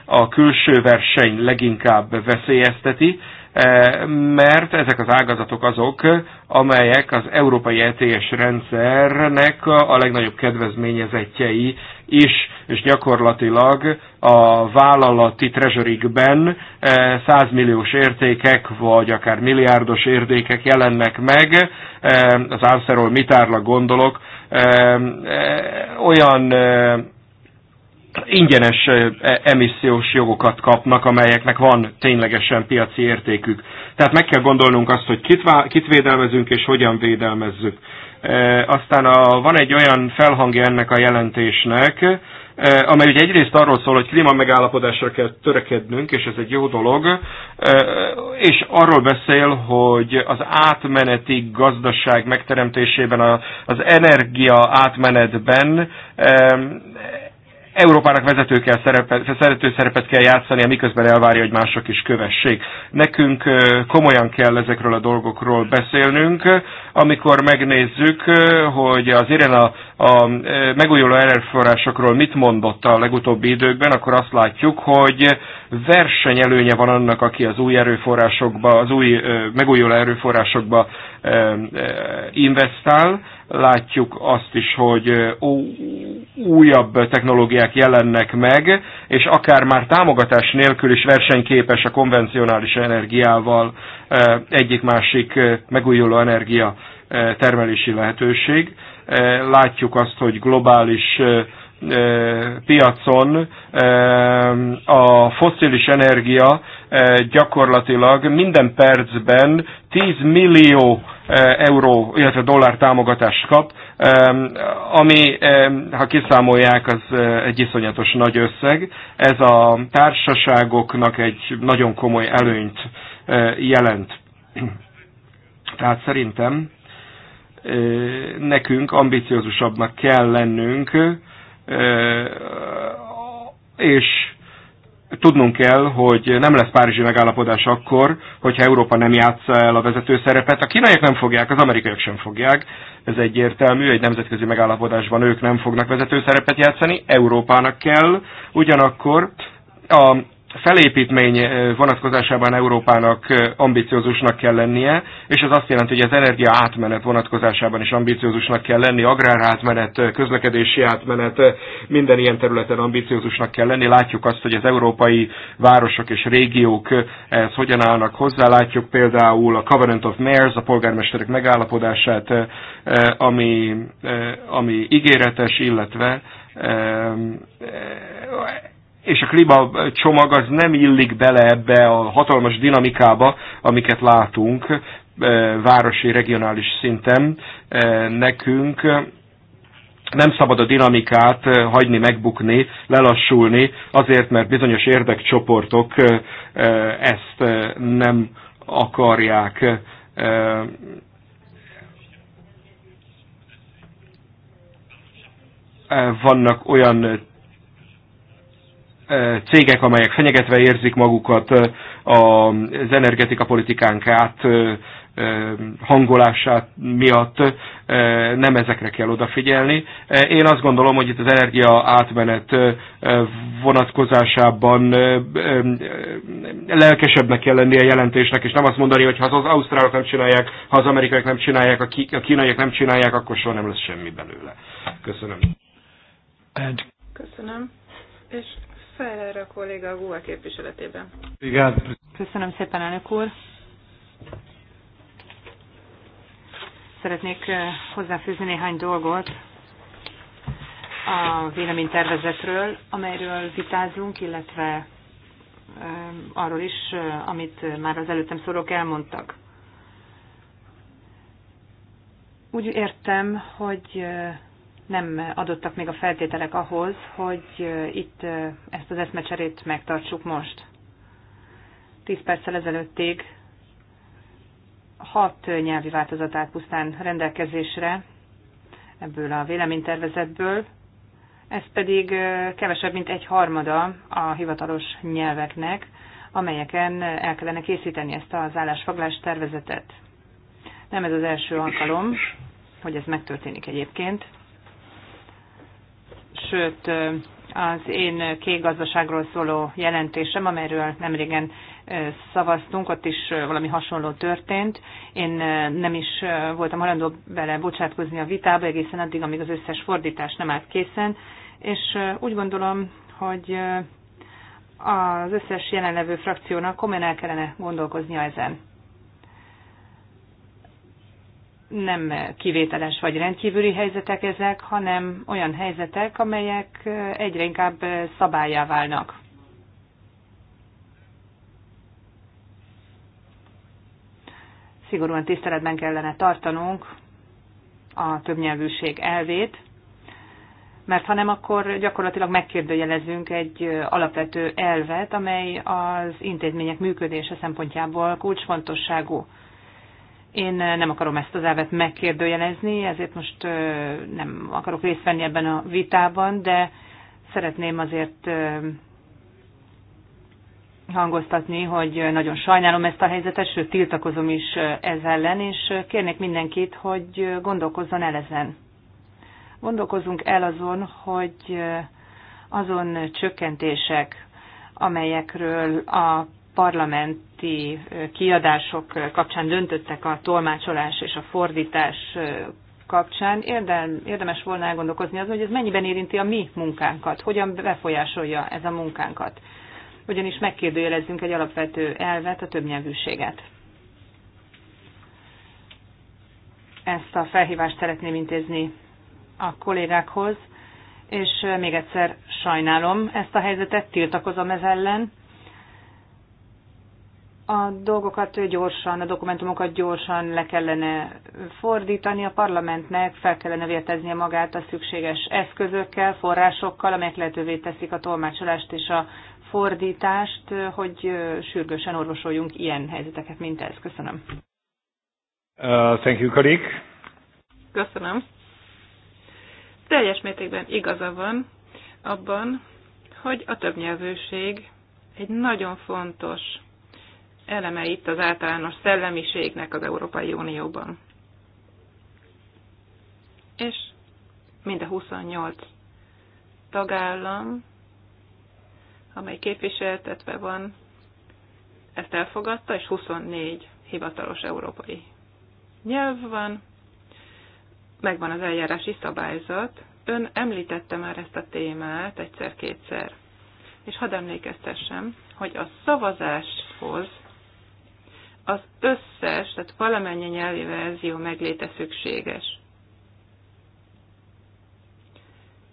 a külső verseny leginkább veszélyezteti, Eh, mert ezek az ágazatok azok, amelyek az európai ETS rendszernek a legnagyobb kedvezményezettjei is, és gyakorlatilag a vállalati treasury 100 eh, milliós értékek, vagy akár milliárdos értékek jelennek meg, eh, az Ámszerol mitárla gondolok, olyan ingyenes e, emissziós jogokat kapnak, amelyeknek van ténylegesen piaci értékük. Tehát meg kell gondolnunk azt, hogy kit, kit védelmezünk és hogyan védelmezzük. E, aztán a, van egy olyan felhangja ennek a jelentésnek, e, amely ugye egyrészt arról szól, hogy klíma megállapodásra kell törekednünk, és ez egy jó dolog, és arról beszél, hogy az átmeneti gazdaság megteremtésében, a az energia átmenetben Európának vezető kell szerepet, szerető szerepet kell játszani, miközben elvárja, hogy mások is kövessék. Nekünk komolyan kell ezekről a dolgokról beszélnünk, amikor megnézzük, hogy az Irén a, a megújuló erőforrásokról mit mondott a legutóbbi időkben, akkor azt látjuk, hogy versenyelőnye van annak, aki az új erőforrásokba, az új megújuló erőforrásokba investál, látjuk azt is, hogy újabb technológiák jelennek meg, és akár már támogatás nélkül is versenyképes a konvencionális energiával egyik-másik megújuló energia termelési lehetőség. Látjuk azt, hogy globális piacon a foszilis energia Eh, gyakorlatilag minden percben 10 millió eh, euró, illetve dollár támogatást kap, ami, ha kiszámolják, az eh, egy iszonyatos nagy összeg. Ez a társaságoknak egy nagyon komoly előnyt jelent. Tehát szerintem nekünk ambiciózusabbnak kell lennünk, és tudnunk kell, hogy nem lesz párizsi megállapodás akkor, hogyha Európa nem játsza el a vezető szerepet. A kínaiak nem fogják, az amerikaiak sem fogják. Ez egyértelmű, egy nemzetközi megállapodásban ők nem fognak vezető szerepet játszani, Európának kell. Ugyanakkor a felépítmény eh, vonatkozásában Európának eh, ambiciózusnak kell lennie, és ez azt jelenti, hogy az energia átmenet vonatkozásában is ambiciózusnak kell lenni, agrár átmenet, eh, közlekedési átmenet, minden ilyen területen ambiciózusnak kell lenni. Látjuk azt, hogy az európai városok és régiók ehhez hogyan állnak hozzá. Látjuk például a Covenant of Mayors, a polgármesterek megállapodását, ami, ami ígéretes, illetve és a klímacsomag az nem illik bele ebbe a hatalmas dinamikába, amiket látunk eh, városi, regionális szinten eh, nekünk. Nem szabad a dinamikát eh, hagyni megbukni, lelassulni, azért, mert bizonyos érdekcsoportok ezt nem akarják. Vannak olyan cégek, amelyek fenyegetve érzik magukat az energetikapolitikánk át hangolását miatt nem ezekre kell odafigyelni. Én azt gondolom, hogy itt az energia átmenet vonatkozásában lelkesebbnek kell lenni a jelentésnek, és nem azt mondani, hogy ha az ausztrálok nem csinálják, ha az amerikaiak nem csinálják, a kínaiak nem csinálják, akkor soha nem lesz semmi belőle. Köszönöm. Köszönöm. És Ferrer a kolléga a GUA képviseletében. Igen. Köszönöm szépen, elnök úr. Szeretnék eh, hozzáfűzni néhány dolgot a véleménytervezetről, amelyről vitázunk, illetve eh, arról is, eh, amit már az előttem szólók elmondtak. Úgy értem, hogy nem adottak még a feltételek ahhoz, hogy itt ezt az eszmecserét megtartsuk most. Tíz perccel ezelőttig hat nyelvi változat állt pusztán rendelkezésre ebből a véleménytervezetből, ez pedig kevesebb, mint egy harmada a hivatalos nyelveknek, amelyeken el kellene készíteni ezt az állásfoglalás tervezetet. Nem ez az első alkalom, hogy ez megtörténik egyébként sőt az én kék gazdaságról szóló jelentésem, amelyről nemrégen szavaztunk, ott is valami hasonló történt. Én nem is voltam hajlandó bele bocsátkozni a vitába egészen addig, amíg az összes fordítás nem állt készen, és úgy gondolom, hogy az összes jelenlevő frakciónak komolyan el kellene gondolkoznia ezen nem kivételes vagy rendkívüli helyzetek ezek, hanem olyan helyzetek, amelyek egyre inkább szabályá válnak. Szigorúan tiszteletben kellene tartanunk a többnyelvűség elvét, mert ha nem, akkor gyakorlatilag megkérdőjelezünk egy alapvető elvet, amely az intézmények működése szempontjából kulcsfontosságú. Én eh, nem akarom ezt az elvet megkérdőjelezni, ezért most eh, nem akarok részt venni ebben a vitában, de szeretném azért eh, hangoztatni, hogy nagyon sajnálom ezt a helyzetet, sőt tiltakozom is ez ellen, és kérnék mindenkit, hogy gondolkozzon el ezen. Gondolkozzunk el azon, hogy azon csökkentések, amelyekről a parlamenti kiadások kapcsán döntöttek a tolmácsolás és a fordítás kapcsán érdemes volna elgondolkozni az, hogy ez mennyiben érinti a mi munkánkat, hogyan befolyásolja ez a munkánkat. Ugyanis megkérdőjelezzünk egy alapvető elvet, a többnyelvűséget. Ezt a felhívást szeretném intézni a kollégákhoz, és még egyszer sajnálom ezt a helyzetet, tiltakozom ez ellen, a dolgokat gyorsan, a dokumentumokat gyorsan le kellene fordítani, a parlamentnek fel kellene vérteznie magát a szükséges eszközökkel, forrásokkal, amelyek lehetővé teszik a tolmácsolást és a fordítást, hogy sürgősen orvosoljunk ilyen helyzeteket, mint ez. Köszönöm. Uh, thank you, Karik. Köszönöm. Teljes mértékben igaza van abban, hogy a többnyelvűség egy nagyon fontos eleme itt az általános szellemiségnek az Európai Unióban. És mind a 28 tagállam, amely képviseltetve van, ezt elfogadta, és 24 hivatalos európai nyelv van, megvan az eljárási szabályzat. Ön említette már ezt a témát egyszer-kétszer. És hadd emlékeztessem, hogy a szavazáshoz az összes, tehát valamennyi nyelvi verzió megléte szükséges.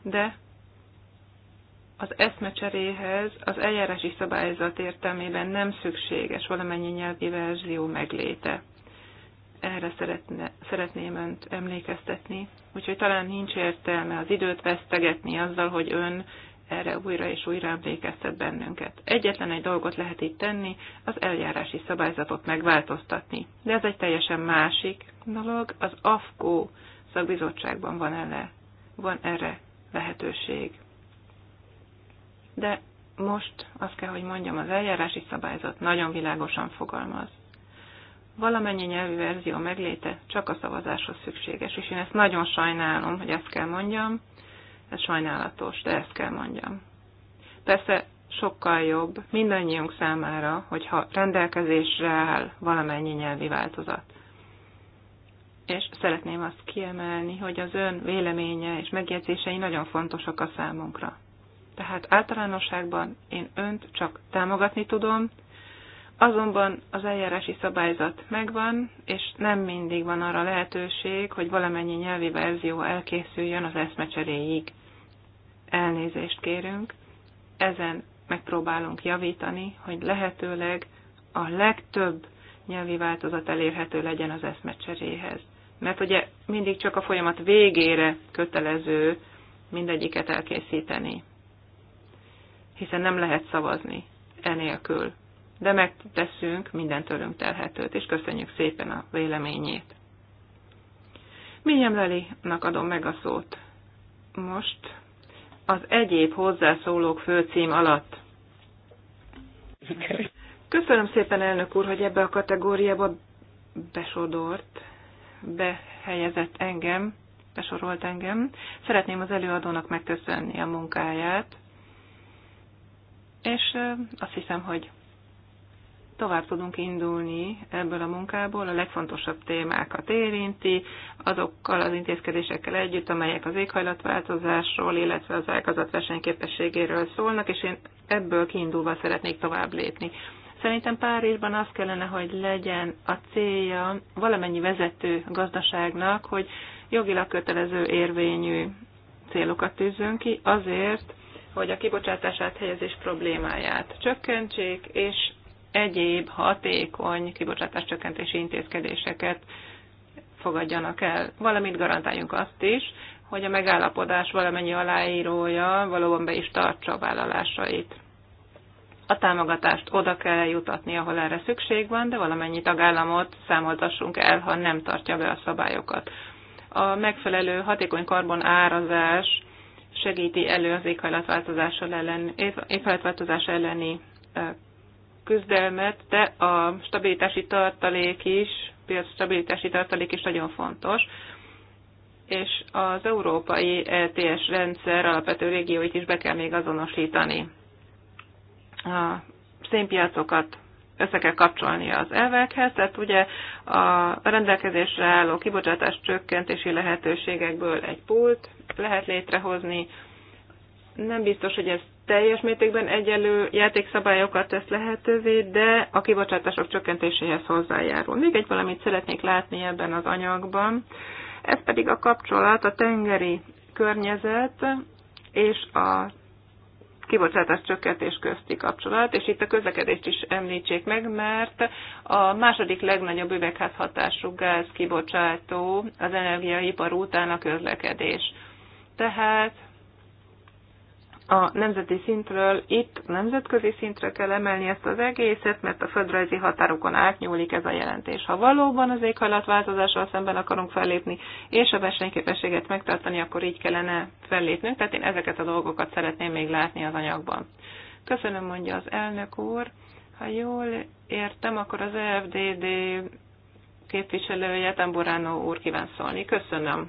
De az eszmecseréhez az eljárási szabályzat értelmében nem szükséges valamennyi nyelvi verzió megléte. Erre szeretne, szeretném önt emlékeztetni. Úgyhogy talán nincs értelme az időt vesztegetni azzal, hogy ön erre újra és újra emlékeztet bennünket. Egyetlen egy dolgot lehet itt tenni, az eljárási szabályzatot megváltoztatni. De ez egy teljesen másik dolog, az AFKO szakbizottságban van, ele, van erre lehetőség. De most azt kell, hogy mondjam, az eljárási szabályzat nagyon világosan fogalmaz. Valamennyi nyelvi verzió megléte csak a szavazáshoz szükséges, és én ezt nagyon sajnálom, hogy ezt kell mondjam, ez sajnálatos, de ezt kell mondjam. Persze sokkal jobb mindannyiunk számára, hogyha rendelkezésre áll valamennyi nyelvi változat. És szeretném azt kiemelni, hogy az ön véleménye és megjegyzései nagyon fontosak a számunkra. Tehát általánosságban én önt csak támogatni tudom, Azonban az eljárási szabályzat megvan, és nem mindig van arra lehetőség, hogy valamennyi nyelvi verzió elkészüljön az eszmecseréig. Elnézést kérünk, ezen megpróbálunk javítani, hogy lehetőleg a legtöbb nyelvi változat elérhető legyen az eszmecseréhez. Mert ugye mindig csak a folyamat végére kötelező mindegyiket elkészíteni, hiszen nem lehet szavazni enélkül de megteszünk minden tőlünk telhetőt, és köszönjük szépen a véleményét. Miriam Lelinak adom meg a szót. Most az egyéb hozzászólók főcím alatt. Köszönöm szépen, elnök úr, hogy ebbe a kategóriába besodort, behelyezett engem, besorolt engem. Szeretném az előadónak megköszönni a munkáját, és azt hiszem, hogy tovább tudunk indulni ebből a munkából, a legfontosabb témákat érinti, azokkal az intézkedésekkel együtt, amelyek az éghajlatváltozásról, illetve az ágazat versenyképességéről szólnak, és én ebből kiindulva szeretnék tovább lépni. Szerintem Párizsban az kellene, hogy legyen a célja valamennyi vezető gazdaságnak, hogy jogilag kötelező érvényű célokat tűzön ki azért, hogy a kibocsátását helyezés problémáját csökkentsék, és egyéb hatékony kibocsátáscsökkentési intézkedéseket fogadjanak el. Valamint garantáljunk azt is, hogy a megállapodás valamennyi aláírója valóban be is tartsa a vállalásait. A támogatást oda kell jutatni, ahol erre szükség van, de valamennyi tagállamot számoltassunk el, ha nem tartja be a szabályokat. A megfelelő hatékony karbon árazás segíti elő az éghajlatváltozás ellen, éghajlatváltozás elleni küzdelmet, de a stabilitási tartalék is, piac stabilitási tartalék is nagyon fontos, és az európai ETS rendszer alapvető régióit is be kell még azonosítani. A szénpiacokat össze kell kapcsolni az elvekhez, tehát ugye a rendelkezésre álló kibocsátás csökkentési lehetőségekből egy pult lehet létrehozni. Nem biztos, hogy ez teljes mértékben egyenlő játékszabályokat tesz lehetővé, de a kibocsátások csökkentéséhez hozzájárul. Még egy valamit szeretnék látni ebben az anyagban, ez pedig a kapcsolat a tengeri környezet és a kibocsátás csökkentés közti kapcsolat, és itt a közlekedést is említsék meg, mert a második legnagyobb üvegházhatású gáz kibocsátó az energiaipar után a közlekedés. Tehát a nemzeti szintről itt nemzetközi szintre kell emelni ezt az egészet, mert a földrajzi határokon átnyúlik ez a jelentés. Ha valóban az éghajlatváltozással szemben akarunk fellépni, és a versenyképességet megtartani, akkor így kellene fellépnünk. Tehát én ezeket a dolgokat szeretném még látni az anyagban. Köszönöm, mondja az elnök úr. Ha jól értem, akkor az EFDD képviselője Tamburánó úr kíván szólni. Köszönöm.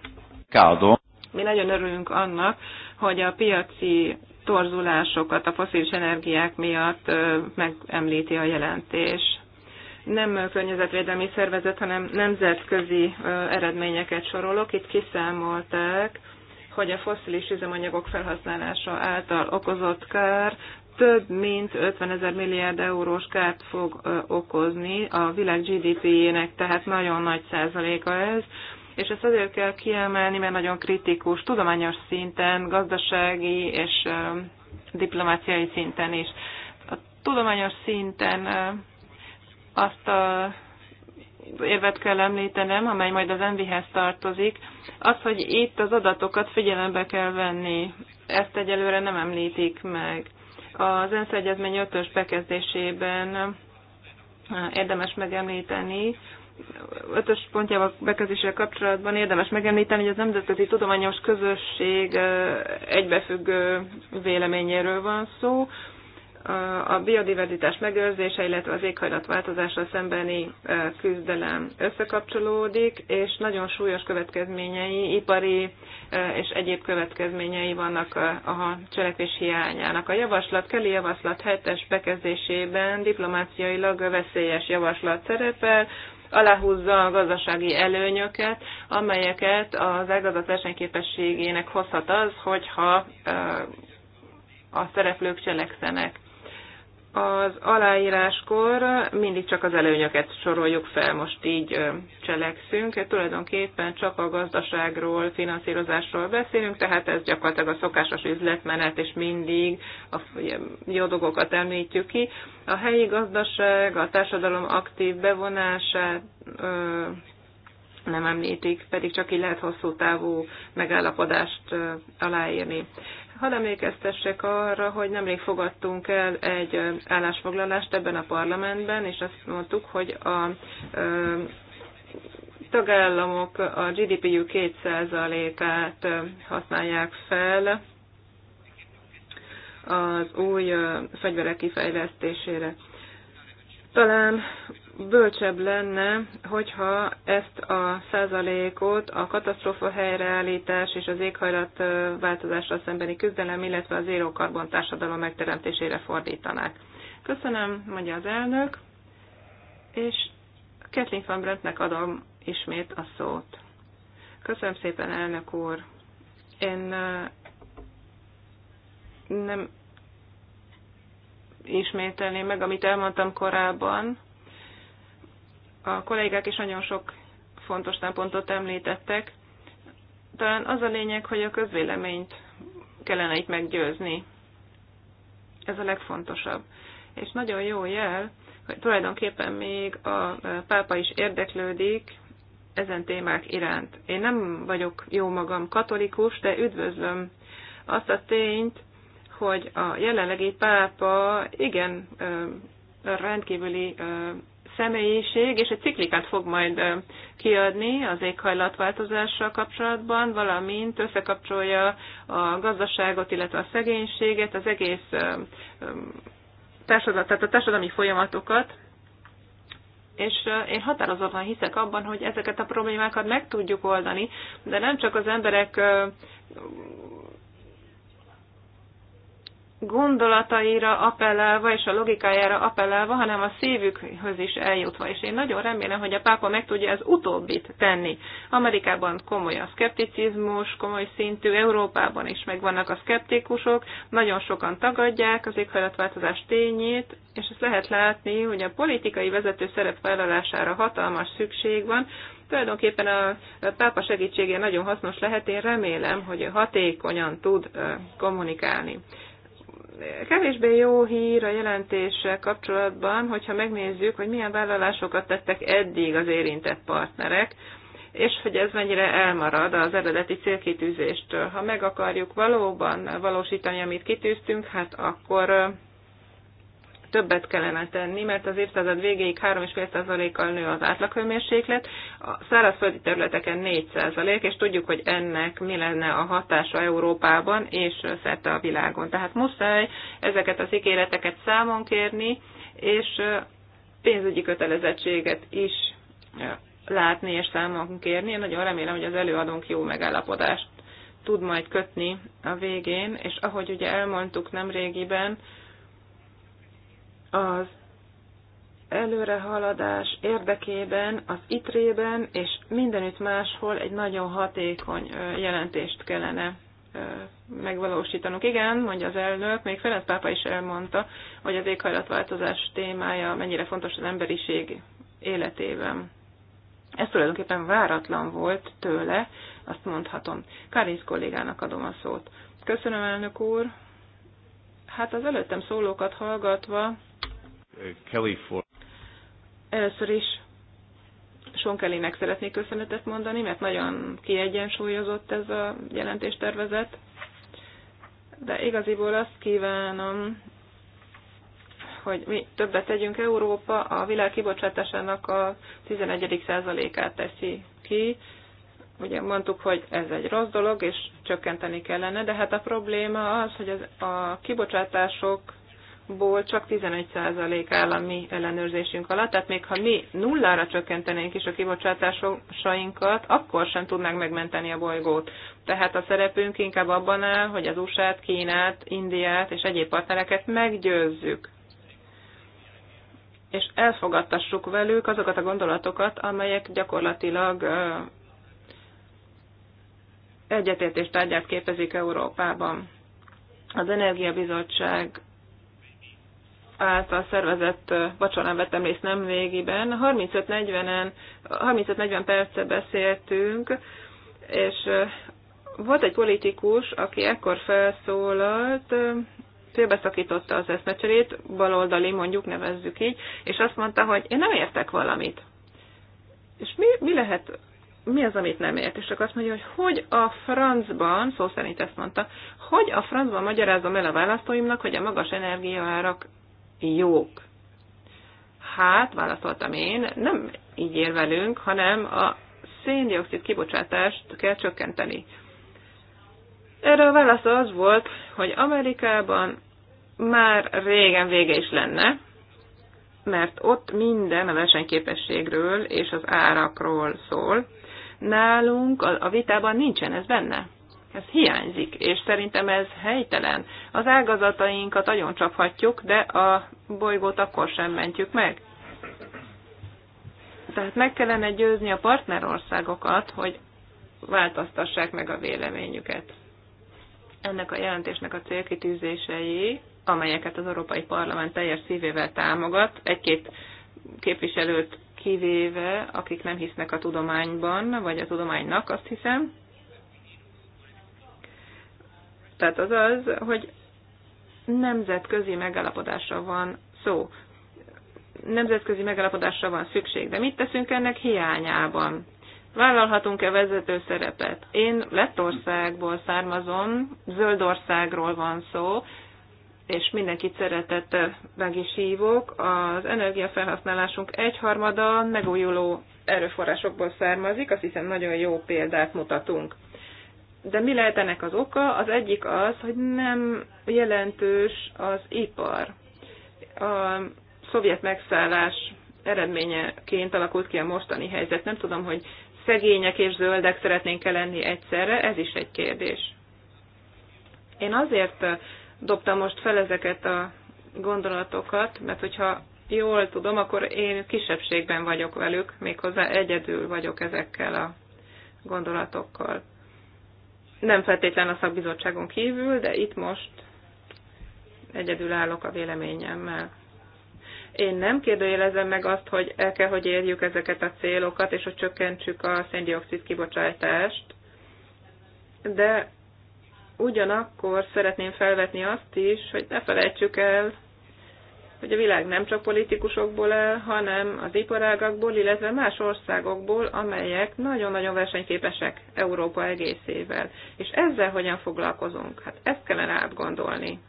Káldom. Mi nagyon örülünk annak, hogy a piaci torzulásokat a foszilis energiák miatt megemlíti a jelentés. Nem környezetvédelmi szervezet, hanem nemzetközi eredményeket sorolok. Itt kiszámolták, hogy a foszilis üzemanyagok felhasználása által okozott kár több mint 50 ezer milliárd eurós kárt fog okozni a világ GDP-jének, tehát nagyon nagy százaléka ez és ezt azért kell kiemelni, mert nagyon kritikus tudományos szinten, gazdasági és diplomáciai szinten is. A tudományos szinten azt a érvet kell említenem, amely majd az envihez tartozik, az, hogy itt az adatokat figyelembe kell venni. Ezt egyelőre nem említik meg. Az ENSZ egyezmény 5 bekezdésében érdemes megemlíteni, ötös pontjával bekezdéssel kapcsolatban érdemes megemlíteni, hogy az nemzetközi tudományos közösség egybefüggő véleményéről van szó. A biodiverzitás megőrzése, illetve az éghajlatváltozással szembeni küzdelem összekapcsolódik, és nagyon súlyos következményei, ipari és egyéb következményei vannak a cselekvés hiányának. A javaslat, keli javaslat hetes bekezdésében diplomáciailag veszélyes javaslat szerepel, aláhúzza a gazdasági előnyöket, amelyeket az ágazat versenyképességének hozhat az, hogyha a szereplők cselekszenek az aláíráskor mindig csak az előnyöket soroljuk fel, most így cselekszünk. Tulajdonképpen csak a gazdaságról, finanszírozásról beszélünk, tehát ez gyakorlatilag a szokásos üzletmenet, és mindig a jó dolgokat említjük ki. A helyi gazdaság, a társadalom aktív bevonását nem említik, pedig csak így lehet hosszú távú megállapodást aláírni hadd emlékeztessek arra, hogy nemrég fogadtunk el egy állásfoglalást ebben a parlamentben, és azt mondtuk, hogy a tagállamok a GDP-jük 2%-át használják fel az új fegyverek kifejlesztésére. Talán bölcsebb lenne, hogyha ezt a százalékot a katasztrófa helyreállítás és az éghajlatváltozásra szembeni küzdelem, illetve az érokarbon társadalom megteremtésére fordítanák. Köszönöm, mondja az elnök, és Kathleen van Brentnek adom ismét a szót. Köszönöm szépen, elnök úr. Én nem ismételném meg, amit elmondtam korábban, a kollégák is nagyon sok fontos szempontot említettek. Talán az a lényeg, hogy a közvéleményt kellene itt meggyőzni. Ez a legfontosabb. És nagyon jó jel, hogy tulajdonképpen még a pápa is érdeklődik ezen témák iránt. Én nem vagyok jó magam katolikus, de üdvözlöm azt a tényt, hogy a jelenlegi pápa igen rendkívüli személyiség, és egy ciklikát fog majd kiadni az éghajlatváltozással kapcsolatban, valamint összekapcsolja a gazdaságot, illetve a szegénységet, az egész társadalmi, tehát a társadalmi folyamatokat, és én határozottan hiszek abban, hogy ezeket a problémákat meg tudjuk oldani, de nem csak az emberek gondolataira apelálva és a logikájára apelálva, hanem a szívükhöz is eljutva. És én nagyon remélem, hogy a pápa meg tudja ez utóbbit tenni. Amerikában komoly a szkepticizmus, komoly szintű, Európában is megvannak a szkeptikusok, nagyon sokan tagadják az éghajlatváltozás tényét, és ezt lehet látni, hogy a politikai vezető szerepvállalására hatalmas szükség van, tulajdonképpen a pápa segítségén nagyon hasznos lehet, én remélem, hogy hatékonyan tud kommunikálni kevésbé jó hír a jelentéssel kapcsolatban, hogyha megnézzük, hogy milyen vállalásokat tettek eddig az érintett partnerek, és hogy ez mennyire elmarad az eredeti célkitűzéstől. Ha meg akarjuk valóban valósítani, amit kitűztünk, hát akkor többet kellene tenni, mert az évszázad végéig 3,5%-kal nő az átlaghőmérséklet, a szárazföldi területeken 4%, és tudjuk, hogy ennek mi lenne a hatása Európában és szerte a világon. Tehát muszáj ezeket az ígéreteket számon kérni, és pénzügyi kötelezettséget is látni és számon kérni. Én nagyon remélem, hogy az előadónk jó megállapodást tud majd kötni a végén, és ahogy ugye elmondtuk nem régiben, az előrehaladás érdekében, az itrében és mindenütt máshol egy nagyon hatékony jelentést kellene megvalósítanunk. Igen, mondja az elnök, még Ferenc pápa is elmondta, hogy az éghajlatváltozás témája mennyire fontos az emberiség életében. Ez tulajdonképpen váratlan volt tőle, azt mondhatom. Kárinc kollégának adom a szót. Köszönöm, elnök úr. Hát az előttem szólókat hallgatva Kelly for... Először is Sean Kellynek szeretnék köszönetet mondani, mert nagyon kiegyensúlyozott ez a jelentéstervezet, de igaziból azt kívánom, hogy mi többet tegyünk Európa, a világ kibocsátásának a 11. százalékát teszi ki. Ugye mondtuk, hogy ez egy rossz dolog, és csökkenteni kellene, de hát a probléma az, hogy az, a kibocsátások ból csak 11% áll a mi ellenőrzésünk alatt, tehát még ha mi nullára csökkentenénk is a kibocsátásainkat, akkor sem tudnánk megmenteni a bolygót. Tehát a szerepünk inkább abban áll, hogy az USA-t, Kínát, Indiát és egyéb partnereket meggyőzzük és elfogadtassuk velük azokat a gondolatokat, amelyek gyakorlatilag egyetértés tárgyát képezik Európában. Az Energiabizottság által szervezett vacsorán vettem részt nem végiben. 35-40 35 40 perce beszéltünk, és volt egy politikus, aki ekkor felszólalt, félbeszakította az eszmecserét, baloldali mondjuk nevezzük így, és azt mondta, hogy én nem értek valamit. És mi, mi lehet, mi az, amit nem ért? És csak azt mondja, hogy hogy a francban, szó szerint ezt mondta, hogy a francban magyarázom el a választóimnak, hogy a magas energiaárak jók. Hát, válaszoltam én, nem így érvelünk, hanem a széndiokszid kibocsátást kell csökkenteni. Erre a válasz az volt, hogy Amerikában már régen vége is lenne, mert ott minden a versenyképességről és az árakról szól. Nálunk a vitában nincsen ez benne ez hiányzik, és szerintem ez helytelen. Az ágazatainkat nagyon csaphatjuk, de a bolygót akkor sem mentjük meg. Tehát meg kellene győzni a partnerországokat, hogy változtassák meg a véleményüket. Ennek a jelentésnek a célkitűzései, amelyeket az Európai Parlament teljes szívével támogat, egy-két képviselőt kivéve, akik nem hisznek a tudományban, vagy a tudománynak, azt hiszem, tehát az az, hogy nemzetközi megállapodásra van szó. Nemzetközi megállapodásra van szükség, de mit teszünk ennek hiányában? Vállalhatunk-e vezető szerepet? Én Lettországból származom, Zöldországról van szó, és mindenkit szeretettel meg is hívok. Az energiafelhasználásunk egyharmada megújuló erőforrásokból származik, azt hiszem nagyon jó példát mutatunk. De mi lehet ennek az oka? Az egyik az, hogy nem jelentős az ipar. A szovjet megszállás eredményeként alakult ki a mostani helyzet. Nem tudom, hogy szegények és zöldek szeretnénk-e lenni egyszerre, ez is egy kérdés. Én azért dobtam most fel ezeket a gondolatokat, mert hogyha jól tudom, akkor én kisebbségben vagyok velük, méghozzá egyedül vagyok ezekkel a gondolatokkal nem feltétlen a szakbizottságon kívül, de itt most egyedül állok a véleményemmel. Én nem kérdőjelezem meg azt, hogy el kell, hogy érjük ezeket a célokat, és hogy csökkentsük a széndiokszid kibocsátást, de ugyanakkor szeretném felvetni azt is, hogy ne felejtsük el, hogy a világ nem csak politikusokból áll, hanem az iparágakból, illetve más országokból, amelyek nagyon-nagyon versenyképesek Európa egészével. És ezzel hogyan foglalkozunk? Hát ezt kellene átgondolni.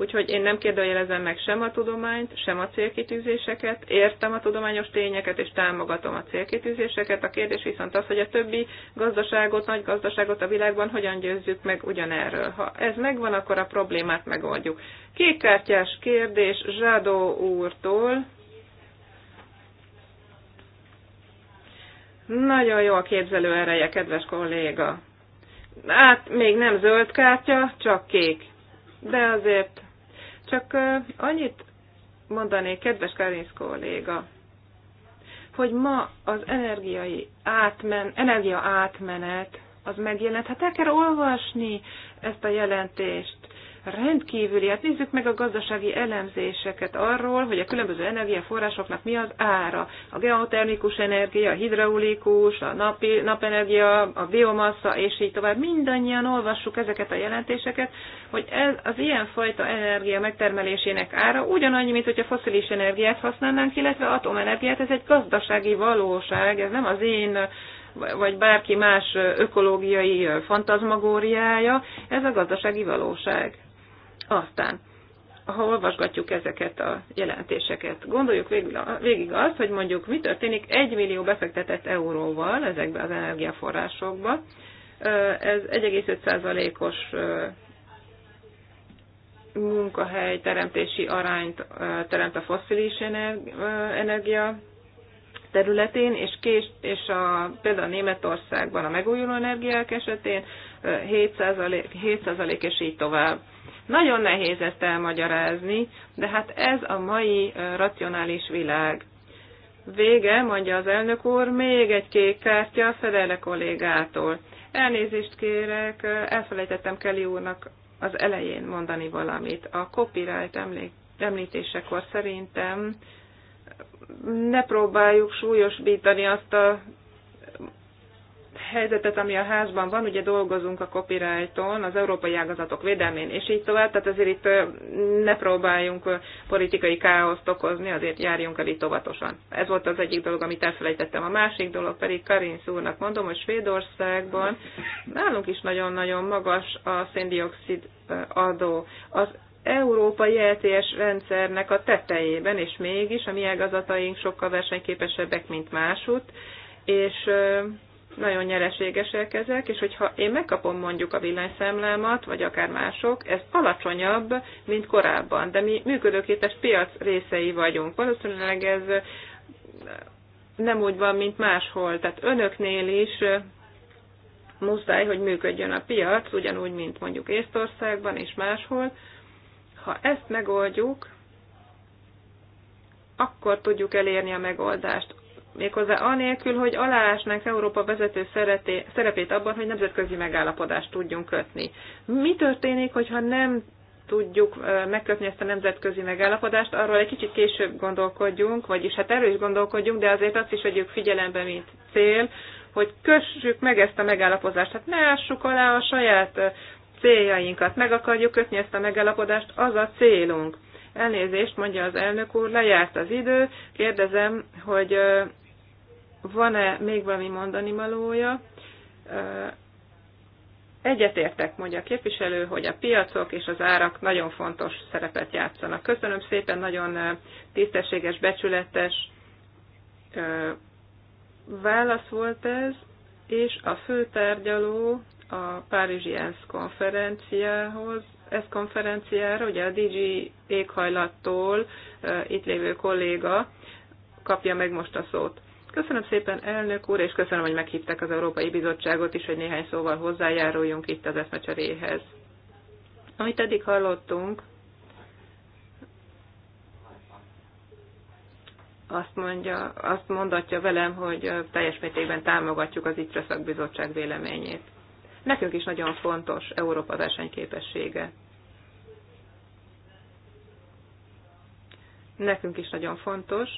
Úgyhogy én nem kérdőjelezem meg sem a tudományt, sem a célkitűzéseket, értem a tudományos tényeket, és támogatom a célkitűzéseket. A kérdés viszont az, hogy a többi gazdaságot, nagy gazdaságot a világban hogyan győzzük meg ugyanerről. Ha ez megvan, akkor a problémát megoldjuk. Kékkártyás kérdés Zsádó úrtól. Nagyon jó a képzelő ereje, kedves kolléga. Hát még nem zöld kártya, csak kék de azért csak annyit mondanék, kedves Kárinsz kolléga, hogy ma az energiai átmen, energia átmenet az megjelent. Hát el kell olvasni ezt a jelentést rendkívüli. Hát nézzük meg a gazdasági elemzéseket arról, hogy a különböző energiaforrásoknak mi az ára. A geotermikus energia, a hidraulikus, a napi, napenergia, a biomassa, és így tovább. Mindannyian olvassuk ezeket a jelentéseket, hogy ez az ilyenfajta energia megtermelésének ára ugyanannyi, mint hogyha foszilis energiát használnánk, illetve atomenergiát. Ez egy gazdasági valóság, ez nem az én vagy bárki más ökológiai fantazmagóriája, ez a gazdasági valóság. Aztán, ha olvasgatjuk ezeket a jelentéseket, gondoljuk végül, végig azt, hogy mondjuk mi történik 1 millió befektetett euróval ezekbe az energiaforrásokba. Ez 1,5%-os munkahely teremtési arányt teremt a foszilis energia területén, és, kés, és a, például a Németországban a megújuló energiák esetén 7%, 7% és így tovább. Nagyon nehéz ezt elmagyarázni, de hát ez a mai racionális világ. Vége, mondja az elnök úr, még egy kék kártya a Fedele kollégától. Elnézést kérek, elfelejtettem Kelly úrnak az elején mondani valamit. A copyright említésekor szerintem ne próbáljuk súlyosbítani azt a helyzetet, ami a házban van, ugye dolgozunk a copyrighton, az európai ágazatok védelmén, és így tovább, tehát azért itt ne próbáljunk politikai káoszt okozni, azért járjunk el itt óvatosan. Ez volt az egyik dolog, amit elfelejtettem. A másik dolog pedig Karin úrnak mondom, hogy Svédországban nálunk is nagyon-nagyon magas a széndiokszid adó. Az európai ETS rendszernek a tetejében, és mégis a mi ágazataink sokkal versenyképesebbek, mint másút, és nagyon nyereségesek ezek, és hogyha én megkapom mondjuk a villanyszámlámat, vagy akár mások, ez alacsonyabb, mint korábban. De mi működőképes piac részei vagyunk. Valószínűleg ez eh, nem úgy van, mint máshol. Tehát önöknél is eh, muszáj, hogy működjön a piac, ugyanúgy, mint mondjuk Észtországban és máshol. Ha ezt megoldjuk, akkor tudjuk elérni a megoldást méghozzá anélkül, hogy aláásnánk Európa vezető szereté, szerepét abban, hogy nemzetközi megállapodást tudjunk kötni. Mi történik, hogyha nem tudjuk megkötni ezt a nemzetközi megállapodást, arról egy kicsit később gondolkodjunk, vagyis hát erről is gondolkodjunk, de azért azt is vegyük figyelembe, mint cél, hogy kössük meg ezt a megállapodást. Hát ne ássuk alá a saját céljainkat, meg akarjuk kötni ezt a megállapodást, az a célunk. Elnézést, mondja az elnök úr, lejárt az idő, kérdezem, hogy van-e még valami mondani valója. Egyetértek, mondja a képviselő, hogy a piacok és az árak nagyon fontos szerepet játszanak. Köszönöm szépen, nagyon tisztességes, becsületes válasz volt ez, és a tárgyaló a Párizsi ENSZ konferenciához, ez konferenciára, ugye a DG éghajlattól itt lévő kolléga kapja meg most a szót. Köszönöm szépen, elnök úr, és köszönöm, hogy meghívták az Európai Bizottságot is, hogy néhány szóval hozzájáruljunk itt az eszmecseréhez. Amit eddig hallottunk, azt, mondja, azt mondatja velem, hogy teljes mértékben támogatjuk az ITRE szakbizottság véleményét. Nekünk is nagyon fontos Európa versenyképessége. Nekünk is nagyon fontos,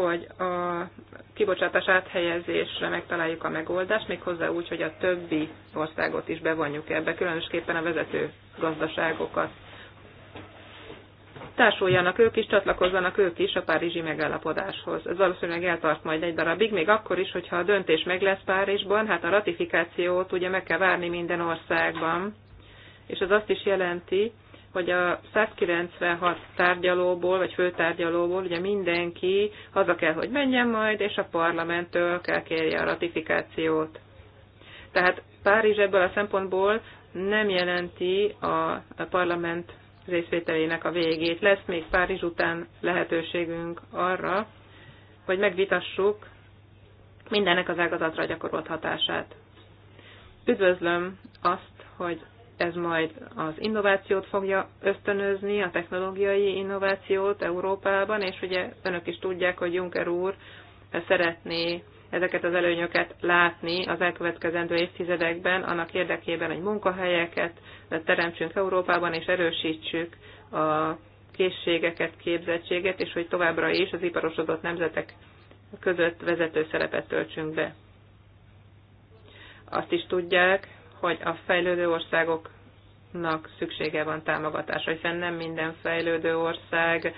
hogy a kibocsátás áthelyezésre megtaláljuk a megoldást, méghozzá úgy, hogy a többi országot is bevonjuk ebbe, különösképpen a vezető gazdaságokat. Társuljanak ők is, csatlakozzanak ők is a Párizsi megállapodáshoz. Ez valószínűleg eltart majd egy darabig, még akkor is, hogyha a döntés meg lesz Párizsban, hát a ratifikációt ugye meg kell várni minden országban, és az azt is jelenti, hogy a 196 tárgyalóból, vagy főtárgyalóból ugye mindenki haza kell, hogy menjen majd, és a parlamenttől kell kérje a ratifikációt. Tehát Párizs ebből a szempontból nem jelenti a parlament részvételének a végét. Lesz még Párizs után lehetőségünk arra, hogy megvitassuk mindennek az ágazatra gyakorolt hatását. Üdvözlöm azt, hogy ez majd az innovációt fogja ösztönözni, a technológiai innovációt Európában, és ugye önök is tudják, hogy Juncker úr szeretné ezeket az előnyöket látni az elkövetkezendő évtizedekben, annak érdekében, hogy munkahelyeket teremtsünk Európában, és erősítsük a készségeket, képzettséget, és hogy továbbra is az iparosodott nemzetek között vezető szerepet töltsünk be. Azt is tudják, hogy a fejlődő országoknak szüksége van támogatásra, hiszen nem minden fejlődő ország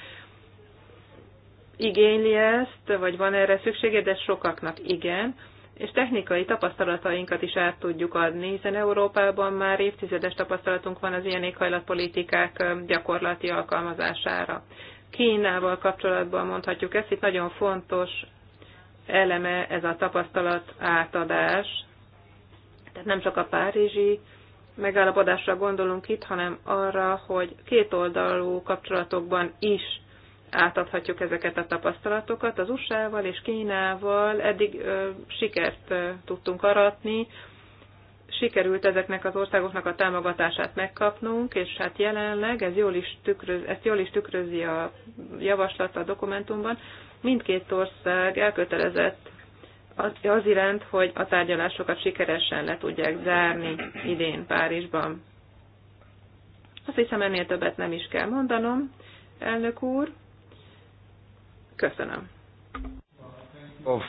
igényli ezt, vagy van erre szüksége, de sokaknak igen, és technikai tapasztalatainkat is át tudjuk adni, hiszen Európában már évtizedes tapasztalatunk van az ilyen éghajlatpolitikák gyakorlati alkalmazására. Kínával kapcsolatban mondhatjuk ezt, itt nagyon fontos eleme ez a tapasztalat átadás, tehát nem csak a párizsi megállapodásra gondolunk itt, hanem arra, hogy kétoldalú kapcsolatokban is átadhatjuk ezeket a tapasztalatokat. Az USA-val és Kínával eddig ö, sikert ö, tudtunk aratni, sikerült ezeknek az országoknak a támogatását megkapnunk, és hát jelenleg ez jól is tükröz, ezt jól is tükrözi a javaslat a dokumentumban. Mindkét ország elkötelezett az, iránt, hogy a tárgyalásokat sikeresen le tudják zárni idén Párizsban. Azt hiszem, ennél többet nem is kell mondanom, elnök úr. Köszönöm. Of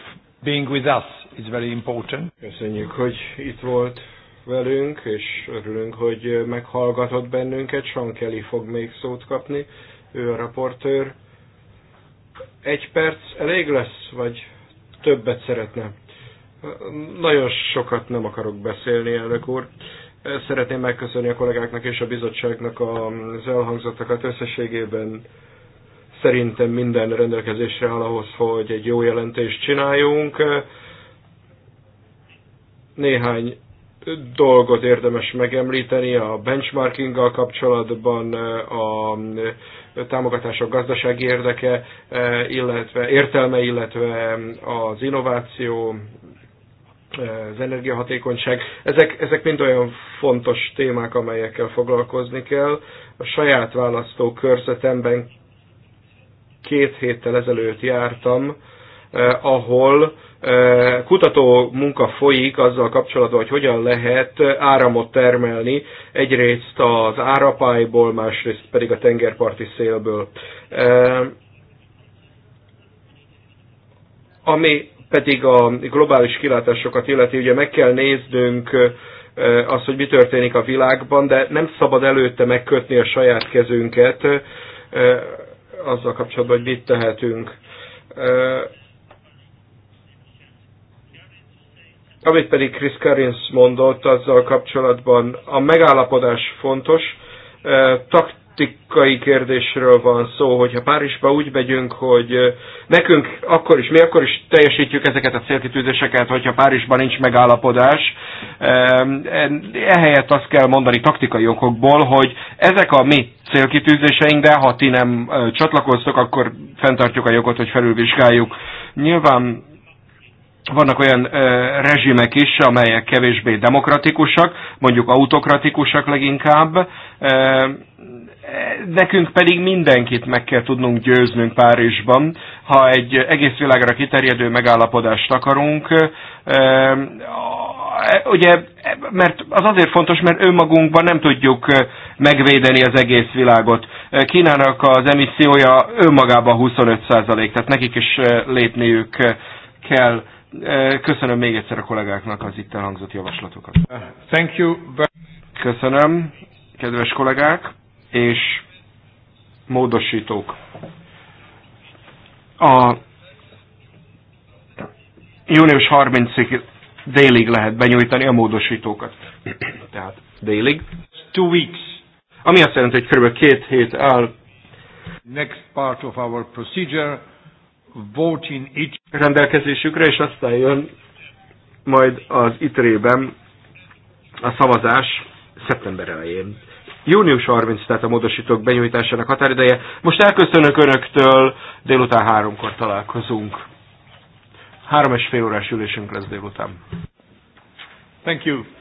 being with us is very important. Köszönjük, hogy itt volt velünk, és örülünk, hogy meghallgatott bennünket. Sean Kelly fog még szót kapni, ő a raportőr. Egy perc elég lesz, vagy többet szeretne. Nagyon sokat nem akarok beszélni, elnök úr. Szeretném megköszönni a kollégáknak és a bizottságnak az elhangzottakat összességében. Szerintem minden rendelkezésre áll ahhoz, hogy egy jó jelentést csináljunk. Néhány dolgot érdemes megemlíteni a benchmarkinggal kapcsolatban, a támogatások gazdasági érdeke, illetve értelme, illetve az innováció, az energiahatékonyság. Ezek, ezek mind olyan fontos témák, amelyekkel foglalkozni kell. A saját választó körzetemben két héttel ezelőtt jártam, eh, ahol kutató munka folyik azzal kapcsolatban, hogy hogyan lehet áramot termelni, egyrészt az árapályból, másrészt pedig a tengerparti szélből. Ami pedig a globális kilátásokat illeti, ugye meg kell néznünk az, hogy mi történik a világban, de nem szabad előtte megkötni a saját kezünket azzal kapcsolatban, hogy mit tehetünk Amit pedig Chris Karins mondott azzal kapcsolatban, a megállapodás fontos, taktikai kérdésről van szó, hogyha Párizsba úgy megyünk, hogy nekünk akkor is, mi akkor is teljesítjük ezeket a célkitűzéseket, hogyha Párizsban nincs megállapodás, ehelyett azt kell mondani taktikai okokból, hogy ezek a mi célkitűzéseink, de ha ti nem csatlakoztok, akkor fenntartjuk a jogot, hogy felülvizsgáljuk. Nyilván vannak olyan ö, rezsimek is, amelyek kevésbé demokratikusak, mondjuk autokratikusak leginkább. Ö, nekünk pedig mindenkit meg kell tudnunk győznünk Párizsban. Ha egy egész világra kiterjedő megállapodást akarunk, ö, ugye, mert az azért fontos, mert önmagunkban nem tudjuk megvédeni az egész világot. Kínának az emissziója önmagában 25%, tehát nekik is lépniük kell Eh, köszönöm még egyszer a kollégáknak az itt elhangzott javaslatokat. Thank you. Köszönöm, kedves kollégák, és módosítók. A június 30-ig délig lehet benyújtani a módosítókat. Tehát délig. Two weeks. Ami azt jelenti, hogy kb. két hét áll. Next part of our procedure voting each rendelkezésükre, és aztán jön majd az ITRE-ben a szavazás szeptember elején. Június 30, tehát a módosítók benyújtásának határideje. Most elköszönök Önöktől, délután háromkor találkozunk. Három és fél órás ülésünk lesz délután. Thank you.